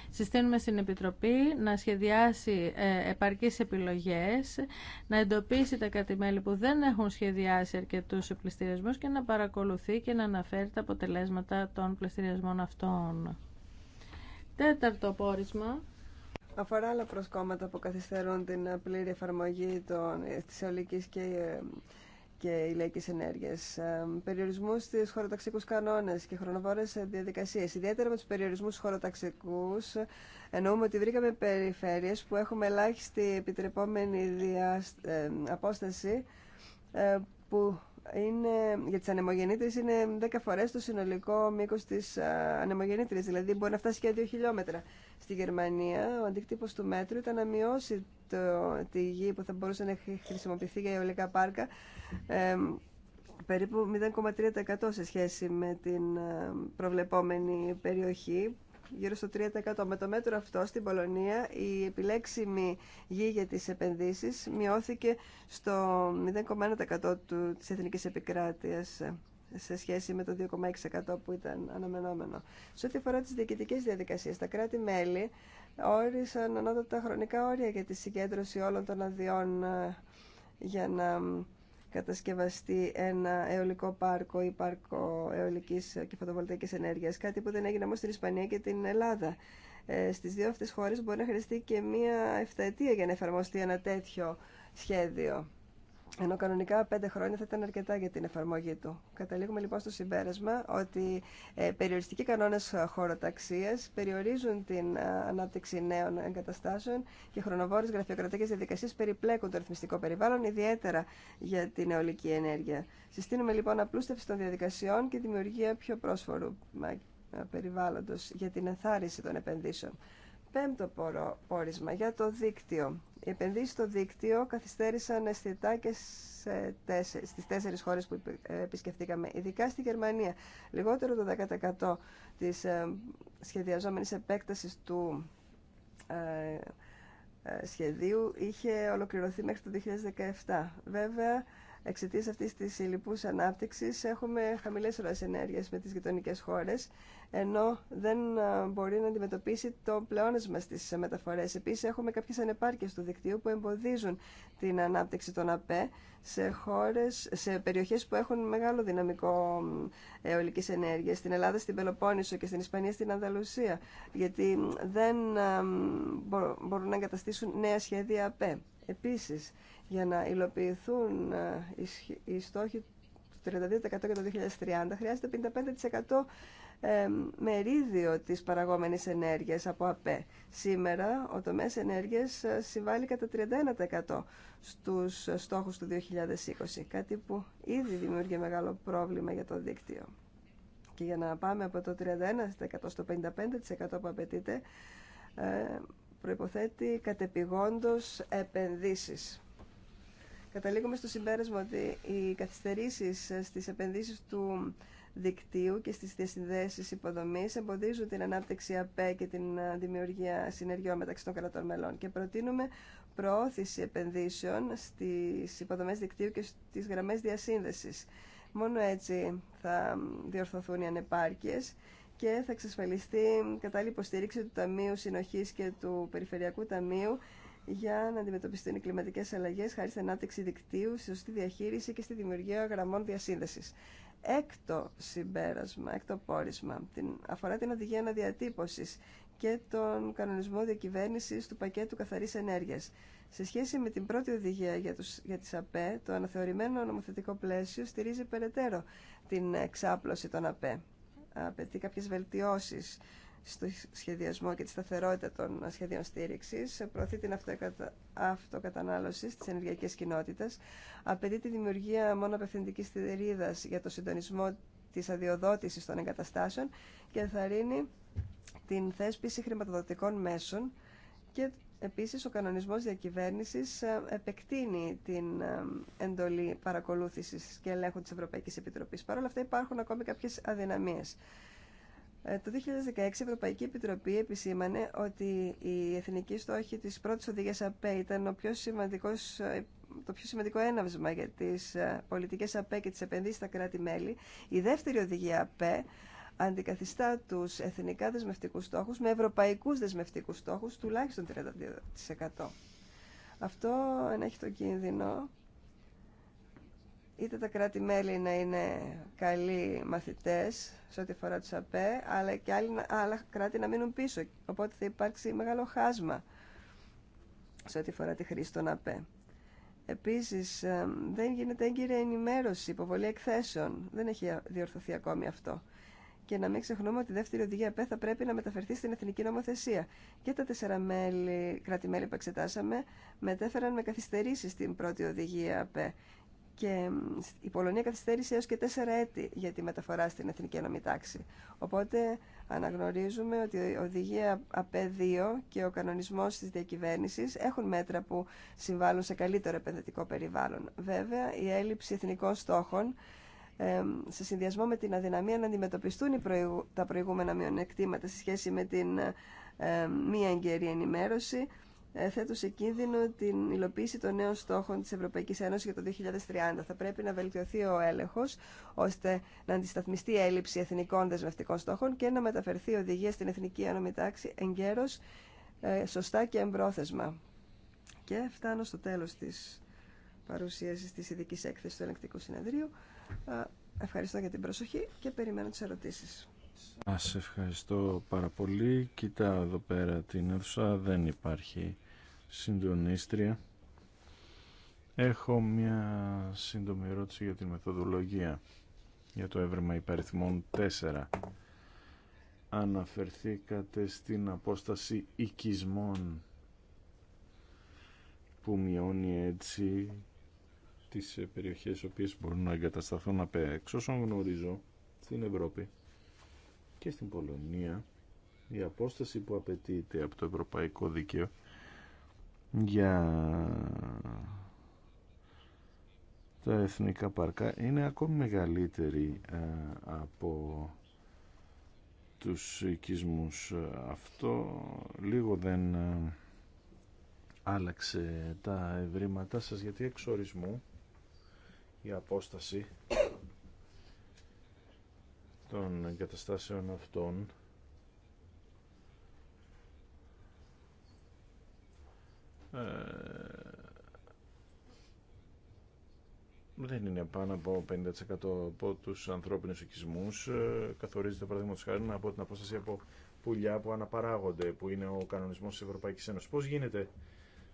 Συστήνουμε στην Επιτροπή να σχεδιάσει ε, επαρκείς επιλογές, να εντοπίσει τα κατημέλη που δεν έχουν σχεδιάσει αρκετούς πληστηριασμούς και να παρακολουθεί και να αναφέρει τα αποτελέσματα των πληστηριασμών αυτών. Τέταρτο πόρισμα αφορά άλλα προσκόμματα που καθυστερούν την πλήρη εφαρμογή των, της και, και ηλιακής ενέργειας. Ε, περιορισμούς στις χωροταξικούς κανόνες και χρονοβόρες διαδικασίες. Ιδιαίτερα με τους περιορισμούς χωροταξικούς εννοούμε ότι βρήκαμε περιφέρειες που έχουμε ελάχιστη επιτρεπόμενη ε, απόσταση ε, που είναι, για τις ανεμογεννήτρες είναι 10 φορές το συνολικό μήκος της ανεμογεννήτρες, δηλαδή μπορεί να φτάσει και 2 χιλιόμετρα. Στη Γερμανία ο αντίκτυπος του μέτρου ήταν να μειώσει το, τη γη που θα μπορούσε να χρησιμοποιηθεί για αιωλικά πάρκα ε, περίπου 0,3% σε σχέση με την προβλεπόμενη περιοχή γύρω στο 3%. Με το μέτρο αυτό στην Πολωνία η επιλέξιμη γη για τις επενδύσεις μειώθηκε στο 0,1% της εθνικής επικράτειας σε σχέση με το 2,6% που ήταν αναμενόμενο. Σε ό,τι αφορά τις διοικητικές διαδικασίες, τα κράτη-μέλη όρισαν ανώτατα χρονικά όρια για τη συγκέντρωση όλων των αδειών ε, για να κατασκευαστεί ένα αιωλικό πάρκο ή πάρκο αιωλική και φωτοβολταϊκή ενέργειας, κάτι που δεν έγινε όμω στην Ισπανία και την Ελλάδα. Ε, στις δύο αυτές χώρες μπορεί να χρειαστεί και μία εφταετία για να εφαρμοστεί ένα τέτοιο σχέδιο. Ενώ κανονικά πέντε χρόνια θα ήταν αρκετά για την εφαρμογή του. Καταλήγουμε λοιπόν στο συμπέρασμα ότι ε, περιοριστικοί κανόνες χωροταξίας περιορίζουν την ε, ανάπτυξη νέων εγκαταστάσεων και χρονοβόρες γραφειοκρατικέ διαδικασίες περιπλέκουν το ρυθμιστικό περιβάλλον, ιδιαίτερα για την αιωλική ενέργεια. Συστήνουμε λοιπόν απλούστευση των διαδικασιών και δημιουργία πιο πρόσφορου ε, περιβάλλοντος για την ενθάρρυνση των επενδύσεων πέμπτο πόρισμα για το δίκτυο. Οι επενδύσει στο δίκτυο καθυστέρησαν αισθητά και στι τέσσερι στις τέσσερις χώρες που ε, επισκεφτήκαμε, ειδικά στη Γερμανία. Λιγότερο το 10% της ε, σχεδιαζόμενης επέκτασης του ε, σχεδίου είχε ολοκληρωθεί μέχρι το 2017. Βέβαια, Εξαιτία αυτή τη λοιπού ανάπτυξη έχουμε χαμηλέ ροέ ενέργεια με τι γειτονικέ χώρε, ενώ δεν μπορεί να αντιμετωπίσει το πλεόνασμα στι μεταφορέ. Επίση, έχουμε κάποιε ανεπάρκειε του δικτύου που εμποδίζουν την ανάπτυξη των ΑΠΕ σε, χώρες, σε περιοχές που έχουν μεγάλο δυναμικό αιωλικής ενέργειας, στην Ελλάδα, στην Πελοπόννησο και στην Ισπανία, στην Ανδαλουσία, γιατί δεν μπορούν να εγκαταστήσουν νέα σχέδια ΑΠΕ. Επίσης, για να υλοποιηθούν ε, οι στόχοι του 32% για το 2030 χρειάζεται 55% μερίδιο της παραγόμενης ενέργειας από ΑΠΕ. Σήμερα ο τομέας ενέργειας ε, συμβάλλει κατά 31% στους στόχους του 2020, κάτι που ήδη δημιούργησε μεγάλο πρόβλημα για το δίκτυο. Και για να πάμε από το 31% στο 55% που απαιτείται, ε, προϋποθέτει κατεπηγόντως επενδύσεις. Καταλήγουμε στο συμπέρασμα ότι οι καθυστερήσεις στις επενδύσεις του δικτύου και στις διασυνδέσεις υποδομής εμποδίζουν την ανάπτυξη ΑΠΕ και την ε, δημιουργία συνεργειών μεταξύ των κρατών μελών και προτείνουμε προώθηση επενδύσεων στις υποδομές δικτύου και στις γραμμές διασύνδεσης. Μόνο έτσι θα διορθωθούν οι ανεπάρκειες και θα εξασφαλιστεί κατάλληλη υποστήριξη του Ταμείου Συνοχής και του Περιφερειακού Ταμείου για να αντιμετωπιστούν οι κλιματικέ αλλαγέ χάρη στην ανάπτυξη δικτύου, στη σωστή διαχείριση και στη δημιουργία γραμμών διασύνδεση. Έκτο συμπέρασμα, έκτο πόρισμα, την, αφορά την οδηγία αναδιατύπωση και τον κανονισμό διακυβέρνηση του πακέτου καθαρή ενέργεια. Σε σχέση με την πρώτη οδηγία για, τους, για τις ΑΠΕ, το αναθεωρημένο νομοθετικό πλαίσιο στηρίζει περαιτέρω την εξάπλωση των ΑΠΕ. Απαιτεί κάποιες βελτιώσεις στο σχεδιασμό και τη σταθερότητα των σχεδίων στήριξη, προωθεί την αυτοκατανάλωση τη ενεργειακή κοινότητες, απαιτεί τη δημιουργία μόνο απευθυντική θηρίδας για το συντονισμό τη αδειοδότηση των εγκαταστάσεων και θα την θέσπιση χρηματοδοτικών μέσων και επίσης ο κανονισμός διακυβέρνησης ε, επεκτείνει την ε, εντολή παρακολούθησης και ελέγχου της Ευρωπαϊκής Επιτροπής. Παρ' όλα αυτά υπάρχουν ακόμη κάποιες αδυναμίες. Ε, το 2016 η Ευρωπαϊκή Επιτροπή επισήμανε ότι η εθνική στόχη της πρώτης οδηγίας ΑΠΕ ήταν πιο σημαντικός, ε, το πιο σημαντικό έναυσμα για τις ε, πολιτικές ΑΠΕ και τις επενδύσεις στα κράτη-μέλη. Η δεύτερη οδηγία ΑΠΕ αντικαθιστά τους εθνικά δεσμευτικούς στόχους με ευρωπαϊκούς δεσμευτικούς στόχους τουλάχιστον 32%. Αυτό ενέχει το κίνδυνο είτε τα κράτη-μέλη να είναι καλοί μαθητές σε ό,τι φορά τους ΑΠΕ, αλλά και άλλα κράτη να μείνουν πίσω. Οπότε θα υπάρξει μεγάλο χάσμα σε ό,τι φορά τη χρήση των ΑΠΕ. Επίσης, ε, δεν γίνεται έγκυρη ενημέρωση, υποβολή εκθέσεων. Δεν έχει διορθωθεί ακόμη αυτό. Και να μην ξεχνούμε ότι η δεύτερη οδηγία ΑΠΕ θα πρέπει να μεταφερθεί στην εθνική νομοθεσία. Και τα τέσσερα μέλη, κράτη-μέλη που εξετάσαμε μετέφεραν με καθυστερήσει την πρώτη οδηγία ΑΠΕ. Και η Πολωνία καθυστέρησε έως και τέσσερα έτη για τη μεταφορά στην Εθνική Ενωμή Οπότε αναγνωρίζουμε ότι η οδηγία ΑΠΕ και ο κανονισμός της διακυβέρνησης έχουν μέτρα που συμβάλλουν σε καλύτερο επενδυτικό περιβάλλον. Βέβαια, η έλλειψη εθνικών στόχων σε συνδυασμό με την αδυναμία να αντιμετωπιστούν τα προηγούμενα μειονεκτήματα σε σχέση με την μία εγκαιρή ενημέρωση ε, θέτουν σε κίνδυνο την υλοποίηση των νέων στόχων της Ευρωπαϊκής Ένωσης για το 2030. Θα πρέπει να βελτιωθεί ο έλεγχος ώστε να αντισταθμιστεί η έλλειψη εθνικών δεσμευτικών στόχων και να μεταφερθεί η οδηγία στην Εθνική Τάξη εγκαίρως, ε, σωστά και εμπρόθεσμα. Και φτάνω στο τέλος της παρουσίαση της ειδική έκθεσης του Ελεκτικού Συνεδρίου. Ε, ευχαριστώ για την προσοχή και περιμένω τις ερωτήσεις. Σας ευχαριστώ πάρα πολύ. Κοίτα εδώ πέρα την αίθουσα, δεν υπάρχει συντονίστρια. Έχω μια σύντομη ερώτηση για τη μεθοδολογία για το έβρεμα υπαριθμών 4. Αναφερθήκατε στην απόσταση οικισμών που μειώνει έτσι τις περιοχές οι οποίες μπορούν να εγκατασταθούν απ' έξω όσον γνωρίζω στην Ευρώπη και στην Πολωνία η απόσταση που απαιτείται από το ευρωπαϊκό δίκαιο για τα εθνικά παρκά είναι ακόμη μεγαλύτερη ε, από τους οικισμούς. Αυτό λίγο δεν ε, άλλαξε τα ευρήματά σας γιατί εξορισμού η απόσταση των εγκαταστάσεων αυτών Ε, δεν είναι πάνω από 50% από τους ανθρώπινους οικισμούς. Ε, καθορίζεται, παραδείγματος χάρη, από την απόσταση από πουλιά που αναπαράγονται, που είναι ο κανονισμός της Ευρωπαϊκής Ένωσης. Πώς γίνεται,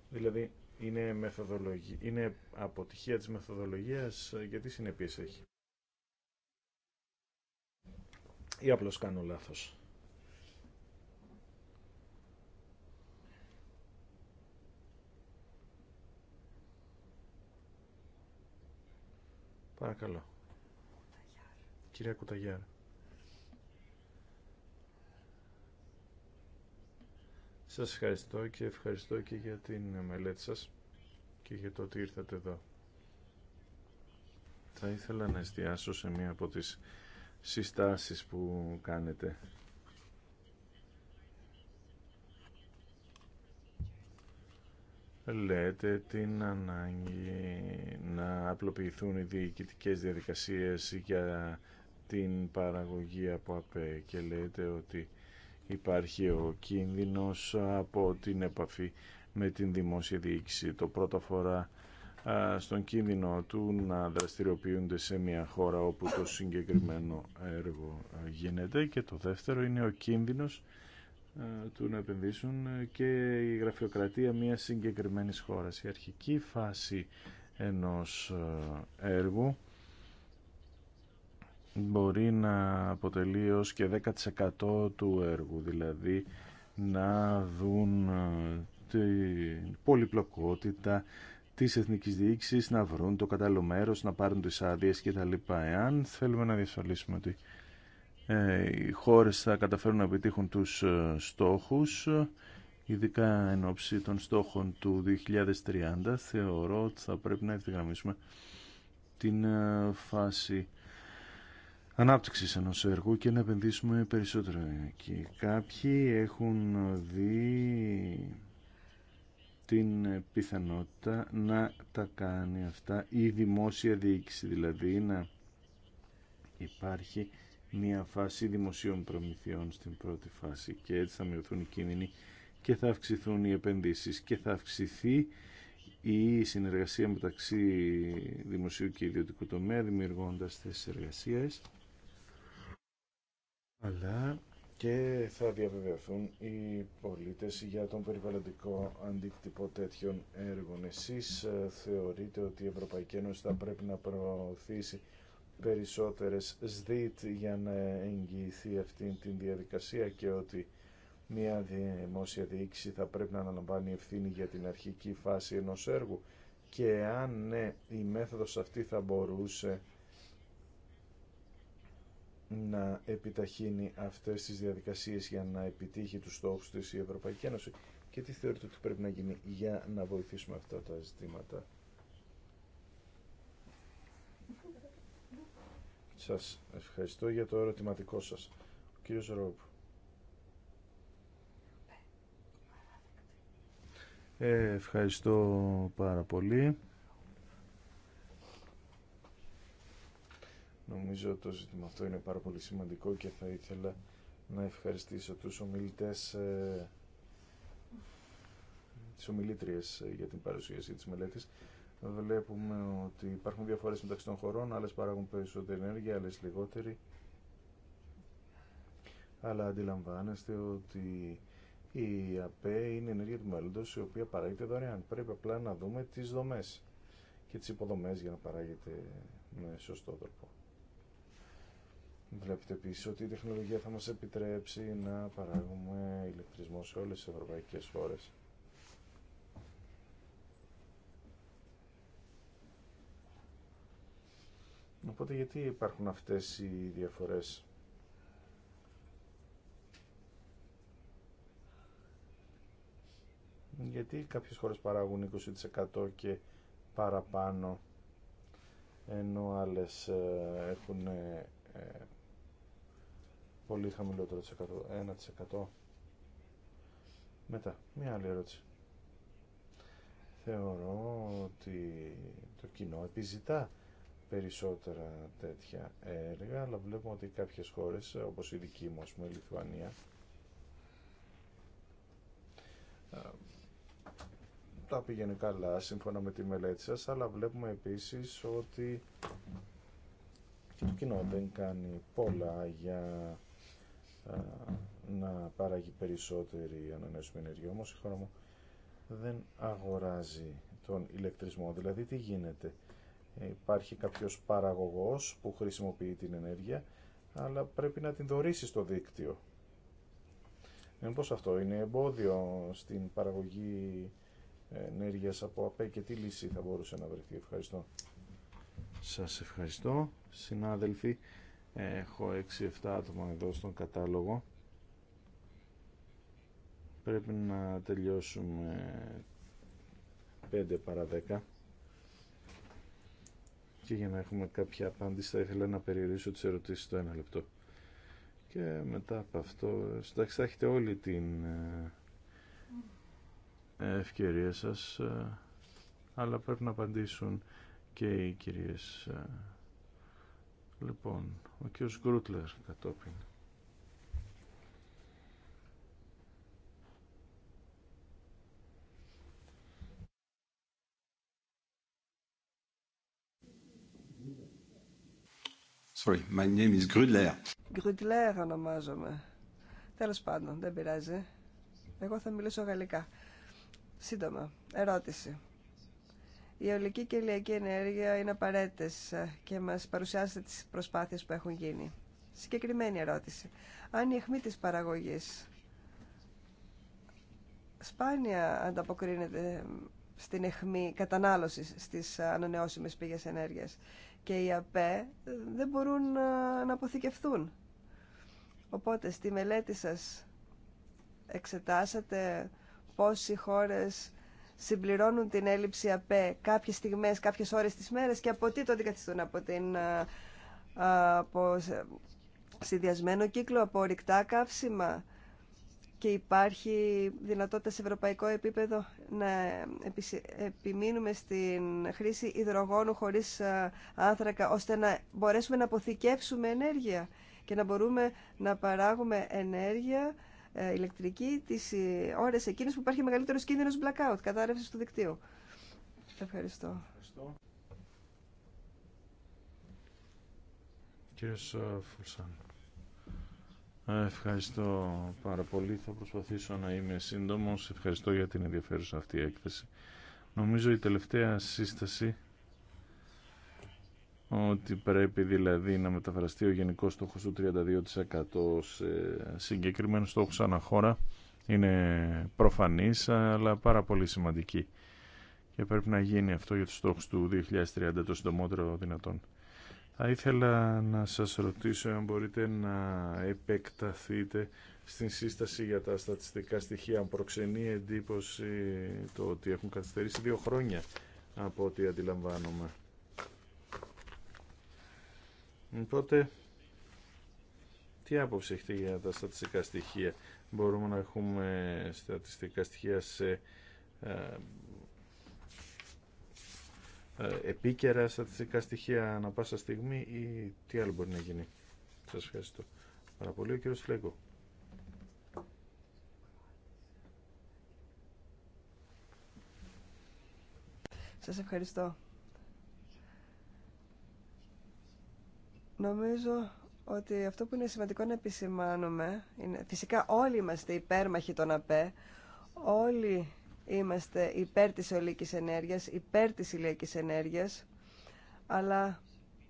δηλαδή, είναι, μεθοδολογία, είναι αποτυχία της μεθοδολογίας, γιατί συνεπίες έχει. Ή απλώς κάνω λάθος. Παρακαλώ. Κυρία Κουταγιάρ. Σας ευχαριστώ και ευχαριστώ και για την μελέτη σας και για το ότι ήρθατε εδώ. Θα ήθελα να εστιάσω σε μία από τις συστάσεις που κάνετε λέτε την ανάγκη να απλοποιηθούν οι διοικητικές διαδικασίες για την παραγωγή από ΑΠΕ και λέτε ότι υπάρχει ο κίνδυνος από την επαφή με την δημόσια διοίκηση. Το πρώτο φορά στον κίνδυνο του να δραστηριοποιούνται σε μια χώρα όπου το συγκεκριμένο έργο γίνεται και το δεύτερο είναι ο κίνδυνος ε, του να επενδύσουν ε, και η γραφειοκρατία μία συγκεκριμένη χώρα. Η αρχική φάση ενός ε, έργου μπορεί να αποτελεί ως και 10% του έργου, δηλαδή να δουν την πολυπλοκότητα της εθνικής διοίκησης, να βρουν το κατάλληλο μέρος, να πάρουν τις άδειες κτλ. Εάν θέλουμε να διασφαλίσουμε ότι ε, οι χώρες θα καταφέρουν να επιτύχουν τους ε, στόχους, ειδικά εν ώψη των στόχων του 2030, θεωρώ ότι θα πρέπει να ευθυγραμμίσουμε την ε, φάση ανάπτυξης ενός έργου και να επενδύσουμε περισσότερο. Και κάποιοι έχουν δει την πιθανότητα να τα κάνει αυτά η δημόσια διοίκηση, δηλαδή να υπάρχει μια φάση δημοσίων προμηθειών στην πρώτη φάση και έτσι θα μειωθούν οι κίνδυνοι και θα αυξηθούν οι επενδύσεις και θα αυξηθεί η συνεργασία μεταξύ δημοσίου και ιδιωτικού τομέα δημιουργώντας θέσεις εργασίας αλλά και θα διαβεβαιωθούν οι πολίτες για τον περιβαλλοντικό αντίκτυπο τέτοιων έργων. Εσείς ε, θεωρείτε ότι η Ευρωπαϊκή Ένωση θα πρέπει να προωθήσει περισσότερες ΣΔΙΤ για να εγγυηθεί αυτή την διαδικασία και ότι μια δημόσια διοίκηση θα πρέπει να αναλαμβάνει ευθύνη για την αρχική φάση ενός έργου και αν ναι, η μέθοδος αυτή θα μπορούσε να επιταχύνει αυτές τις διαδικασίες για να επιτύχει τους στόχους της η Ευρωπαϊκή Ένωση και τι θεωρείτε ότι πρέπει να γίνει για να βοηθήσουμε αυτά τα ζητήματα. Σας ευχαριστώ για το ερωτηματικό σας. κύριος Ρόμπ. Ε, ευχαριστώ πάρα πολύ. Νομίζω το ζήτημα αυτό είναι πάρα πολύ σημαντικό και θα ήθελα να ευχαριστήσω τους ομιλητές ε, τις ομιλήτριες ε, για την παρουσίαση της μελέτης βλέπουμε ότι υπάρχουν διαφορές μεταξύ των χωρών, άλλες παράγουν περισσότερη ενέργεια, άλλες λιγότερη. Αλλά αντιλαμβάνεστε ότι η ΑΠΕ είναι ενέργεια του μέλλοντος, η οποία παράγεται δωρεάν. Πρέπει απλά να δούμε τις δομές και τις υποδομές για να παράγεται με σωστό τρόπο. Βλέπετε επίσης ότι η τεχνολογία θα μας επιτρέψει να παράγουμε ηλεκτρισμό σε όλες τις ευρωπαϊκές χώρες. Οπότε γιατί υπάρχουν αυτές οι διαφορές. Γιατί κάποιες χώρες παράγουν 20% και παραπάνω ενώ άλλες ε, έχουν ε, ε, πολύ χαμηλότερο 1%. Μετά, μία άλλη ερώτηση. Θεωρώ ότι το κοινό επιζητά περισσότερα τέτοια έργα, αλλά βλέπουμε ότι κάποιες χώρες, όπως η δική μου, ας πούμε, η Λιθουανία, ε, τα πήγαινε καλά σύμφωνα με τη μελέτη σας, αλλά βλέπουμε επίσης ότι και το κοινό δεν κάνει πολλά για ε, να παράγει περισσότερη ανανεώσιμη ενέργεια. Όμως η χώρα μου δεν αγοράζει τον ηλεκτρισμό. Δηλαδή τι γίνεται. Ε, υπάρχει κάποιος παραγωγός που χρησιμοποιεί την ενέργεια, αλλά πρέπει να την δωρήσει στο δίκτυο. πώς αυτό είναι εμπόδιο στην παραγωγή ενέργειας από ΑΠΕ και τι λύση θα μπορούσε να βρεθεί. Ευχαριστώ. Σας ευχαριστώ. Συνάδελφοι, έχω 6-7 άτομα εδώ στον κατάλογο. Πρέπει να τελειώσουμε 5 παρα 10 και για να έχουμε κάποια απάντηση θα ήθελα να περιορίσω τις ερωτήσεις στο ένα λεπτό. Και μετά από αυτό, εντάξει θα έχετε όλη την ε, ευκαιρία σας, ε, αλλά πρέπει να απαντήσουν και οι κυρίες. Ε. Λοιπόν, ο κύριος Γκρούτλερ κατόπιν. Sorry, my name is Grudler. Grudler ονομάζομαι. Τέλος πάντων, δεν πειράζει. Εγώ θα μιλήσω γαλλικά. Σύντομα, ερώτηση. Η αιωλική και η ηλιακή ενέργεια είναι απαραίτητε ε, και μας παρουσιάζεται τις προσπάθειες που έχουν γίνει. Συγκεκριμένη ερώτηση. Αν η αιχμή της παραγωγής σπάνια ανταποκρίνεται ε, στην αιχμή κατανάλωσης στις ε, ανανεώσιμες πηγές ενέργειας και οι ΑΠΕ ε, δεν μπορούν ε, να αποθηκευθούν. Οπότε στη μελέτη σας εξετάσατε πώς οι χώρες συμπληρώνουν την έλλειψη ΑΠΕ κάποιες στιγμές, κάποιες ώρες της μέρες και από τι το αντικαθιστούν από την ε, από συνδυασμένο κύκλο από ορυκτά καύσιμα και υπάρχει δυνατότητα σε ευρωπαϊκό επίπεδο να επιμείνουμε στην χρήση υδρογόνου χωρίς ε, άνθρακα, ώστε να μπορέσουμε να αποθηκεύσουμε ενέργεια και να μπορούμε να παράγουμε ενέργεια ε, ηλεκτρική τις ε, ώρες εκείνες που υπάρχει μεγαλύτερος κίνδυνος blackout, κατάρρευσης του δικτύου. Ευχαριστώ. Κύριος Φουλσάνη. Ευχαριστώ πάρα πολύ. Θα προσπαθήσω να είμαι σύντομος. Ευχαριστώ για την ενδιαφέρουσα αυτή η έκθεση. Νομίζω η τελευταία σύσταση ότι πρέπει δηλαδή να μεταφραστεί ο γενικό στόχο του 32% σε συγκεκριμένου στόχου ανά χώρα είναι προφανής αλλά πάρα πολύ σημαντική και πρέπει να γίνει αυτό για τους στόχου του 2030 το συντομότερο δυνατόν. Θα ήθελα να σας ρωτήσω αν μπορείτε να επεκταθείτε στην σύσταση για τα στατιστικά στοιχεία. Αν προξενεί εντύπωση το ότι έχουν καθυστερήσει δύο χρόνια από ό,τι αντιλαμβάνομαι. Οπότε, τι άποψη έχετε για τα στατιστικά στοιχεία. Μπορούμε να έχουμε στατιστικά στοιχεία σε ε, ε, επίκαιρα στατιστικά στοιχεία ανα πάσα στιγμή ή τι άλλο μπορεί να γίνει. Σα ευχαριστώ πάρα πολύ. Ο κύριο Φλέγκο. Σας ευχαριστώ. Νομίζω ότι αυτό που είναι σημαντικό να επισημάνουμε είναι φυσικά όλοι είμαστε υπέρμαχοι των ΑΠΕ, όλοι είμαστε υπέρ της ολικής ενέργειας, υπέρ της ηλιακής ενέργειας, αλλά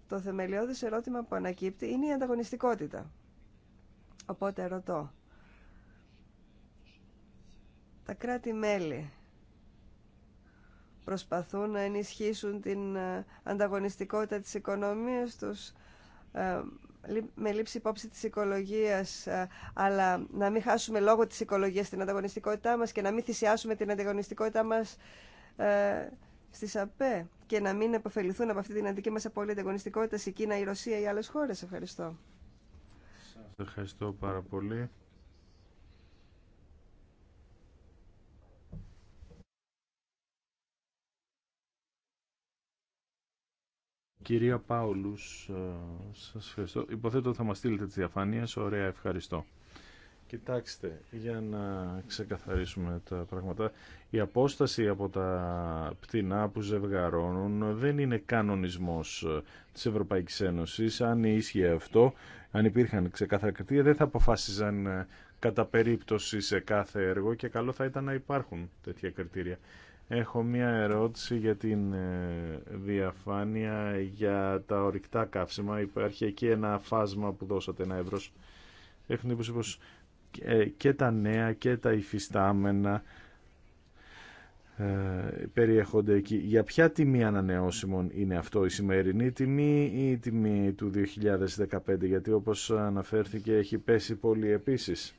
το θεμελιώδες ερώτημα που ανακύπτει είναι η ανταγωνιστικότητα. Οπότε ρωτώ, τα κράτη-μέλη προσπαθούν να ενισχύσουν την ε, ανταγωνιστικότητα της οικονομίας τους ε, με λήψη υπόψη της οικολογίας, ε, αλλά να μην χάσουμε λόγω της οικολογίας την ανταγωνιστικότητά μας και να μην θυσιάσουμε την ανταγωνιστικότητά μας ε, στις ΑΠΕ και να μην επωφεληθούν από αυτή την αντική μας απόλυτη ανταγωνιστικότητα η Κίνα, η Ρωσία ή άλλες χώρες. Ευχαριστώ. Σας ευχαριστώ πάρα πολύ. Κυρία Πάουλους, ε, σας ευχαριστώ. Υποθέτω ότι θα μας στείλετε τις διαφάνειες. Ωραία, ευχαριστώ. Κοιτάξτε, για να ξεκαθαρίσουμε τα πράγματα, η απόσταση από τα πτηνά που ζευγαρώνουν δεν είναι κανονισμός της Ευρωπαϊκής Ένωσης. Αν ίσχυε αυτό, αν υπήρχαν ξεκάθαρα κριτήρια, δεν θα αποφάσιζαν ε, κατά περίπτωση σε κάθε έργο και καλό θα ήταν να υπάρχουν τέτοια κριτήρια. Έχω μία ερώτηση για την ε, διαφάνεια για τα ορυκτά καύσιμα. Υπάρχει εκεί ένα φάσμα που δώσατε ένα ευρώ. Έχουν εντύπωση πως ε, και τα νέα και τα υφιστάμενα ε, περιέχονται εκεί. Για ποια τιμή ανανεώσιμων είναι αυτό η σημερινή τιμή ή η τιμή του 2015 γιατί όπως αναφέρθηκε έχει πέσει πολύ επίσης.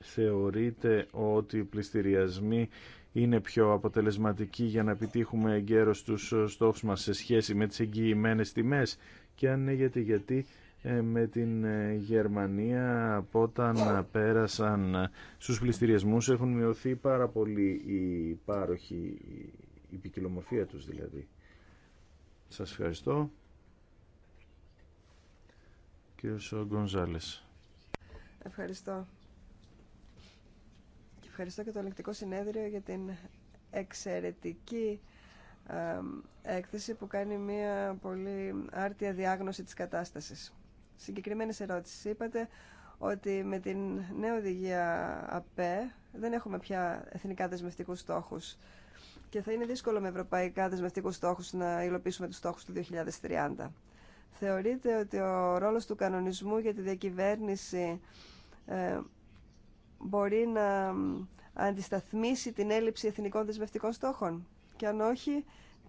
Θεωρείτε ότι οι πληστηριασμοί είναι πιο αποτελεσματική για να επιτύχουμε εγκαίρως τους στόχους μας σε σχέση με τις εγγυημένε τιμές και αν ναι γιατί, ε, με την ε, Γερμανία από όταν πέρασαν στους πληστηριασμούς έχουν μειωθεί πάρα πολύ η πάροχη, η ποικιλομορφία τους δηλαδή. Σας ευχαριστώ. Κύριος Γκονζάλες. Ευχαριστώ ευχαριστώ και το Ελεκτικό Συνέδριο για την εξαιρετική έκθεση που κάνει μια πολύ άρτια διάγνωση της κατάστασης. Συγκεκριμένες ερώτησεις. Είπατε ότι με την νέα οδηγία ΑΠΕ δεν έχουμε πια εθνικά δεσμευτικούς στόχους και θα είναι δύσκολο με ευρωπαϊκά δεσμευτικούς στόχους να υλοποιήσουμε τους στόχους του 2030. Θεωρείτε ότι ο ρόλος του κανονισμού για τη διακυβέρνηση ε, μπορεί να αντισταθμίσει την έλλειψη εθνικών δεσμευτικών στόχων. Και αν όχι,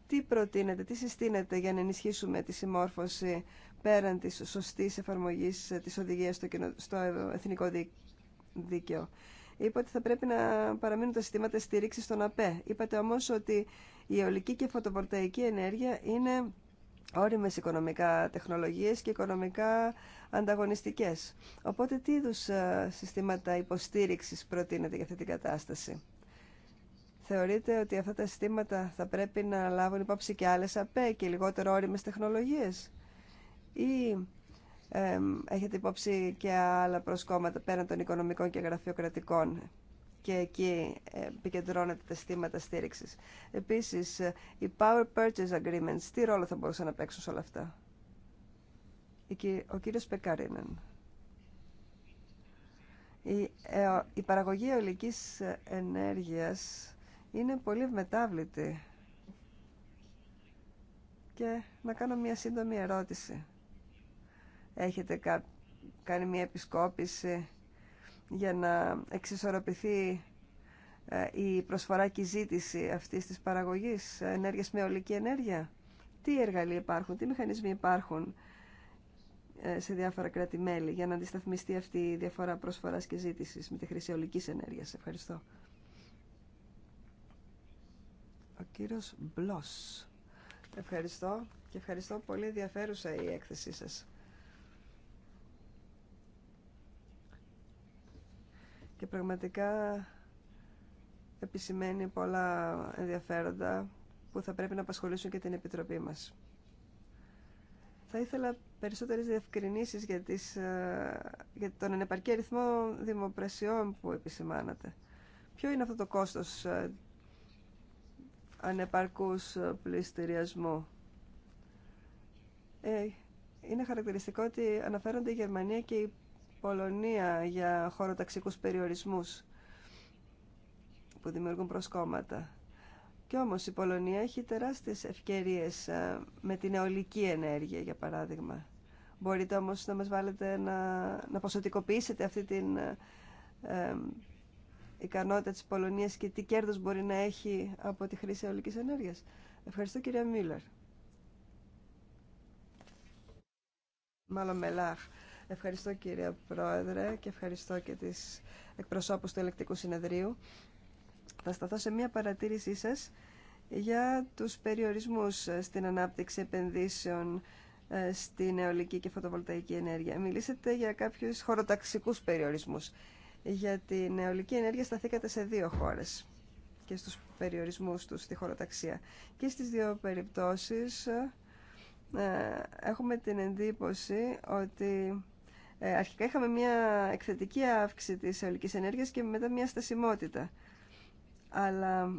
τι προτείνετε, τι συστήνετε για να ενισχύσουμε τη συμμόρφωση πέραν της σωστής εφαρμογής ε, της οδηγίας στο ε, εθνικό δίκαιο. Είπα ότι θα πρέπει να παραμείνουν τα συστήματα στηρίξης των ΑΠΕ. Είπατε όμως ότι η αιωλική και φωτοβολταϊκή ενέργεια είναι όριμες οικονομικά τεχνολογίες και οικονομικά ανταγωνιστικές. Οπότε τι είδου ε, συστήματα υποστήριξης προτείνεται για αυτή την κατάσταση. Θεωρείτε ότι αυτά τα συστήματα θα πρέπει να λάβουν υπόψη και άλλες ΑΠΕ και λιγότερο όριμες τεχνολογίες ή έχετε υπόψη και άλλα προσκόμματα πέραν των οικονομικών και γραφειοκρατικών και εκεί ε, επικεντρώνεται τα στήματα στήριξης. Επίσης, ε, οι Power Purchase Agreements, τι ρόλο θα μπορούσαν να παίξουν σε όλα αυτά. Ο κύριο Πεκάρινεν. Ε, η, παραγωγή ολικής ενέργειας είναι πολύ μετάβλητη. Και να κάνω μια σύντομη ερώτηση. Έχετε κάνει μια επισκόπηση για να εξισορροπηθεί ε, η προσφορά και η ζήτηση αυτής της παραγωγής ενέργειας με ολική ενέργεια. Τι εργαλεία υπάρχουν, τι μηχανισμοί υπάρχουν ε, σε διάφορα κράτη-μέλη για να αντισταθμιστεί αυτή η διαφορά προσφοράς και ζήτησης με τη χρήση ολικής ενέργειας. Ευχαριστώ. Ο κύριος Μπλος. Ευχαριστώ και ευχαριστώ πολύ ενδιαφέρουσα η έκθεσή σας. και πραγματικά επισημαίνει πολλά ενδιαφέροντα που θα πρέπει να απασχολήσουν και την Επιτροπή μας. Θα ήθελα περισσότερες διευκρινήσεις για, τις, ε, για τον ανεπαρκή αριθμό δημοπρασιών που επισημάνατε. Ποιο είναι αυτό το κόστος ε, ανεπαρκούς ε, πληστηριασμού. Ε, είναι χαρακτηριστικό ότι αναφέρονται η Γερμανία και η Πολωνία για χωροταξικούς περιορισμούς που δημιουργούν προσκόμματα. Κι όμως η Πολωνία έχει τεράστιες ευκαιρίες ε, με την αιωλική ενέργεια, για παράδειγμα. Μπορείτε όμως να μας βάλετε να, να ποσοτικοποιήσετε αυτή την ε, ικανότητα της Πολωνίας και τι κέρδος μπορεί να έχει από τη χρήση αιωλικής ενέργειας. Ευχαριστώ κυρία Μίλλερ. Μάλλον Μελάχ. Ευχαριστώ κύριε Πρόεδρε και ευχαριστώ και τις εκπροσώπους του Ελεκτικού Συνεδρίου. Θα σταθώ σε μια παρατήρησή σας για τους περιορισμούς στην ανάπτυξη επενδύσεων ε, στην νεολική και φωτοβολταϊκή ενέργεια. Μιλήσατε για κάποιους χωροταξικούς περιορισμούς. Για την νεολική ενέργεια σταθήκατε σε δύο χώρες και στους περιορισμούς τους στη χωροταξία. Και στις δύο περιπτώσεις ε, έχουμε την εντύπωση ότι ε, αρχικά είχαμε μια εκθετική αύξηση της αιωλικής ενέργειας και μετά μια στασιμότητα. Αλλά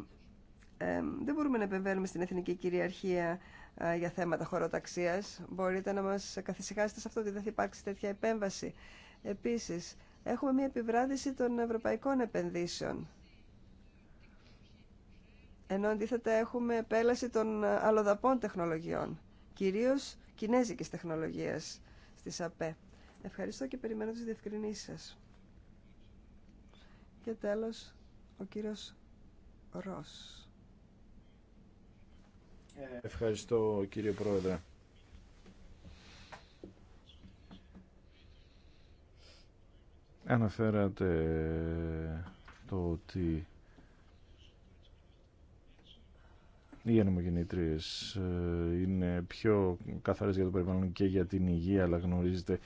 ε, δεν μπορούμε να επεμβαίνουμε στην εθνική κυριαρχία ε, για θέματα χωροταξίας. Μπορείτε να μας καθησυχάσετε σε αυτό ότι δεν θα υπάρξει τέτοια επέμβαση. Επίσης, έχουμε μια επιβράδυση των ευρωπαϊκών επενδύσεων. Ενώ αντίθετα έχουμε επέλαση των αλλοδαπών τεχνολογιών, κυρίως κινέζικης τεχνολογίας στις ΑΠΕ. Ευχαριστώ και περιμένω τις διευκρινήσεις σας. Και τέλος, ο κύριος Ρος. Ευχαριστώ κύριε Πρόεδρε. Αναφέρατε το ότι οι ανεμογεννήτριες ε, είναι πιο καθαρές για το περιβάλλον και για την υγεία αλλά γνωρίζετε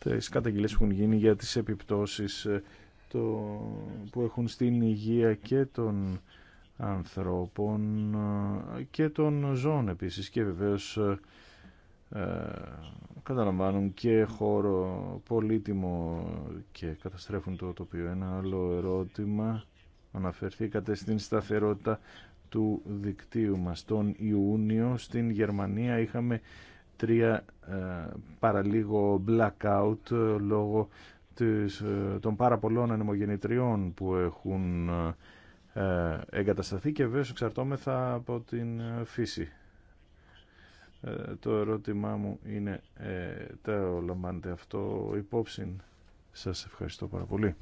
τις καταγγελίες που έχουν γίνει για τις επιπτώσεις ε, το, που έχουν στην υγεία και των ανθρώπων ε, και των ζώων επίσης και βεβαίως ε, ε, καταλαμβάνουν και χώρο πολύτιμο και καταστρέφουν το τοπίο. Ένα άλλο ερώτημα αναφερθήκατε στην σταθερότητα του δικτύου μας. Τον Ιούνιο στην Γερμανία είχαμε τρία ε, παραλίγο blackout ε, λόγω ε, των πάρα πολλών ανεμογεννητριών που έχουν εγκατασταθεί και βέβαια εξαρτώμεθα από την φύση. Το ερώτημά μου είναι τα λαμβάνετε αυτό υπόψη. Σας ευχαριστώ πάρα πολύ.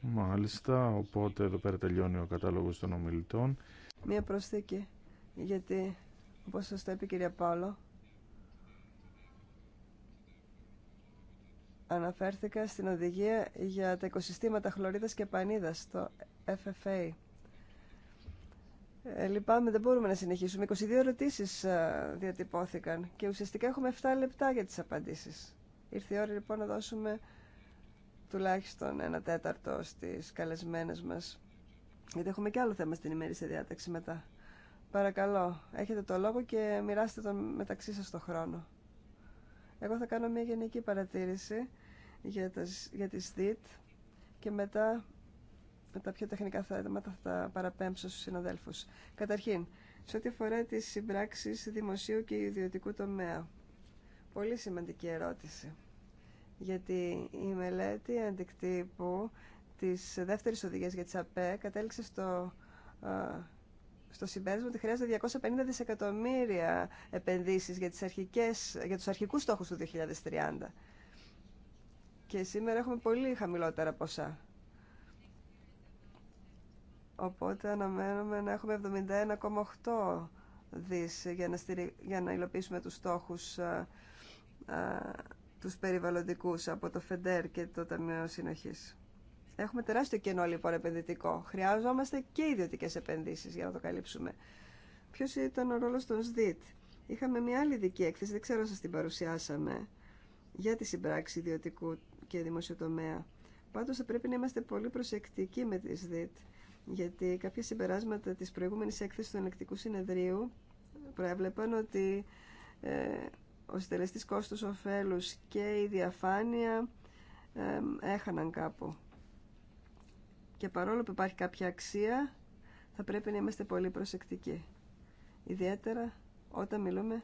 Μάλιστα, οπότε εδώ πέρα τελειώνει ο κατάλογος των ομιλητών. Μία προσθήκη, γιατί όπως σας το είπε η κυρία Πάολο, αναφέρθηκα στην οδηγία για τα οικοσυστήματα χλωρίδας και πανίδας, το FFA. Ε, λυπάμαι, δεν μπορούμε να συνεχίσουμε. 22 ερωτήσεις ε, διατυπώθηκαν και ουσιαστικά έχουμε 7 λεπτά για τις απαντήσεις. Ήρθε η ώρα λοιπόν να δώσουμε τουλάχιστον ένα τέταρτο στις καλεσμένες μας, γιατί έχουμε και άλλο θέμα στην ημέρη σε διάταξη μετά. Παρακαλώ, έχετε το λόγο και μοιράστε τον μεταξύ σας το χρόνο. Εγώ θα κάνω μια γενική παρατήρηση για, τα, για τις ΔΙΤ και μετά με τα πιο τεχνικά θέματα θα τα παραπέμψω στους συναδέλφους. Καταρχήν, σε ό,τι αφορά τις συμπράξεις δημοσίου και ιδιωτικού τομέα. Πολύ σημαντική ερώτηση. Γιατί η μελέτη αντικτύπου της δεύτερης οδηγίας για τις ΑΠΕ κατέληξε στο στο συμπέρασμα ότι χρειάζεται 250 δισεκατομμύρια επενδύσεις για, τις αρχικές, για τους αρχικούς στόχους του 2030. Και σήμερα έχουμε πολύ χαμηλότερα ποσά. Οπότε αναμένουμε να έχουμε 71,8 δις για να, για να υλοποιήσουμε τους στόχους α, α, τους περιβαλλοντικούς από το ΦΕΝΤΕΡ και το Ταμείο Συνοχής. Έχουμε τεράστιο κενό λοιπόν επενδυτικό. Χρειάζομαστε και ιδιωτικέ επενδύσει για να το καλύψουμε. Ποιο ήταν ο ρόλο των ΣΔΙΤ. Είχαμε μια άλλη ειδική έκθεση, δεν ξέρω αν σα την παρουσιάσαμε, για τη συμπράξη ιδιωτικού και δημοσιοτομέα. Πάντω θα πρέπει να είμαστε πολύ προσεκτικοί με τη ΣΔΙΤ, γιατί κάποια συμπεράσματα τη προηγούμενη έκθεση του Ενεκτικού Συνεδρίου προέβλεπαν ότι ε, ο συντελεστή κόστο οφέλους και η διαφάνεια ε, έχαναν κάπου. Και παρόλο που υπάρχει κάποια αξία, θα πρέπει να είμαστε πολύ προσεκτικοί. Ιδιαίτερα όταν μιλούμε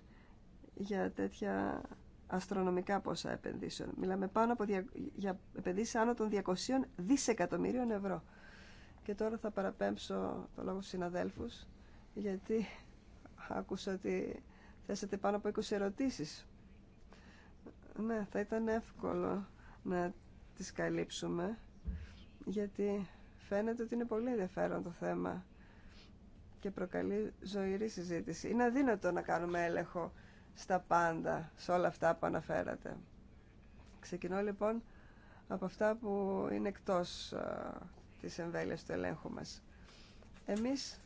για τέτοια αστρονομικά ποσά επενδύσεων. Μιλάμε πάνω από δια... για επενδύσεις άνω των 200 δισεκατομμυρίων ευρώ. Και τώρα θα παραπέμψω το λόγο στους συναδέλφους, γιατί άκουσα ότι θέσατε πάνω από 20 ερωτήσεις. Ναι, θα ήταν εύκολο να τις καλύψουμε, γιατί Φαίνεται ότι είναι πολύ ενδιαφέρον το θέμα και προκαλεί ζωηρή συζήτηση. Είναι αδύνατο να κάνουμε έλεγχο στα πάντα, σε όλα αυτά που αναφέρατε. Ξεκινώ λοιπόν από αυτά που είναι εκτός της εμβέλειας του ελέγχου μας. Εμείς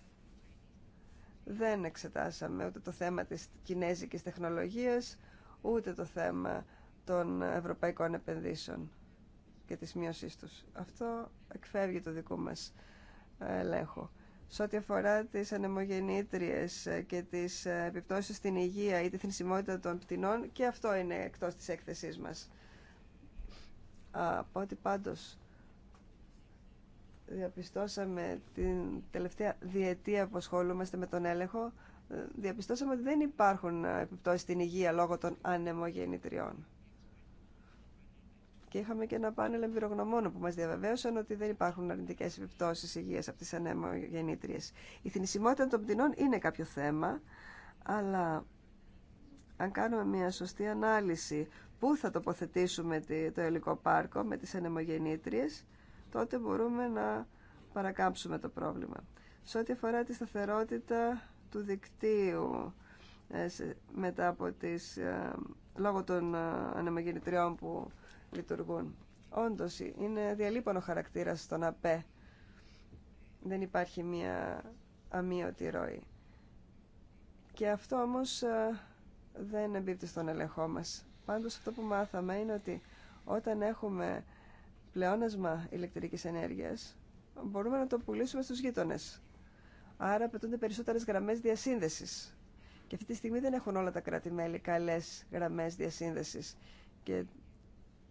δεν εξετάσαμε ούτε το θέμα της κινέζικης τεχνολογίας, ούτε το θέμα των ευρωπαϊκών επενδύσεων και της μείωσής τους. Αυτό εκφεύγει το δικό μας ε, ελέγχο. Σε ό,τι αφορά τις ανεμογεννήτριες ε, και τις ε, επιπτώσεις στην υγεία ή τη θνησιμότητα των πτηνών, και αυτό είναι εκτός της έκθεσής μας. Από ό,τι πάντως διαπιστώσαμε την τελευταία διετία που ασχολούμαστε με τον έλεγχο, διαπιστώσαμε ότι δεν υπάρχουν επιπτώσεις στην υγεία λόγω των ανεμογεννητριών. Και είχαμε και ένα πάνελ εμπειρογνωμών που μα διαβεβαίωσαν ότι δεν υπάρχουν αρνητικέ επιπτώσει υγεία από τι ανεμογεννήτριε. Η θνησιμότητα των πτηνών είναι κάποιο θέμα, αλλά αν κάνουμε μια σωστή ανάλυση πού θα τοποθετήσουμε το υλικό πάρκο με τις ανεμογεννήτριες, τότε μπορούμε να παρακάμψουμε το πρόβλημα. Σε ό,τι αφορά τη σταθερότητα του δικτύου ε, μετά από τις, ε, λόγω των ε, ανεμογεννητριών που λειτουργούν. Όντως, είναι διαλείπονο χαρακτήρα στον ΑΠΕ. Δεν υπάρχει μία αμύωτη ροή. Και αυτό όμως ε, δεν εμπίπτει στον ελεγχό μας. Πάντως αυτό που μάθαμε είναι ότι όταν έχουμε πλεόνασμα ηλεκτρικής ενέργειας, μπορούμε να το πουλήσουμε στους γείτονε. Άρα απαιτούνται περισσότερες γραμμές διασύνδεσης. Και αυτή τη στιγμή δεν έχουν όλα τα κράτη-μέλη καλές γραμμές διασύνδεσης. Και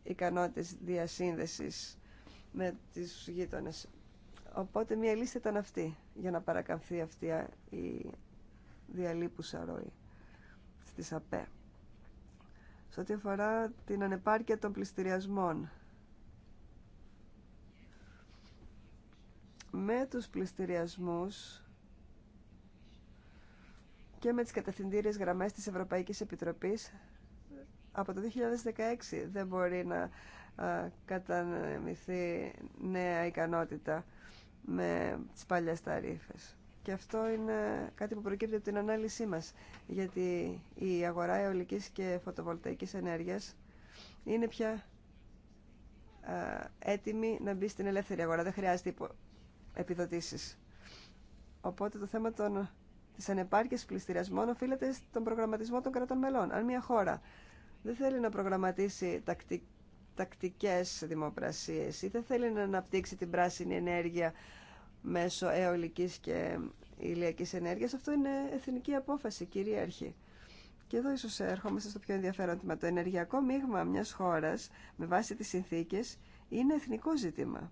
ικανότητες διασύνδεσης με τις γείτονες. Οπότε μια λίστα ήταν αυτή για να παρακαμφθεί αυτή η διαλείπουσα ροή της ΑΠΕ. Σε ό,τι αφορά την ανεπάρκεια των πληστηριασμών. Με τους πληστηριασμούς και με τις κατευθυντήριες γραμμές της Ευρωπαϊκής Επιτροπής από το 2016 δεν μπορεί να κατανεμηθεί νέα ικανότητα με τις παλιές ταρίφες. Και αυτό είναι κάτι που προκύπτει από την ανάλυση μας, γιατί η αγορά αιωλικής και φωτοβολταϊκής ενέργειας είναι πια έτοιμη να μπει στην ελεύθερη αγορά, δεν χρειάζεται επιδοτήσεις. Οπότε το θέμα των, της ανεπάρκειας πληστηριασμών οφείλεται στον προγραμματισμό των κρατών μελών. Αν μια χώρα δεν θέλει να προγραμματίσει τακτικ, τακτικές δημοπρασίες ή δεν θέλει να αναπτύξει την πράσινη ενέργεια μέσω αιωλικής και ηλιακής ενέργειας. Αυτό είναι εθνική απόφαση, κυρίαρχη. Και εδώ ίσως ερχόμαστε στο πιο ενδιαφέρον Το ενεργειακό μείγμα μιας χώρας με βάση τις συνθήκες είναι εθνικό ζήτημα.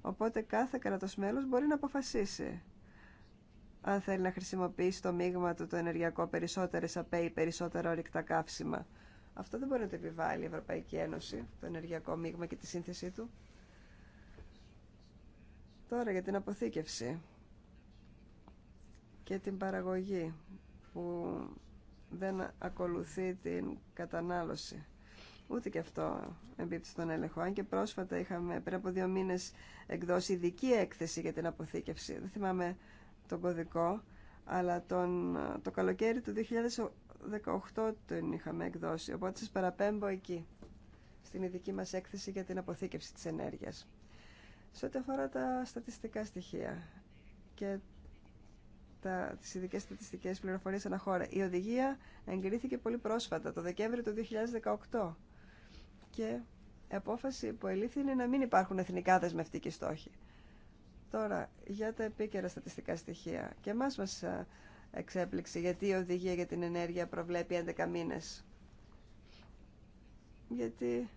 Οπότε κάθε κρατος μέλος μπορεί να αποφασίσει αν θέλει να χρησιμοποιήσει το μείγμα του το ενεργειακό περισσότερες ΑΠΕ ή περισσότερα ορυκτά καύσιμα. Αυτό δεν μπορεί να το επιβάλλει η Ευρωπαϊκή Ένωση, το ενεργειακό μείγμα και τη σύνθεσή του. Τώρα για την αποθήκευση και την παραγωγή που δεν ακολουθεί την κατανάλωση. Ούτε και αυτό εμπίπτει στον έλεγχο. Αν και πρόσφατα είχαμε πριν από δύο μήνες εκδώσει ειδική έκθεση για την αποθήκευση. Δεν θυμάμαι τον κωδικό, αλλά τον, το καλοκαίρι του 2018 τον είχαμε εκδώσει, οπότε σας παραπέμπω εκεί, στην ειδική μας έκθεση για την αποθήκευση της ενέργειας. Σε ό,τι αφορά τα στατιστικά στοιχεία και τα, τις ειδικές στατιστικές πληροφορίες αναχώρα, η οδηγία εγκρίθηκε πολύ πρόσφατα, το Δεκέμβριο του 2018 και η απόφαση που ελήφθη είναι να μην υπάρχουν εθνικά δεσμευτικοί στόχοι. Τώρα, για τα επίκαιρα στατιστικά στοιχεία. Και εμάς μας ε, εξέπληξε γιατί η οδηγία για την ενέργεια προβλέπει 11 μήνες. Γιατί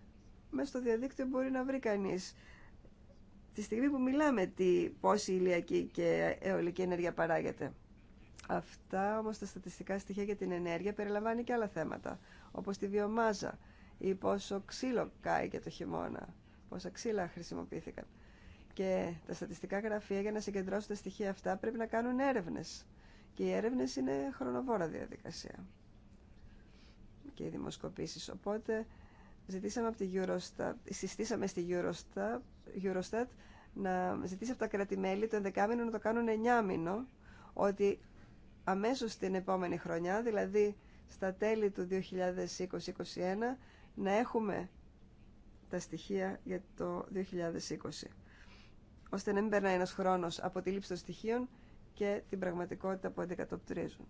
μέσα στο διαδίκτυο μπορεί να βρει κανείς τη στιγμή που μιλάμε τι, πόση ηλιακή και αιωλική ενέργεια παράγεται. Αυτά όμως τα στατιστικά στοιχεία για την ενέργεια περιλαμβάνει και άλλα θέματα, όπως τη βιομάζα ή πόσο ξύλο κάει και το χειμώνα, πόσα ξύλα χρησιμοποιήθηκαν. Και τα στατιστικά γραφεία για να συγκεντρώσουν τα στοιχεία αυτά πρέπει να κάνουν έρευνες. Και οι έρευνες είναι χρονοβόρα διαδικασία. Και οι δημοσκοπήσεις. Οπότε ζητήσαμε από τη Eurostat, συστήσαμε στη Eurostat, Eurostat να ζητήσει από τα κρατημέλη το ενδεκάμινο να το κάνουν εννιάμινο, ότι αμέσως την επόμενη χρονιά, δηλαδή στα τέλη του 2020-2021, να έχουμε τα στοιχεία για το 2020 ώστε να μην περνάει ένας χρόνος από τη λήψη των στοιχείων και την πραγματικότητα που αντικατοπτρίζουν.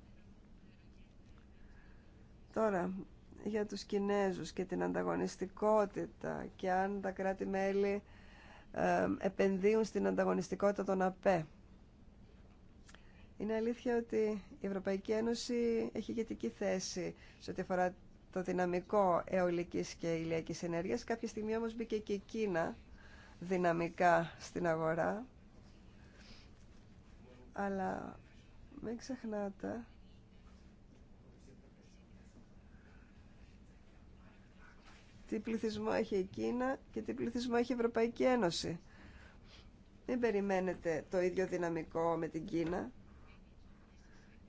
Τώρα, για τους Κινέζους και την ανταγωνιστικότητα και αν τα κράτη-μέλη ε, επενδύουν στην ανταγωνιστικότητα των ΑΠΕ. Είναι αλήθεια ότι η Ευρωπαϊκή Ένωση έχει ηγετική θέση σε ό,τι αφορά το δυναμικό αιωλικής και ηλιακής ενέργειας. Κάποια στιγμή όμως μπήκε και η Κίνα δυναμικά στην αγορά. Αλλά μην ξεχνάτε τι πληθυσμό έχει η Κίνα και τι πληθυσμό έχει η Ευρωπαϊκή Ένωση. Μην περιμένετε το ίδιο δυναμικό με την Κίνα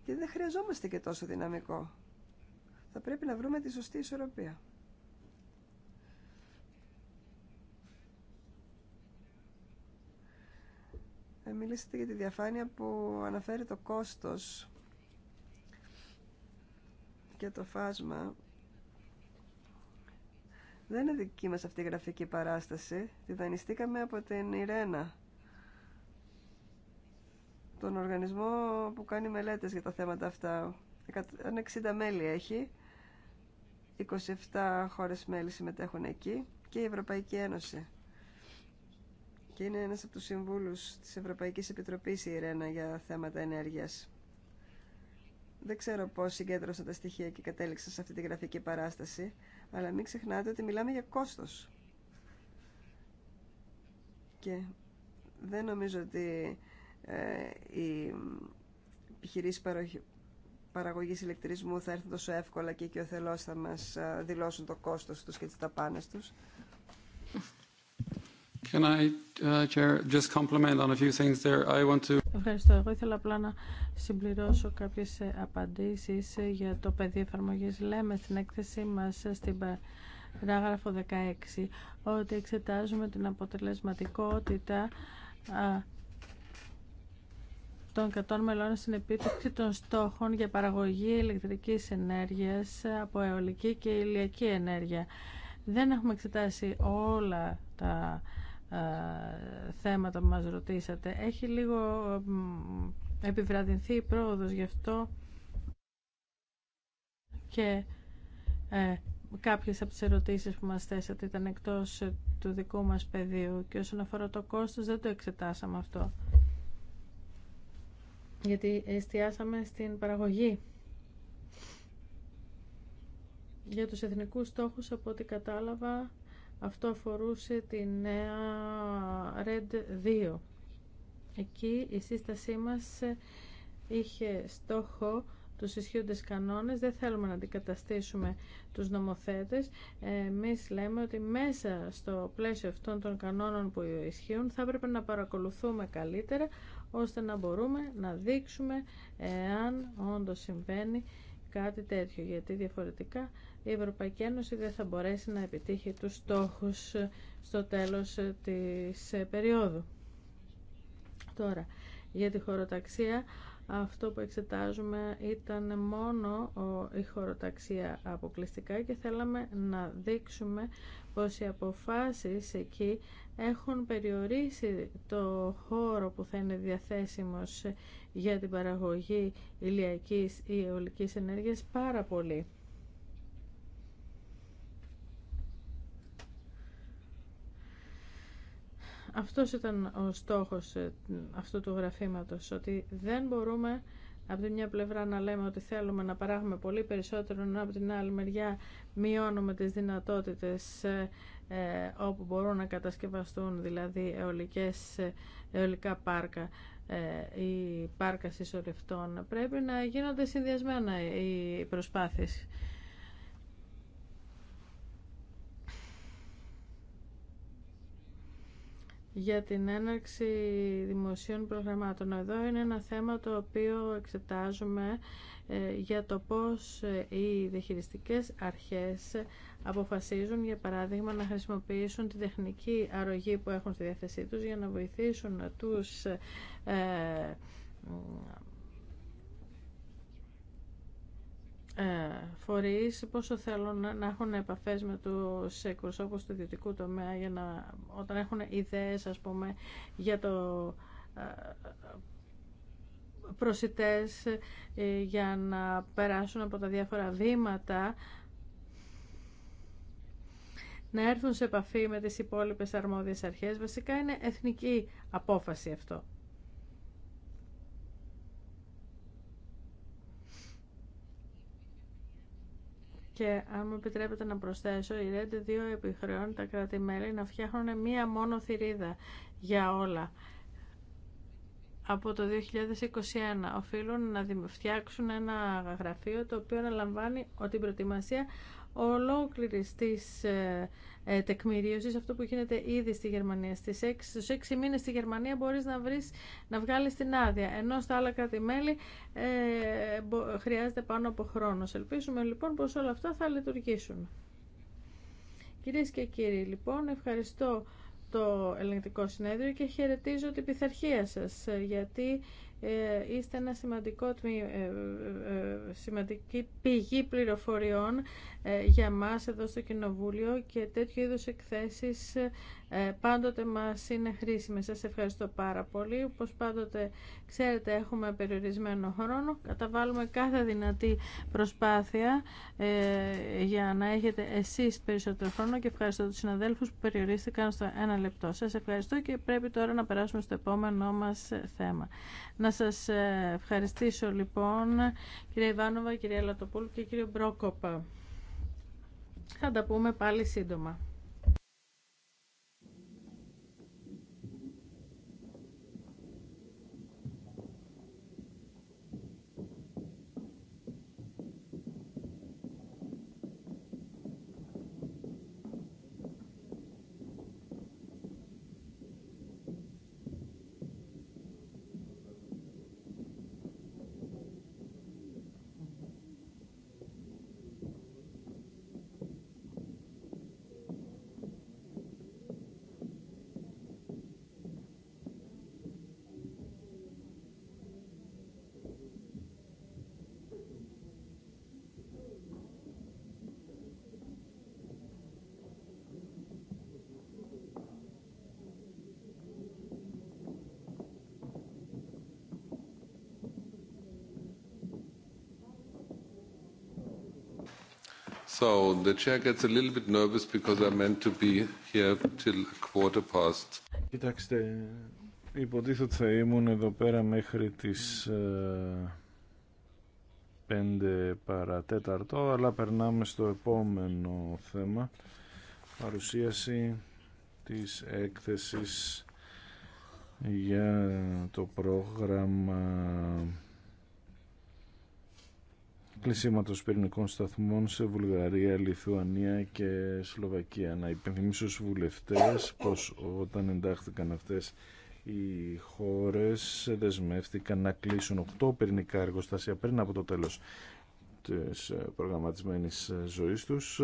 και δεν χρειαζόμαστε και τόσο δυναμικό. Θα πρέπει να βρούμε τη σωστή ισορροπία. Ε, μιλήσατε για τη διαφάνεια που αναφέρει το κόστος και το φάσμα. Δεν είναι δική μας αυτή η γραφική παράσταση. Τη δανειστήκαμε από την Ιρένα, τον οργανισμό που κάνει μελέτες για τα θέματα αυτά. 60 μέλη έχει, 27 χώρες μέλη συμμετέχουν εκεί και η Ευρωπαϊκή Ένωση και είναι ένας από τους συμβούλους της Ευρωπαϊκής Επιτροπής η Ρένα για θέματα ενέργειας. Δεν ξέρω πώς συγκέντρωσα τα στοιχεία και κατέληξα σε αυτή τη γραφική παράσταση, αλλά μην ξεχνάτε ότι μιλάμε για κόστος. Και δεν νομίζω ότι ε, οι επιχειρήσει παραγωγή ηλεκτρισμού θα έρθουν τόσο εύκολα και ο θελός θα μα ε, δηλώσουν το κόστο του και τι ταπάνε του. Ευχαριστώ. Εγώ ήθελα απλά να συμπληρώσω κάποιε απαντήσει ε, για το πεδίο εφαρμογή. Λέμε στην έκθεσή μα ε, στην παράγραφο 16 ότι εξετάζουμε την αποτελεσματικότητα των 100 μελών στην επίτευξη των στόχων για παραγωγή ηλεκτρικής ενέργειας από αιωλική και ηλιακή ενέργεια. Δεν έχουμε εξετάσει όλα τα θέματα που μας ρωτήσατε. Έχει λίγο επιβραδυνθεί η πρόοδος γι' αυτό και ε, κάποιες από τις ερωτήσεις που μας θέσατε ήταν εκτός ε, του δικού μας πεδίου και όσον αφορά το κόστος δεν το εξετάσαμε αυτό γιατί εστιάσαμε στην παραγωγή για τους εθνικούς στόχους από ό,τι κατάλαβα αυτό αφορούσε τη νέα RED 2. Εκεί η σύστασή μας είχε στόχο τους ισχύοντες κανόνες, δεν θέλουμε να αντικαταστήσουμε τους νομοθέτες. Εμείς λέμε ότι μέσα στο πλαίσιο αυτών των κανόνων που ισχύουν θα έπρεπε να παρακολουθούμε καλύτερα ώστε να μπορούμε να δείξουμε εάν όντως συμβαίνει κάτι τέτοιο γιατί διαφορετικά η Ευρωπαϊκή Ένωση δεν θα μπορέσει να επιτύχει τους στόχους στο τέλος της ε, περίοδου. Τώρα, για τη χωροταξία, αυτό που εξετάζουμε ήταν μόνο η χωροταξία αποκλειστικά και θέλαμε να δείξουμε πως οι αποφάσεις εκεί έχουν περιορίσει το χώρο που θα είναι διαθέσιμος για την παραγωγή ηλιακής ή αιωλικής ενέργειας πάρα πολύ. Αυτό ήταν ο στόχος ε, αυτού του γραφήματος, ότι δεν μπορούμε από τη μια πλευρά να λέμε ότι θέλουμε να παράγουμε πολύ περισσότερο, ενώ από την άλλη μεριά μειώνουμε τις δυνατότητες ε, ε, όπου μπορούν να κατασκευαστούν δηλαδή αιωλικές, αιωλικά πάρκα ε, ή πάρκα συσσωρευτών. Πρέπει να γίνονται συνδυασμένα οι προσπάθειες. για την έναρξη δημοσίων προγραμμάτων. Εδώ είναι ένα θέμα το οποίο εξετάζουμε ε, για το πώς ε, οι διαχειριστικές αρχές αποφασίζουν, για παράδειγμα, να χρησιμοποιήσουν τη τεχνική αρρωγή που έχουν στη διάθεσή τους για να βοηθήσουν τους ε, Ε, φορείς πόσο θέλουν να έχουν επαφές με τους εκπροσώπους του ιδιωτικού τομέα για να, όταν έχουν ιδέες ας πούμε για το ε, προσιτές ε, για να περάσουν από τα διάφορα βήματα να έρθουν σε επαφή με τις υπόλοιπες αρμόδιες αρχές. Βασικά είναι εθνική απόφαση αυτό. Και αν μου επιτρέπετε να προσθέσω, η Red 2 επιχρεώνει τα κρατη να φτιάχνουν μία μόνο θηρίδα για όλα. Από το 2021 οφείλουν να φτιάξουν ένα γραφείο το οποίο αναλαμβάνει την προετοιμασία ολόκληρης της ε, ε, τεκμηρίωσης, αυτό που γίνεται ήδη στη Γερμανία. Στις 6, στους 6 μήνες στη Γερμανία μπορείς να, βρεις, να βγάλεις την άδεια, ενώ στα άλλα κράτη-μέλη ε, χρειάζεται πάνω από χρόνο. Ελπίζουμε λοιπόν πως όλα αυτά θα λειτουργήσουν. Κυρίε και κύριοι, λοιπόν, ευχαριστώ το ελεγκτικό συνέδριο και χαιρετίζω την πειθαρχία σας, ε, γιατί ε, είστε ένα σημαντικό ε, ε, σημαντική πηγή πληροφοριών για μας εδώ στο Κοινοβούλιο και τέτοιου είδους εκθέσεις πάντοτε μας είναι χρήσιμες. Σας ευχαριστώ πάρα πολύ. Όπως πάντοτε ξέρετε έχουμε περιορισμένο χρόνο. Καταβάλουμε κάθε δυνατή προσπάθεια για να έχετε εσείς περισσότερο χρόνο και ευχαριστώ τους συναδέλφους που περιορίστηκαν στο ένα λεπτό. Σας ευχαριστώ και πρέπει τώρα να περάσουμε στο επόμενό μας θέμα. Να σας ε, ευχαριστήσω λοιπόν κυρία Ιβάνοβα, κυρία Λατοπούλου και κύριο Μπρόκοπα. Θα τα πούμε πάλι σύντομα. the chair gets a little bit nervous because I'm meant to be here till quarter past. Κοιτάξτε, υποτίθεται ότι θα ήμουν εδώ πέρα μέχρι τις ε, 5 παρατέταρτο, αλλά περνάμε στο επόμενο θέμα. Παρουσίαση της έκθεσης για το πρόγραμμα κλεισίματο πυρηνικών σταθμών σε Βουλγαρία, Λιθουανία και Σλοβακία. Να υπενθυμίσω στου βουλευτέ πως όταν εντάχθηκαν αυτές οι χώρες δεσμεύτηκαν να κλείσουν 8 πυρηνικά εργοστάσια πριν από το τέλος της προγραμματισμένης ζωής τους.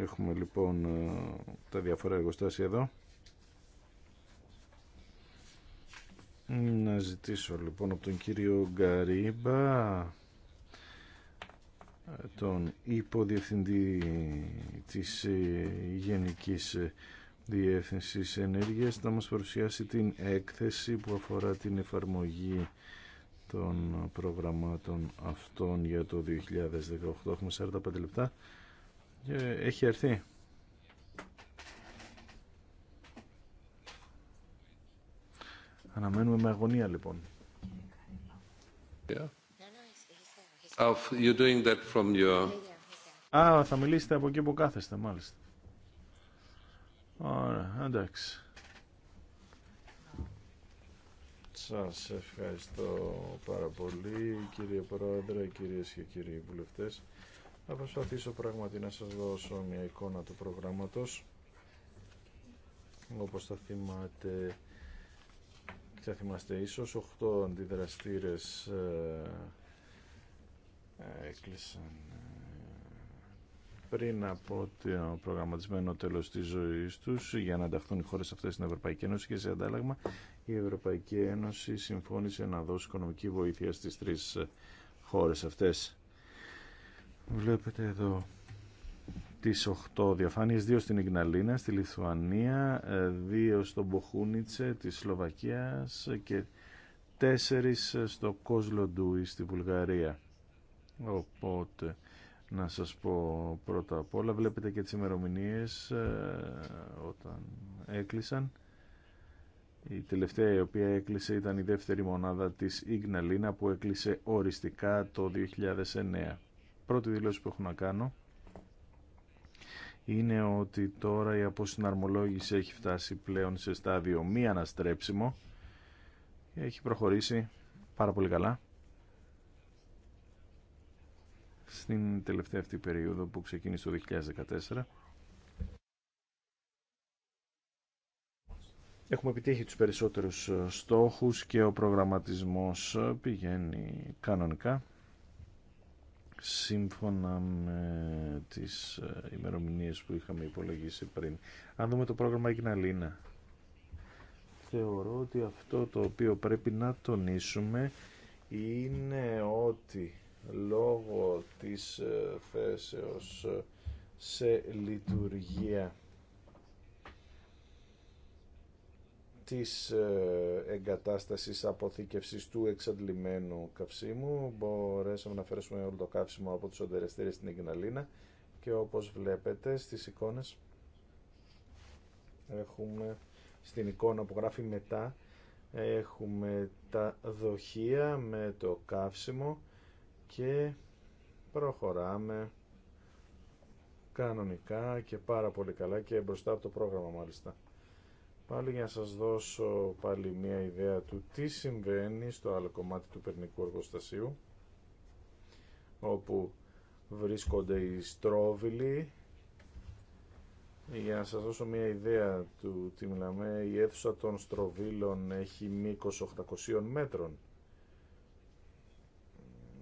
Έχουμε λοιπόν ε, τα διαφορά εργοστάσια εδώ. Να ζητήσω λοιπόν από τον κύριο Γκαρίμπα, τον υποδιευθυντή της ε, Γενικής Διεύθυνσης Ενέργειας, να μας παρουσιάσει την έκθεση που αφορά την εφαρμογή των προγραμμάτων αυτών για το 2018. Έχουμε 45 λεπτά. Ε, έχει έρθει. Αναμένουμε με αγωνία λοιπόν. Α, θα μιλήσετε από εκεί που κάθεστε, μάλιστα. Ωραία, εντάξει. Σας ευχαριστώ πάρα πολύ κύριε Πρόεδρε, κυρίες και κύριοι βουλευτές. Θα προσπαθήσω πράγματι να σας δώσω μια εικόνα του προγράμματος. Όπως θα θυμάται θα θυμάστε ίσως 8 αντιδραστήρες ε, έκλεισαν ε, πριν από το προγραμματισμένο τέλος της ζωής τους για να ενταχθούν οι χώρες αυτές στην Ευρωπαϊκή Ένωση και σε αντάλλαγμα η Ευρωπαϊκή Ένωση συμφώνησε να δώσει οικονομική βοήθεια στις τρεις ε, χώρες αυτές. Βλέπετε εδώ τις 8 διαφάνειες, 2 στην Ιγναλίνα, στη Λιθουανία, 2 ε, στο Μποχούνιτσε της Σλοβακίας και 4 ε, στο Κόσλο στη Βουλγαρία. Οπότε να σας πω πρώτα απ' όλα, βλέπετε και τις ημερομηνίε ε, όταν έκλεισαν. Η τελευταία η οποία έκλεισε ήταν η δεύτερη μονάδα της Ιγναλίνα που έκλεισε οριστικά το 2009. Πρώτη δηλώση που έχω να κάνω είναι ότι τώρα η αποσυναρμολόγηση έχει φτάσει πλέον σε στάδιο μη αναστρέψιμο και έχει προχωρήσει πάρα πολύ καλά στην τελευταία αυτή περίοδο που ξεκίνησε το 2014. Έχουμε επιτύχει τους περισσότερους στόχους και ο προγραμματισμός πηγαίνει κανονικά σύμφωνα με τις ε, ημερομηνίες που είχαμε υπολογίσει πριν. Αν δούμε το πρόγραμμα Ιγναλίνα, θεωρώ ότι αυτό το οποίο πρέπει να τονίσουμε είναι ότι λόγω της ε, θέσεως ε, σε λειτουργία της ε, εγκατάστασης αποθήκευσης του εξαντλημένου καυσίμου. Μπορέσαμε να φέρουμε όλο το καύσιμο από τους οντερεστήρες στην εγκυναλίνα και όπως βλέπετε στις εικόνες έχουμε στην εικόνα που γράφει μετά έχουμε τα δοχεία με το καύσιμο και προχωράμε κανονικά και πάρα πολύ καλά και μπροστά από το πρόγραμμα μάλιστα. Πάλι για να σας δώσω πάλι μια ιδέα του τι συμβαίνει στο άλλο κομμάτι του περνικού εργοστασίου όπου βρίσκονται οι στρόβιλοι για να σας δώσω μια ιδέα του τι μιλάμε η αίθουσα των στροβίλων έχει μήκος 800 μέτρων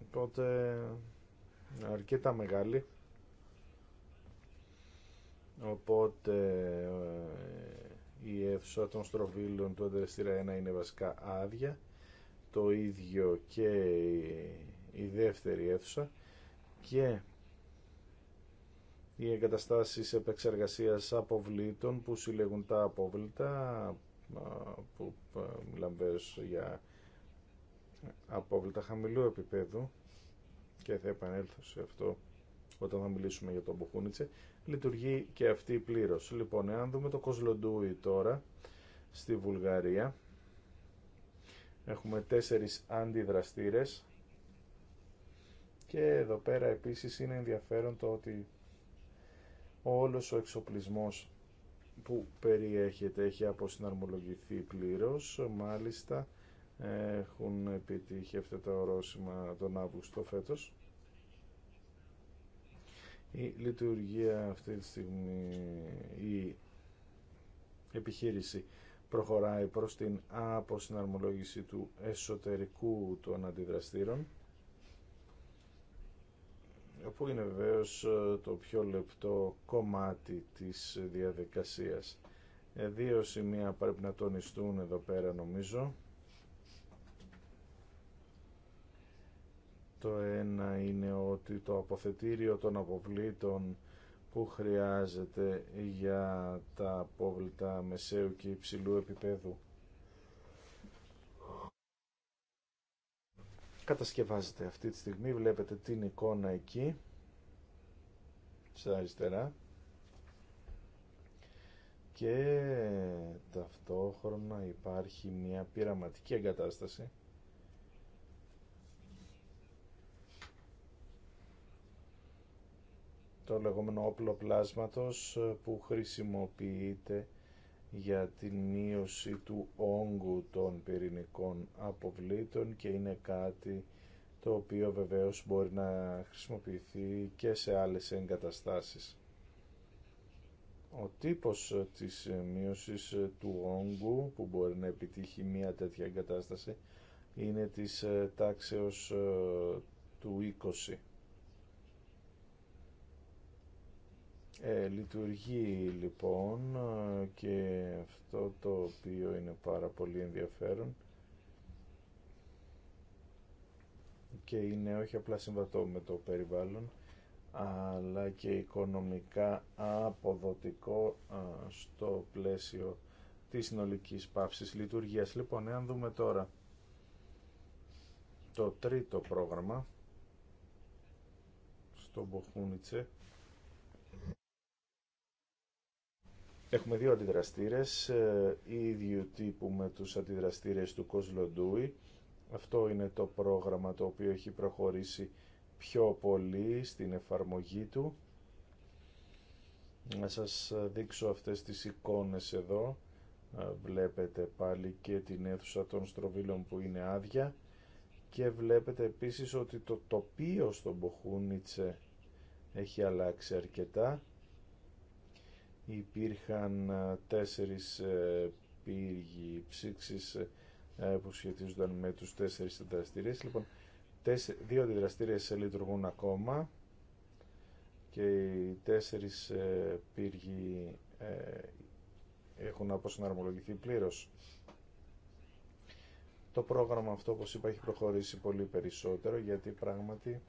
Οπότε αρκετά μεγάλη οπότε ε, η αίθουσα των στροβίλων του εντελεστήρα 1 είναι βασικά άδεια το ίδιο και η δεύτερη αίθουσα και οι εγκαταστάσεις επεξεργασίας αποβλήτων που συλλέγουν τα απόβλητα που μιλάμε για απόβλητα χαμηλού επίπεδου και θα επανέλθω σε αυτό όταν θα μιλήσουμε για τον Μπουχούνιτσε λειτουργεί και αυτή πλήρως. Λοιπόν, εάν δούμε το Κοσλοντούι τώρα στη Βουλγαρία, έχουμε τέσσερις αντιδραστήρες και εδώ πέρα επίσης είναι ενδιαφέρον το ότι όλος ο εξοπλισμός που περιέχεται έχει αποσυναρμολογηθεί πλήρως, μάλιστα έχουν επιτύχει αυτά τα ορόσημα τον Αύγουστο φέτος η λειτουργία αυτή τη στιγμή η επιχείρηση προχωράει προς την αποσυναρμολόγηση του εσωτερικού των αντιδραστήρων που είναι βεβαίως ε, το πιο λεπτό κομμάτι της διαδικασίας. Ε, δύο σημεία πρέπει να τονιστούν εδώ πέρα νομίζω. Το ένα είναι ότι το αποθετήριο των αποβλήτων που χρειάζεται για τα απόβλητα μεσαίου και υψηλού επίπεδου κατασκευάζεται αυτή τη στιγμή βλέπετε την εικόνα εκεί στα αριστερά και ταυτόχρονα υπάρχει μια πειραματική εγκατάσταση το λεγόμενο όπλο πλάσματος ε, που χρησιμοποιείται για τη μείωση του όγκου των πυρηνικών αποβλήτων και είναι κάτι το οποίο βεβαίως μπορεί να χρησιμοποιηθεί και σε άλλες εγκαταστάσεις. Ο τύπος ε, της ε, μείωσης του όγκου που μπορεί να επιτύχει μια τέτοια εγκατάσταση είναι της τάξεως του 20. Ε, λειτουργεί λοιπόν και αυτό το οποίο είναι πάρα πολύ ενδιαφέρον και είναι όχι απλά συμβατό με το περιβάλλον αλλά και οικονομικά αποδοτικό στο πλαίσιο της συνολικής πάυσης λειτουργίας. Λοιπόν, εάν δούμε τώρα το τρίτο πρόγραμμα στο Μποχούνιτσε Έχουμε δύο αντιδραστήρες, ίδιου ε, τύπου με τους αντιδραστήρες του Κοσλοντούι. Αυτό είναι το πρόγραμμα το οποίο έχει προχωρήσει πιο πολύ στην εφαρμογή του. Να σας δείξω αυτές τις εικόνες εδώ. Ε, βλέπετε πάλι και την αίθουσα των στροβίλων που είναι άδεια και βλέπετε επίσης ότι το τοπίο στον Μποχούνιτσε έχει αλλάξει αρκετά υπήρχαν ε, τέσσερις ε, πύργοι ψήξης ε, που σχετίζονταν με τους τέσσερις δραστηρίες. Λοιπόν, δύο αντιδραστήριες λειτουργούν ακόμα και οι τέσσερις πύργοι έχουν αποσυναρμολογηθεί πλήρως. Το πρόγραμμα αυτό, όπως είπα, έχει προχωρήσει πολύ περισσότερο γιατί πράγματι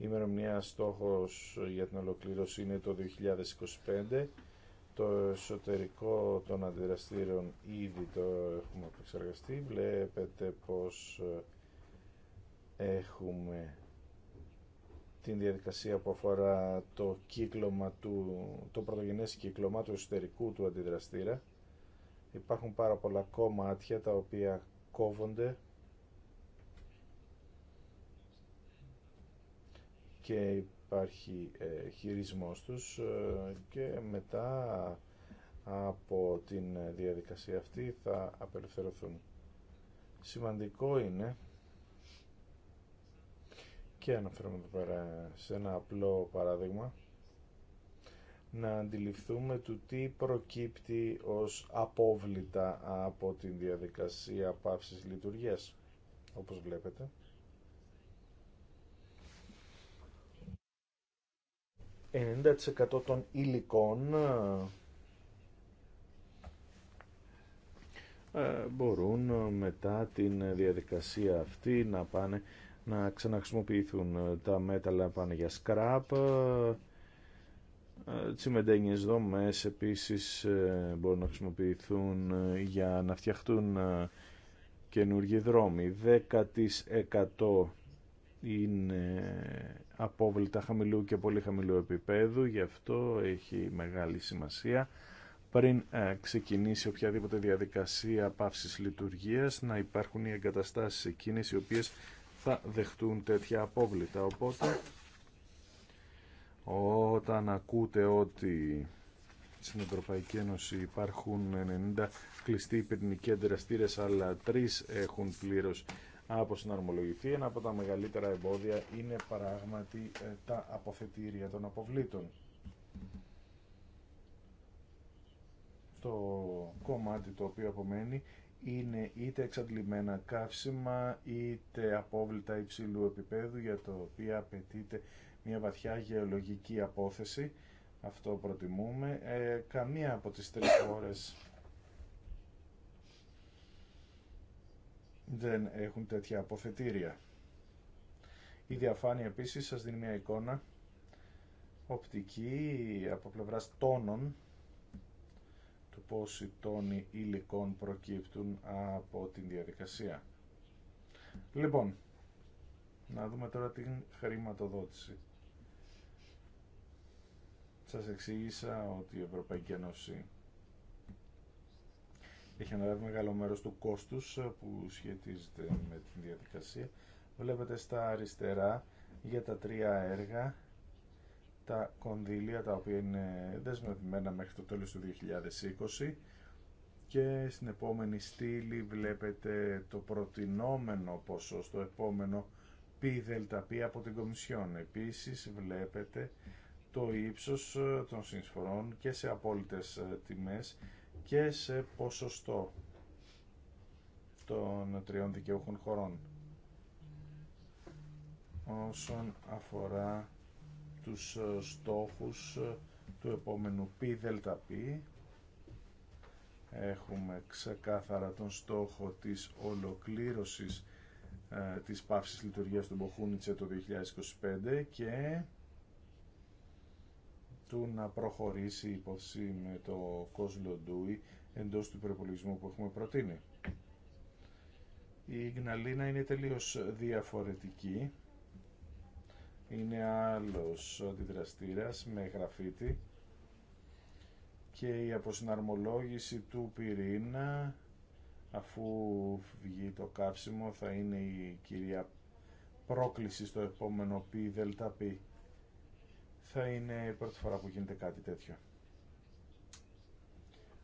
ημερομηνία στόχος για την ολοκλήρωση είναι το 2025. Το εσωτερικό των αντιδραστήρων ήδη το έχουμε επεξεργαστεί. Βλέπετε πως ε, έχουμε την διαδικασία που αφορά το κύκλωμα του, το πρωτογενές κύκλωμα του εσωτερικού του αντιδραστήρα. Υπάρχουν πάρα πολλά κομμάτια τα οποία κόβονται και υπάρχει ε, χειρισμός τους ε, και μετά από την διαδικασία αυτή θα απελευθερωθούν. Σημαντικό είναι και αναφέρομαι εδώ σε ένα απλό παράδειγμα να αντιληφθούμε του τι προκύπτει ως απόβλητα από την διαδικασία πάυσης λειτουργίας όπως βλέπετε 90% των υλικών ε, μπορούν ε, μετά την διαδικασία αυτή να πάνε να ξαναχρησιμοποιηθούν ε, τα μέταλλα πάνε για σκράπ τσιμεντένιες δομές επίσης μπορούν να χρησιμοποιηθούν για να φτιαχτούν καινούργιοι δρόμοι 10% είναι απόβλητα χαμηλού και πολύ χαμηλού επίπεδου, γι' αυτό έχει μεγάλη σημασία πριν ε, ξεκινήσει οποιαδήποτε διαδικασία πάυσης λειτουργίας να υπάρχουν οι εγκαταστάσεις εκείνες οι οποίες θα δεχτούν τέτοια απόβλητα. Οπότε όταν ακούτε ότι στην Ευρωπαϊκή Ένωση υπάρχουν 90 κλειστοί πυρηνικοί δραστήρες, αλλά τρεις έχουν πλήρως από αποσυναρμολογηθεί. Ένα από τα μεγαλύτερα εμπόδια είναι πράγματι ε, τα αποθετήρια των αποβλήτων. Το κομμάτι το οποίο απομένει είναι είτε εξαντλημένα καύσιμα είτε απόβλητα υψηλού επίπεδου για το οποίο απαιτείται μια βαθιά γεωλογική απόθεση. Αυτό προτιμούμε. Ε, καμία από τις τρεις ώρες. δεν έχουν τέτοια αποθετήρια. Η διαφάνεια επίσης σας δίνει μια εικόνα οπτική από πλευράς τόνων του πόσοι τόνοι υλικών προκύπτουν από την διαδικασία. Λοιπόν, να δούμε τώρα την χρηματοδότηση. Σας εξήγησα ότι η Ευρωπαϊκή Ένωση έχει αναλάβει μεγάλο μέρος του κόστους ε, που σχετίζεται με την διαδικασία. Βλέπετε στα αριστερά για τα τρία έργα τα κονδύλια τα οποία είναι δεσμευμένα μέχρι το τέλος του 2020 και στην επόμενη στήλη βλέπετε το προτινόμενο ποσό στο επόμενο πι πι από την Κομισιόν. Επίσης βλέπετε το ύψος ε, των συνσφορών και σε απόλυτες ε, τιμές και σε ποσοστό των τριών δικαιούχων χωρών όσον αφορά τους ε, στόχους ε, του επόμενου πι δελτα έχουμε ξεκάθαρα τον στόχο της ολοκλήρωσης ε, της παύσης λειτουργίας του Μποχούνιτσε το 2025 και του να προχωρήσει η υπόθεση με το Κόσλο Ντούι εντός του προπολογισμού που έχουμε προτείνει. Η Γναλίνα είναι τελείως διαφορετική. Είναι άλλος αντιδραστήρας με γραφίτι και η αποσυναρμολόγηση του πυρήνα αφού βγει το κάψιμο θα είναι η κυρία πρόκληση στο επόμενο πι δελτα πι θα είναι η πρώτη φορά που γίνεται κάτι τέτοιο.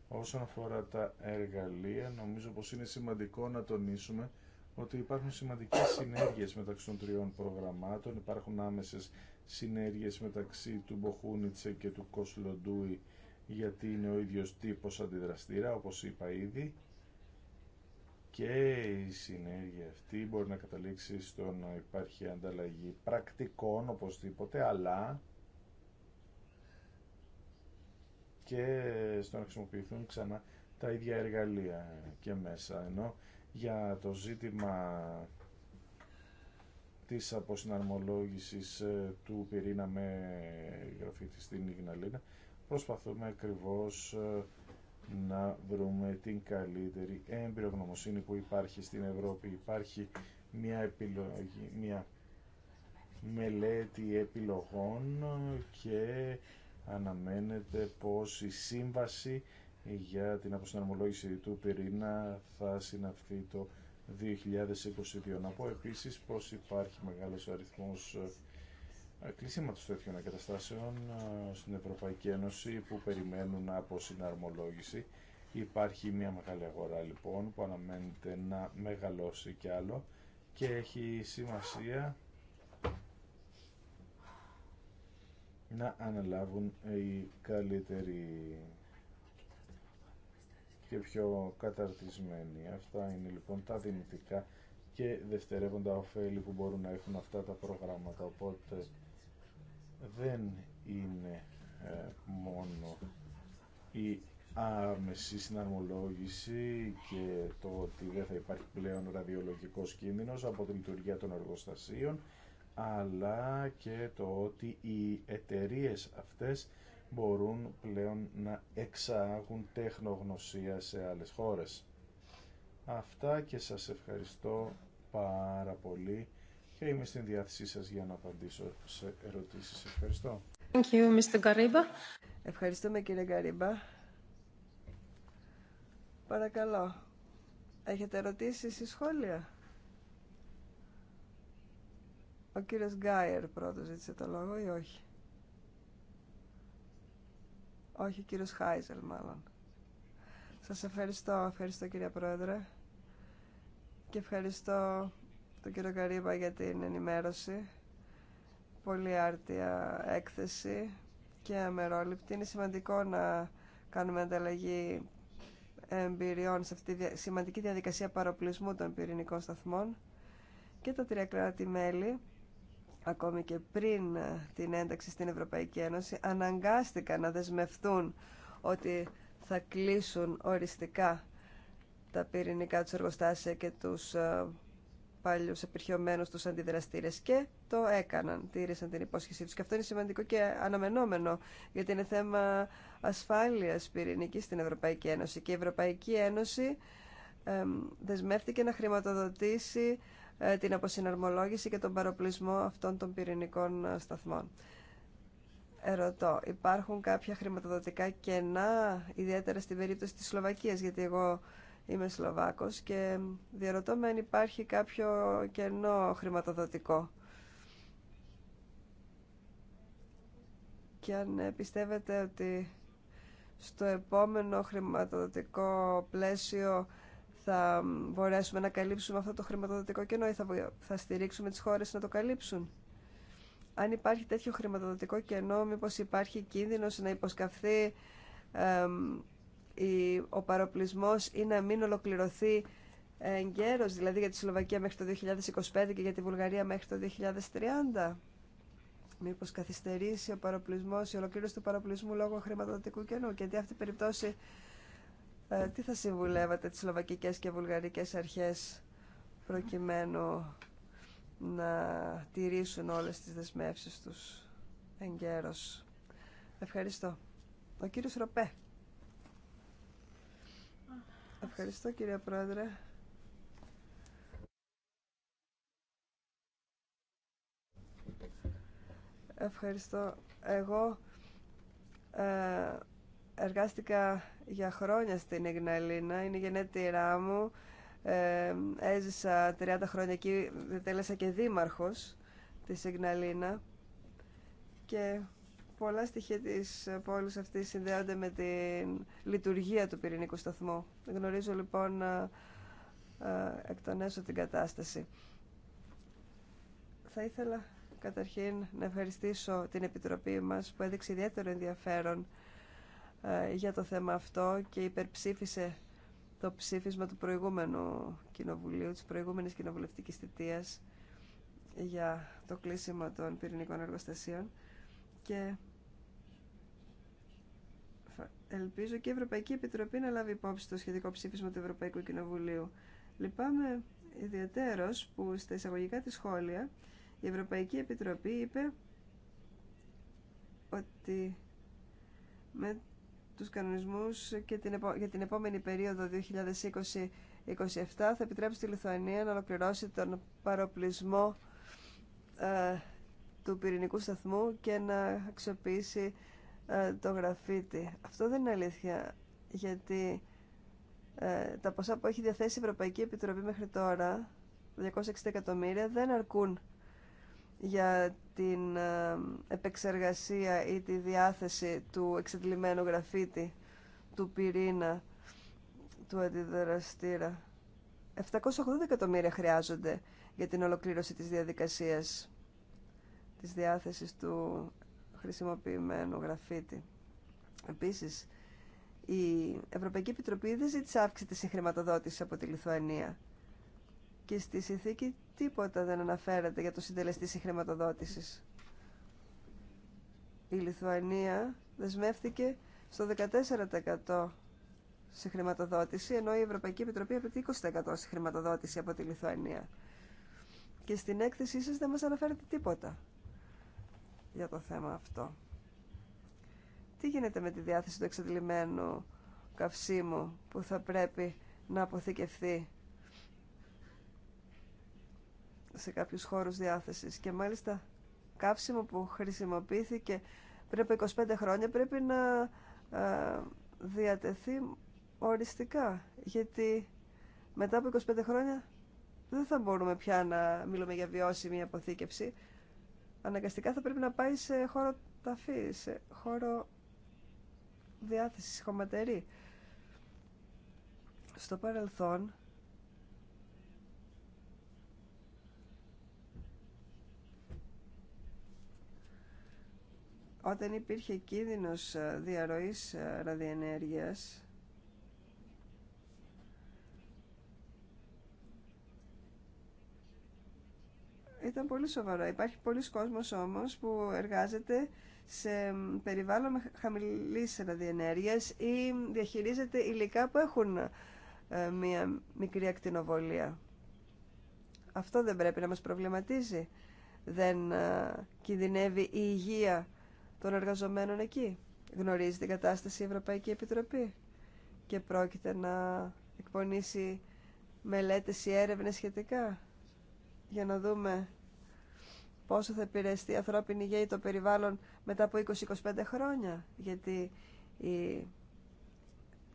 Όσον αφορά τα εργαλεία, νομίζω πως είναι σημαντικό να τονίσουμε ότι υπάρχουν σημαντικές συνέργειες μεταξύ των τριών προγραμμάτων. Υπάρχουν άμεσες συνέργειες μεταξύ του Μποχούνιτσε και του Κοσλοντούι, γιατί είναι ο ίδιος τύπος αντιδραστήρα, όπως είπα ήδη. Και η συνέργεια αυτή μπορεί να καταλήξει στο να υπάρχει ανταλλαγή πρακτικών, οπωσδήποτε, αλλά και στο να χρησιμοποιηθούν ξανά τα ίδια εργαλεία και μέσα. Ενώ για το ζήτημα της αποσυναρμολόγησης ε, του πυρήνα με γραφίτη στην Ιγναλίνα προσπαθούμε ακριβώς ε, να βρούμε την καλύτερη γνωμοσύνη που υπάρχει στην Ευρώπη. Υπάρχει μια, επιλογή, μια μελέτη επιλογών και αναμένεται πως η σύμβαση για την αποσυναρμολόγηση του πυρήνα θα συναυθεί το 2022. Να πω επίσης πως υπάρχει μεγάλος αριθμός ε, κλεισίματος τέτοιων εγκαταστάσεων ε, στην Ευρωπαϊκή Ένωση που περιμένουν αποσυναρμολόγηση. Υπάρχει μια μεγάλη αγορά λοιπόν που αναμένεται να μεγαλώσει κι άλλο και έχει σημασία να αναλάβουν οι καλύτεροι και πιο καταρτισμένοι. Αυτά είναι λοιπόν τα δυνητικά και δευτερεύοντα ωφέλη που μπορούν να έχουν αυτά τα προγράμματα. Οπότε δεν είναι ε, μόνο η άμεση συναρμολόγηση και το ότι δεν θα υπάρχει πλέον ραδιολογικός κίνδυνος από τη λειτουργία των εργοστασίων αλλά και το ότι οι εταιρείες αυτές μπορούν πλέον να εξάγουν τεχνογνωσία σε άλλες χώρες. Αυτά και σας ευχαριστώ πάρα πολύ και είμαι στην διάθεσή σας για να απαντήσω σε ερωτήσεις. Ευχαριστώ. Thank you, Mr. Gariba. Ευχαριστούμε κύριε Γκαρίμπα. Παρακαλώ, έχετε ερωτήσεις ή σχόλια. Ο κύριος Γκάιερ πρώτος ζήτησε το λόγο ή όχι. Όχι, ο κύριος Χάιζελ μάλλον. Σας ευχαριστώ, ευχαριστώ κύριε Πρόεδρε και ευχαριστώ τον κύριο Καρύμπα για την ενημέρωση. Πολύ άρτια έκθεση και αμερόληπτη. Είναι σημαντικό να κάνουμε ανταλλαγή εμπειριών σε αυτή τη σημαντική διαδικασία παροπλισμού των πυρηνικών σταθμών και τα τρία κράτη-μέλη ακόμη και πριν ε, την ένταξη στην Ευρωπαϊκή Ένωση, αναγκάστηκαν να δεσμευτούν ότι θα κλείσουν οριστικά τα πυρηνικά τους εργοστάσια και τους ε, παλιούς επιρχιωμένους τους αντιδραστήρες και το έκαναν, τήρησαν την υπόσχεσή τους. Και αυτό είναι σημαντικό και αναμενόμενο, γιατί είναι θέμα ασφάλειας πυρηνικής στην Ευρωπαϊκή Ένωση. Και η Ευρωπαϊκή Ένωση δεσμεύτηκε να χρηματοδοτήσει ε, την αποσυναρμολόγηση και τον παροπλισμό αυτών των πυρηνικών ε, σταθμών. Ερωτώ, υπάρχουν κάποια χρηματοδοτικά κενά, ιδιαίτερα στην περίπτωση της Σλοβακίας, γιατί εγώ είμαι Σλοβάκος και διαρωτώ με αν υπάρχει κάποιο κενό χρηματοδοτικό. Και αν ε, πιστεύετε ότι στο επόμενο χρηματοδοτικό πλαίσιο θα μπορέσουμε να καλύψουμε αυτό το χρηματοδοτικό κενό ή θα, θα στηρίξουμε τις χώρες να το καλύψουν. Αν υπάρχει τέτοιο χρηματοδοτικό κενό, μήπως υπάρχει κίνδυνος να υποσκαφθεί ε, ο παροπλισμός ή να μην ολοκληρωθεί εγκαίρως, δηλαδή για τη Σλοβακία μέχρι το 2025 και για τη Βουλγαρία μέχρι το 2030. Μήπως καθυστερήσει ο παροπλισμός, η ολοκλήρωση του παροπλισμού λόγω χρηματοδοτικού κενού. Γιατί αυτή η περιπτώση ε, τι θα συμβουλεύατε τις σλοβακικές και βουλγαρικές αρχές προκειμένου να τηρήσουν όλες τις δεσμεύσεις τους εγκαίρως. Ευχαριστώ. Ο κύριος Ροπέ. Ευχαριστώ κύριε Πρόεδρε. Ευχαριστώ. Εγώ ε, εργάστηκα για χρόνια στην Ιγναλίνα, είναι η γενέτειρά μου. Ε, έζησα 30 χρόνια εκεί, τέλεσα και δήμαρχος της Ιγναλίνα και πολλά στοιχεία της πόλης αυτή συνδέονται με τη λειτουργία του πυρηνικού σταθμού. Γνωρίζω λοιπόν ε, ε, εκ των έσω την κατάσταση. Θα ήθελα καταρχήν να ευχαριστήσω την Επιτροπή μας που έδειξε ιδιαίτερο ενδιαφέρον ε, για το θέμα αυτό και υπερψήφισε το ψήφισμα του προηγούμενου κοινοβουλίου, της προηγούμενης κοινοβουλευτικής θητείας για το κλείσιμο των πυρηνικών εργοστασίων και ελπίζω και η Ευρωπαϊκή Επιτροπή να λάβει υπόψη το σχετικό ψήφισμα του Ευρωπαϊκού Κοινοβουλίου. Λυπάμαι ιδιαίτερος που στα εισαγωγικά της σχόλια η Ευρωπαϊκή Επιτροπή είπε ότι τους κανονισμούς και την για την επόμενη περίοδο 2020-2027 θα επιτρέψει τη Λιθουανία να ολοκληρώσει τον παροπλισμό ε, του πυρηνικού σταθμού και να αξιοποιήσει ε, το γραφίτι. Αυτό δεν είναι αλήθεια, γιατί ε, τα ποσά που έχει διαθέσει η Ευρωπαϊκή Επιτροπή μέχρι τώρα, 260 εκατομμύρια, δεν αρκούν για την ε, επεξεργασία ή τη διάθεση του εξαντλημένου γραφίτη, του πυρήνα, του αντιδραστήρα. 780 εκατομμύρια χρειάζονται για την ολοκλήρωση της διαδικασίας της διάθεσης του χρησιμοποιημένου γραφίτη. Επίσης, η Ευρωπαϊκή Επιτροπή δεν ζήτησε αύξηση της συγχρηματοδότησης από τη Λιθουανία και στη συνθήκη τίποτα δεν αναφέρεται για το συντελεστή χρηματοδότηση. Η Λιθουανία δεσμεύτηκε στο 14% χρηματοδότηση ενώ η Ευρωπαϊκή Επιτροπή απαιτεί 20% χρηματοδότηση από τη Λιθουανία. Και στην έκθεσή σας δεν μας αναφέρεται τίποτα για το θέμα αυτό. Τι γίνεται με τη διάθεση του εξαντλημένου καυσίμου που θα πρέπει να αποθηκευθεί σε κάποιους χώρους διάθεσης και μάλιστα κάψιμο που χρησιμοποιήθηκε πριν από 25 χρόνια πρέπει να ε, διατεθεί οριστικά γιατί μετά από 25 χρόνια δεν θα μπορούμε πια να μιλούμε για βιώσιμη αποθήκευση αναγκαστικά θα πρέπει να πάει σε χώρο ταφή, σε χώρο διάθεσης χωματερή. Στο παρελθόν όταν υπήρχε κίνδυνος ε, διαρροής ε, ραδιενέργειας ήταν πολύ σοβαρό. Υπάρχει πολλοί κόσμος όμως που εργάζεται σε περιβάλλον με χαμηλής ραδιενέργειας ή διαχειρίζεται υλικά που έχουν ε, μία μικρή ακτινοβολία. Αυτό δεν πρέπει να μας προβληματίζει. Δεν κινδυνεύει η υγεία των εργαζομένων εκεί. Γνωρίζει την κατάσταση η Ευρωπαϊκή Επιτροπή και πρόκειται να εκπονήσει μελέτες ή έρευνες σχετικά για να δούμε πόσο θα επηρεαστεί η ανθρώπινη γέη ή το περιβάλλον μετά από 20-25 χρόνια. Γιατί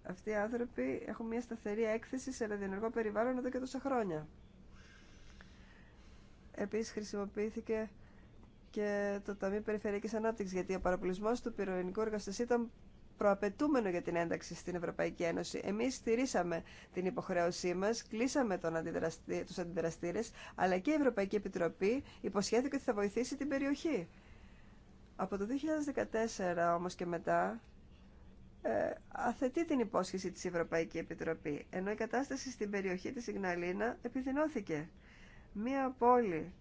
αυτοί οι άνθρωποι έχουν μια σταθερή έκθεση σε ραδιενεργό περιβάλλον εδώ και τόσα χρόνια. Επίσης χρησιμοποιήθηκε και το Ταμείο Περιφερειακή ανάπτυξη, γιατί ο παραπολισμός του πυροενικού εργοστασίου ήταν προαπαιτούμενο για την ένταξη στην Ευρωπαϊκή Ένωση. Εμεί στηρίσαμε την υποχρέωσή μα, κλείσαμε του αντιδραστήρε, τους αλλά και η Ευρωπαϊκή Επιτροπή υποσχέθηκε ότι θα βοηθήσει την περιοχή. Από το 2014 όμως και μετά ε, αθετεί την υπόσχεση της Ευρωπαϊκή Επιτροπή, ενώ η κατάσταση στην περιοχή της Ιγναλίνα επιδεινώθηκε. Μία πόλη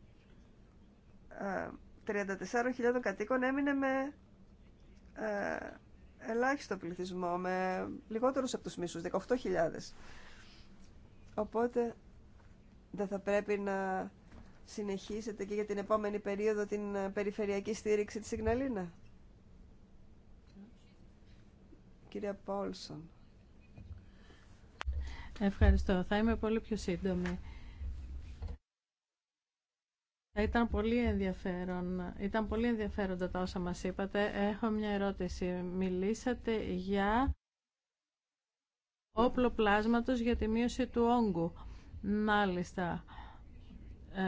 ε, 34.000 κατοίκων έμεινε με ε, ελάχιστο πληθυσμό, με λιγότερους από τους μίσους, 18.000. Οπότε δεν θα πρέπει να συνεχίσετε και για την επόμενη περίοδο την ε, περιφερειακή στήριξη της Ιγναλίνα. Κυρία Πόλσον. Ευχαριστώ. Θα είμαι πολύ πιο σύντομη. Ήταν πολύ ενδιαφέρον. Ήταν πολύ ενδιαφέροντα τα όσα μας είπατε. Έχω μια ερώτηση. Μιλήσατε για όπλο πλάσματος για τη μείωση του όγκου. Μάλιστα. Ε,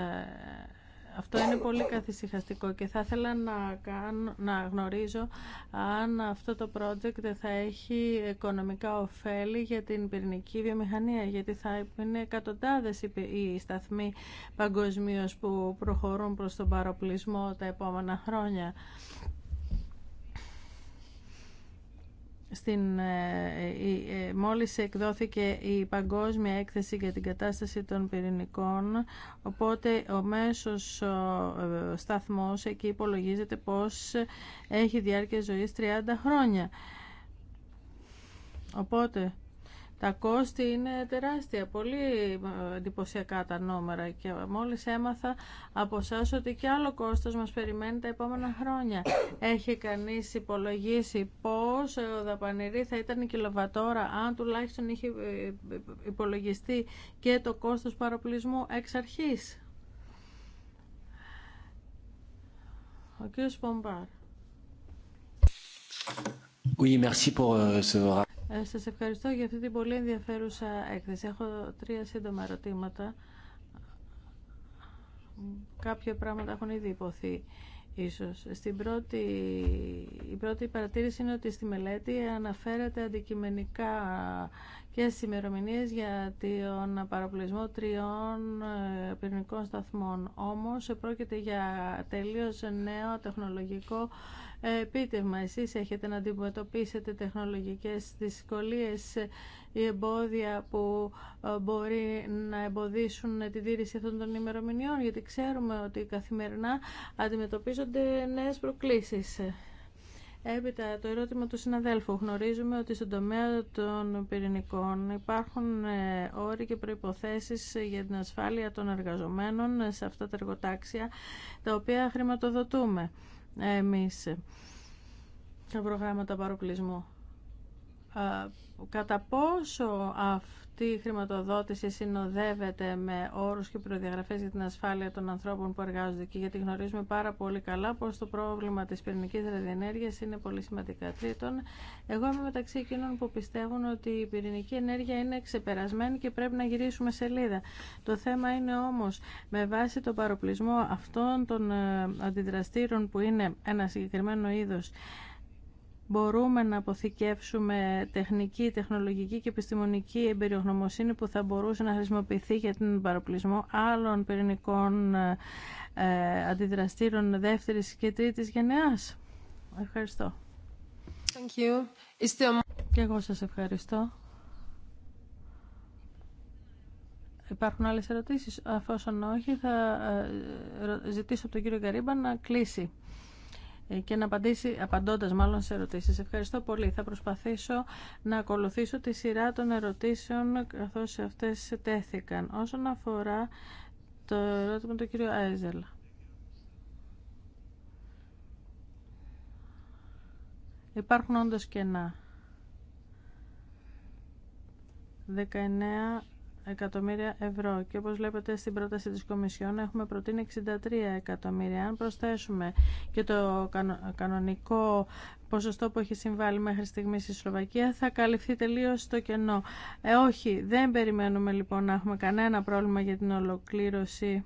αυτό είναι πολύ καθησυχαστικό και θα ήθελα να, κάνω, να γνωρίζω αν αυτό το project θα έχει οικονομικά ωφέλη για την πυρηνική βιομηχανία, γιατί θα είναι εκατοντάδες οι σταθμοί παγκοσμίω που προχωρούν προς τον παροπλισμό τα επόμενα χρόνια. στην, ε, ε, μόλις εκδόθηκε η παγκόσμια έκθεση για την κατάσταση των πυρηνικών οπότε ο μέσος ε, σταθμός εκεί υπολογίζεται πως έχει διάρκεια ζωής 30 χρόνια οπότε τα κόστη είναι τεράστια, πολύ ε, εντυπωσιακά τα νούμερα και μόλις έμαθα από εσά ότι και άλλο κόστος μας περιμένει τα επόμενα χρόνια. Έχει κανείς υπολογίσει πώς ε, δαπανηρή θα ήταν η κιλοβατόρα αν τουλάχιστον είχε ε, υπολογιστεί και το κόστος παροπλισμού εξ αρχής. Ο Πομπάρ. Oui, merci pour euh, ce... Ε, σας ευχαριστώ για αυτή την πολύ ενδιαφέρουσα έκθεση. Έχω τρία σύντομα ερωτήματα. Κάποια πράγματα έχουν ήδη υποθεί ίσως. Στην πρώτη, η πρώτη παρατήρηση είναι ότι στη μελέτη αναφέρεται αντικειμενικά και στις ημερομηνίε για τον παραπλησμό τριών ε, πυρηνικών σταθμών. Όμως πρόκειται για τελείως νέο τεχνολογικό επίτευγμα. Εσείς έχετε να αντιμετωπίσετε τεχνολογικές δυσκολίες ε, ή εμπόδια που ε, μπορεί να εμποδίσουν ε, τη δίδυση αυτών των ημερομηνιών, γιατί ξέρουμε ότι καθημερινά αντιμετωπίζονται νέες προκλήσεις. Έπειτα, το ερώτημα του συναδέλφου. Γνωρίζουμε ότι στον τομέα των πυρηνικών υπάρχουν όροι και προϋποθέσεις για την ασφάλεια των εργαζομένων σε αυτά τα εργοτάξια, τα οποία χρηματοδοτούμε εμείς τα προγράμματα παροπλισμού. Κατά πόσο αυτό η χρηματοδότηση συνοδεύεται με όρους και προδιαγραφές για την ασφάλεια των ανθρώπων που εργάζονται εκεί, γιατί γνωρίζουμε πάρα πολύ καλά πως το πρόβλημα της πυρηνικής ραδιενέργειας είναι πολύ σημαντικά. Τρίτον, εγώ είμαι μεταξύ εκείνων που πιστεύουν ότι η πυρηνική ενέργεια είναι ξεπερασμένη και πρέπει να γυρίσουμε σελίδα. Το θέμα είναι όμως με βάση τον παροπλισμό αυτών των ε, αντιδραστήρων που είναι ένα συγκεκριμένο είδος μπορούμε να αποθηκεύσουμε τεχνική, τεχνολογική και επιστημονική εμπειρογνωμοσύνη που θα μπορούσε να χρησιμοποιηθεί για τον παροπλισμό άλλων πυρηνικών ε, ε, αντιδραστήρων δεύτερης και τρίτης γενεάς. Ευχαριστώ. Thank Και εγώ σας ευχαριστώ. Υπάρχουν άλλες ερωτήσεις. Αφόσον όχι, θα ε, ζητήσω από τον κύριο Γκαρίμπα να κλείσει. Ε, και να απαντήσει, απαντώντας μάλλον σε ερωτήσεις. Ευχαριστώ πολύ. Θα προσπαθήσω να ακολουθήσω τη σειρά των ερωτήσεων καθώς αυτές τέθηκαν. Όσον αφορά το ερώτημα του κύριου Άιζελ. Υπάρχουν όντως κενά. 19 εκατομμύρια ευρώ και όπως βλέπετε στην πρόταση της Κομισιόν έχουμε προτείνει 63 εκατομμύρια. Αν προσθέσουμε και το κανονικό ποσοστό που έχει συμβάλει μέχρι στιγμή η Σλοβακία θα καλυφθεί τελείως το κενό. Ε, όχι, δεν περιμένουμε λοιπόν να έχουμε κανένα πρόβλημα για την ολοκλήρωση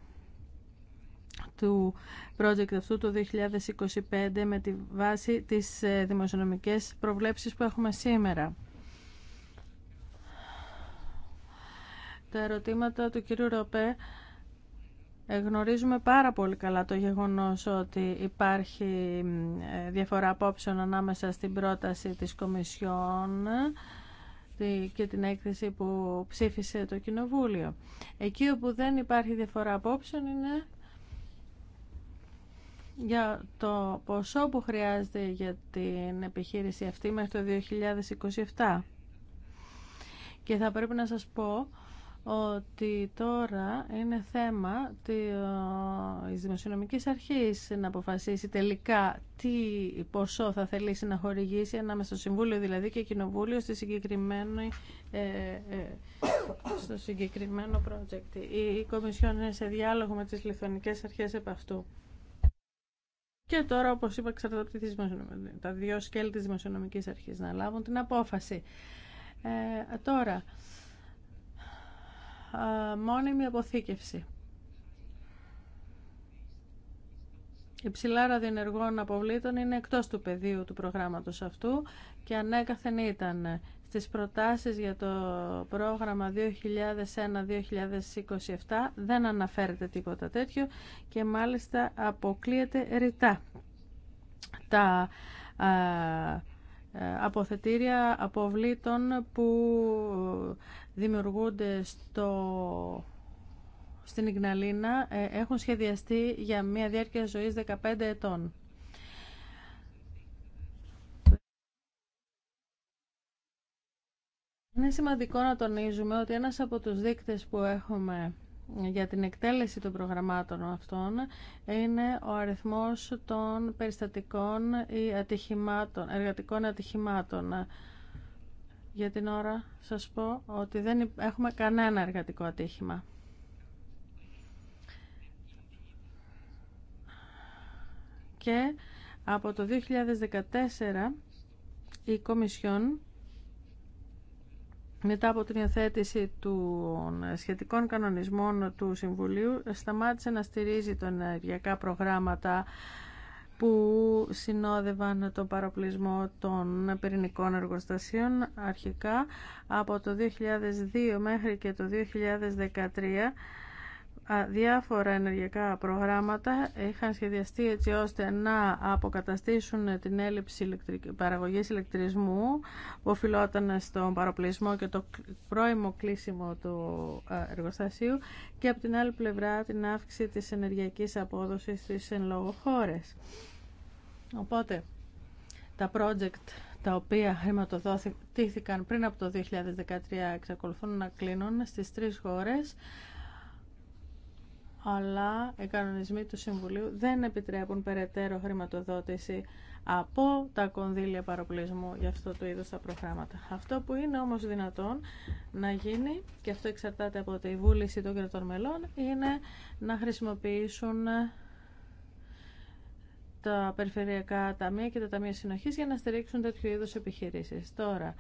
του project αυτού το 2025 με τη βάση τις ε, δημοσιονομικές προβλέψεις που έχουμε σήμερα. τα ερωτήματα του κύριου Ροπέ ε, γνωρίζουμε πάρα πολύ καλά το γεγονός ότι υπάρχει ε, διαφορά απόψεων ανάμεσα στην πρόταση της Κομισιόν και την έκθεση που ψήφισε το Κοινοβούλιο. Εκεί όπου δεν υπάρχει διαφορά απόψεων είναι για το ποσό που χρειάζεται για την επιχείρηση αυτή μέχρι το 2027. Και θα πρέπει να σας πω ότι τώρα είναι θέμα της Δημοσιονομικής Αρχής να αποφασίσει τελικά τι ποσό θα θελήσει να χορηγήσει ανάμεσα στο Συμβούλιο δηλαδή και Κοινοβούλιο στη συγκεκριμένη, ε, ε στο συγκεκριμένο project. Η, η Κομισιόν είναι σε διάλογο με τις λιθωνικές αρχές επ' αυτού. Και τώρα, όπως είπα, εξαρτάται τα δύο σκέλη της Δημοσιονομικής Αρχής να λάβουν την απόφαση. Ε, τώρα, μόνιμη αποθήκευση. Η ψηλά ραδιενεργών αποβλήτων είναι εκτός του πεδίου του προγράμματος αυτού και ανέκαθεν ήταν στις προτάσεις για το πρόγραμμα 2001-2027 δεν αναφέρεται τίποτα τέτοιο και μάλιστα αποκλείεται ρητά τα αποθετήρια αποβλήτων που δημιουργούνται στο στην Ιγναλίνα ε, έχουν σχεδιαστεί για μια διάρκεια ζωής 15 ετών. Είναι σημαντικό να τονίζουμε ότι ένας από τους δείκτες που έχουμε για την εκτέλεση των προγραμμάτων αυτών είναι ο αριθμός των περιστατικών ή ατυχημάτων, εργατικών ατυχημάτων για την ώρα σας πω ότι δεν έχουμε κανένα εργατικό ατύχημα. Και από το 2014 η Κομισιόν μετά από την υιοθέτηση των σχετικών κανονισμών του Συμβουλίου σταμάτησε να στηρίζει τα ενεργειακά προγράμματα που συνόδευαν τον παροπλισμό των πυρηνικών εργοστασίων αρχικά από το 2002 μέχρι και το 2013 διάφορα ενεργειακά προγράμματα είχαν σχεδιαστεί έτσι ώστε να αποκαταστήσουν την έλλειψη παραγωγής ηλεκτρισμού που οφειλόταν στον παροπλισμό και το πρώιμο κλείσιμο του εργοστασίου και από την άλλη πλευρά την αύξηση της ενεργειακής απόδοσης στις εν λόγω χώρες. Οπότε, τα project τα οποία χρηματοδοτήθηκαν πριν από το 2013 εξακολουθούν να κλείνουν στις τρεις χώρες αλλά οι κανονισμοί του Συμβουλίου δεν επιτρέπουν περαιτέρω χρηματοδότηση από τα κονδύλια παροπλισμού για αυτό το είδος τα προγράμματα. Αυτό που είναι όμως δυνατόν να γίνει, και αυτό εξαρτάται από τη βούληση των κρατών μελών, είναι να χρησιμοποιήσουν τα περιφερειακά ταμεία και τα ταμεία συνοχής για να στηρίξουν τέτοιου είδους επιχειρήσεις. Τώρα,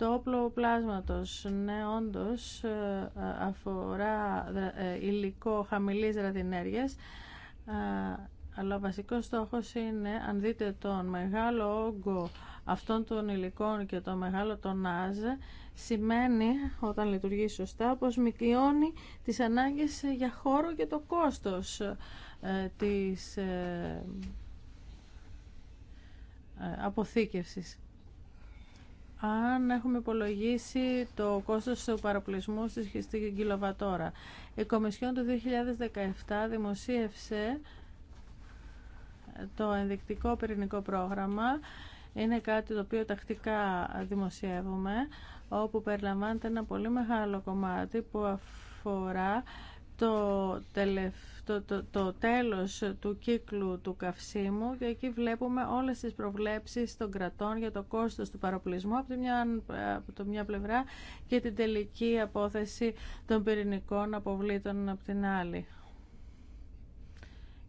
το όπλο πλάσματος, ναι, όντως ε, αφορά ε, υλικό χαμηλής ραδινέργειας, ε, αλλά ο βασικός στόχος είναι, αν δείτε τον μεγάλο όγκο αυτών των υλικών και το μεγάλο τονάζ, σημαίνει, όταν λειτουργεί σωστά, πως μικριώνει τις ανάγκες για χώρο και το κόστος της αποθήκευσης αν έχουμε υπολογίσει το κόστος του παραπλησμού στις κιλοβατόρα. Η Κομισιόν του 2017 δημοσίευσε ε, το ενδεικτικό πυρηνικό πρόγραμμα. Είναι κάτι το οποίο τακτικά δημοσιεύουμε, όπου περιλαμβάνεται ένα πολύ μεγάλο κομμάτι που αφορά το, τελευ... τέλος του κύκλου του καυσίμου και εκεί βλέπουμε όλες τις προβλέψεις των κρατών για το κόστος του παροπλισμού από τη μια, από το μια πλευρά και την τελική απόθεση των πυρηνικών αποβλήτων από την άλλη.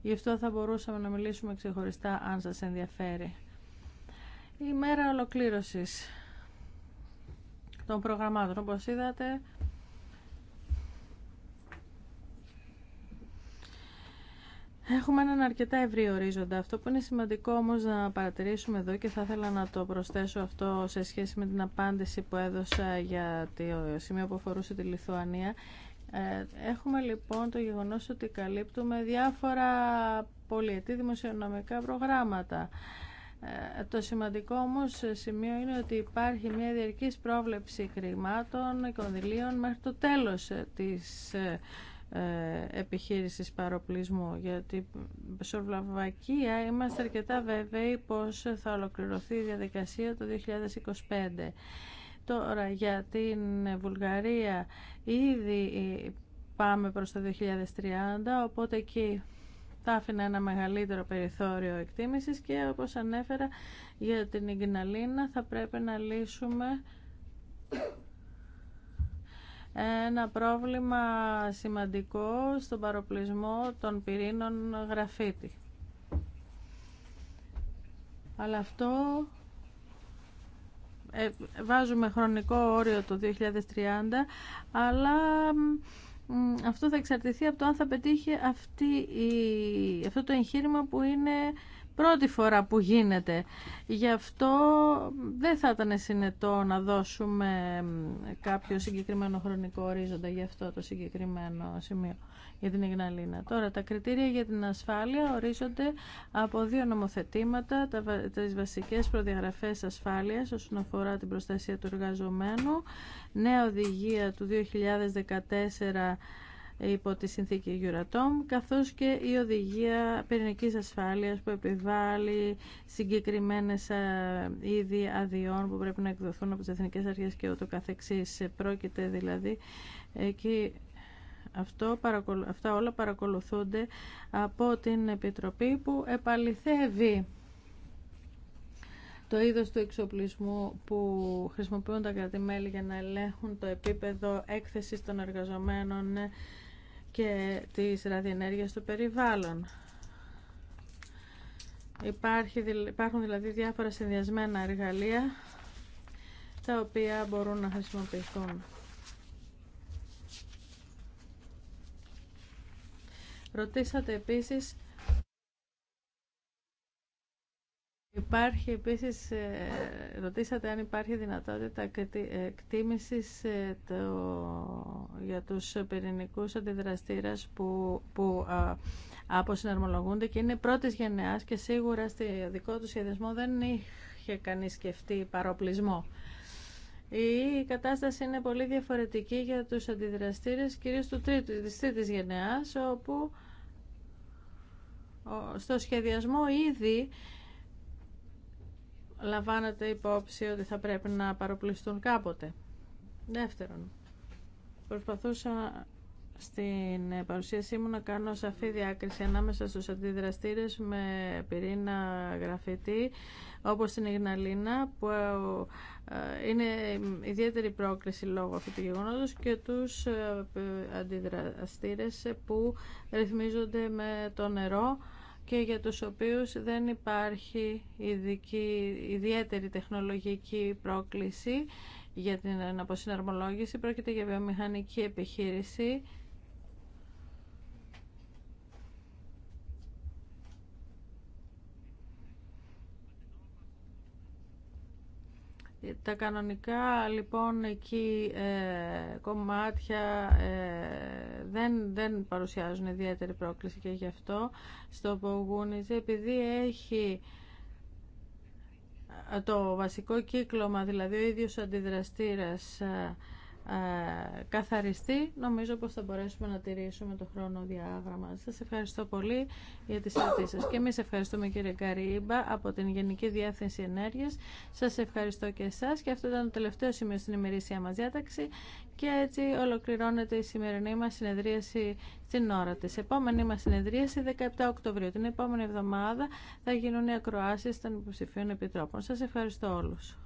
Γι' αυτό θα μπορούσαμε να μιλήσουμε ξεχωριστά αν σας ενδιαφέρει. Η μέρα ολοκλήρωσης των προγραμμάτων, όπως είδατε, Έχουμε έναν αρκετά ευρύ ορίζοντα. Αυτό που είναι σημαντικό όμω να παρατηρήσουμε εδώ και θα ήθελα να το προσθέσω αυτό σε σχέση με την απάντηση που έδωσα για το σημείο που αφορούσε τη Λιθουανία. Ε, έχουμε λοιπόν το γεγονός ότι καλύπτουμε διάφορα πολιετή δημοσιονομικά προγράμματα. Ε, το σημαντικό όμως σημείο είναι ότι υπάρχει μια διαρκής πρόβλεψη χρημάτων, κονδυλίων μέχρι το τέλος ε, της ε, επιχείρησης παροπλισμού γιατί Σοβλαβακία είμαστε αρκετά βέβαιοι πως θα ολοκληρωθεί η διαδικασία το 2025. Τώρα για την Βουλγαρία ήδη πάμε προς το 2030 οπότε εκεί θα άφηνα ένα μεγαλύτερο περιθώριο εκτίμησης και όπως ανέφερα για την Ιγκυναλίνα θα πρέπει να λύσουμε ένα πρόβλημα σημαντικό στον παροπλισμό των πυρήνων γραφίτη. Αλλά αυτό ε, βάζουμε χρονικό όριο το 2030, αλλά αυτό θα εξαρτηθεί από το αν θα πετύχει αυτή η, αυτό το εγχείρημα που είναι πρώτη φορά που γίνεται. Γι' αυτό δεν θα ήταν συνετό να δώσουμε κάποιο συγκεκριμένο χρονικό ορίζοντα για αυτό το συγκεκριμένο σημείο για την Ιγναλίνα. Τώρα, τα κριτήρια για την ασφάλεια ορίζονται από δύο νομοθετήματα, τις βασικές προδιαγραφές ασφάλειας όσον αφορά την προστασία του εργαζομένου, νέα οδηγία του 2014 υπό τη συνθήκη Euratom, καθώς και η οδηγία πυρηνικής ασφάλειας που επιβάλλει συγκεκριμένες είδη αδειών που πρέπει να εκδοθούν από τις εθνικές αρχές και ούτω καθεξής. Πρόκειται δηλαδή εκεί αυτό, αυτά όλα παρακολουθούνται από την Επιτροπή που επαληθεύει το είδος του εξοπλισμού που χρησιμοποιούν τα κρατημέλη για να ελέγχουν το επίπεδο έκθεσης των εργαζομένων και της ραδιενέργειας του περιβάλλον. υπάρχουν δηλαδή διάφορα συνδυασμένα εργαλεία τα οποία μπορούν να χρησιμοποιηθούν. Ρωτήσατε επίσης Υπάρχει επίσης, ε, ρωτήσατε αν υπάρχει δυνατότητα εκτίμησης ε, το, για τους πυρηνικούς αντιδραστήρες που, που αποσυναρμολογούνται και είναι πρώτης γενεάς και σίγουρα στη δικό του σχεδιασμό δεν είχε κανείς σκεφτεί παροπλισμό. Η κατάσταση είναι πολύ διαφορετική για τους αντιδραστήρες κυρίως του τρίτου, της τρίτης γενεάς όπου στο σχεδιασμό ήδη λαμβάνεται υπόψη ότι θα πρέπει να παροπλιστούν κάποτε. Δεύτερον, προσπαθούσα στην παρουσίασή μου να κάνω σαφή διάκριση ανάμεσα στους αντιδραστήρες με πυρήνα γραφητή όπως την Ιγναλίνα που ε, είναι ιδιαίτερη πρόκληση λόγω αυτού του γεγονότος και τους ε, αντιδραστήρες που ρυθμίζονται με το νερό και για τους οποίους δεν υπάρχει ιδιαίτερη τεχνολογική πρόκληση για την αποσυναρμολόγηση. Πρόκειται για βιομηχανική επιχείρηση Τα κανονικά λοιπόν εκεί ε, κομμάτια ε, δεν, δεν παρουσιάζουν ιδιαίτερη πρόκληση και γι' αυτό στο Πογούνιζε επειδή έχει ε, το βασικό κύκλωμα, δηλαδή ο ίδιος αντιδραστήρας ε, ε, καθαριστεί, νομίζω πως θα μπορέσουμε να τηρήσουμε το χρόνο διάγραμμα. Σας ευχαριστώ πολύ για τις ερωτήσεις σας. Και εμείς ευχαριστούμε κύριε Καρύμπα από την Γενική Διεύθυνση Ενέργειας. Σας ευχαριστώ και εσάς και αυτό ήταν το τελευταίο σημείο στην ημερήσια μας διάταξη και έτσι ολοκληρώνεται η σημερινή μας συνεδρίαση στην ώρα της. Επόμενη μας συνεδρίαση 17 Οκτωβρίου. Την επόμενη εβδομάδα θα γίνουν οι ακροάσεις των υποψηφίων επιτρόπων. Σας ευχαριστώ όλους.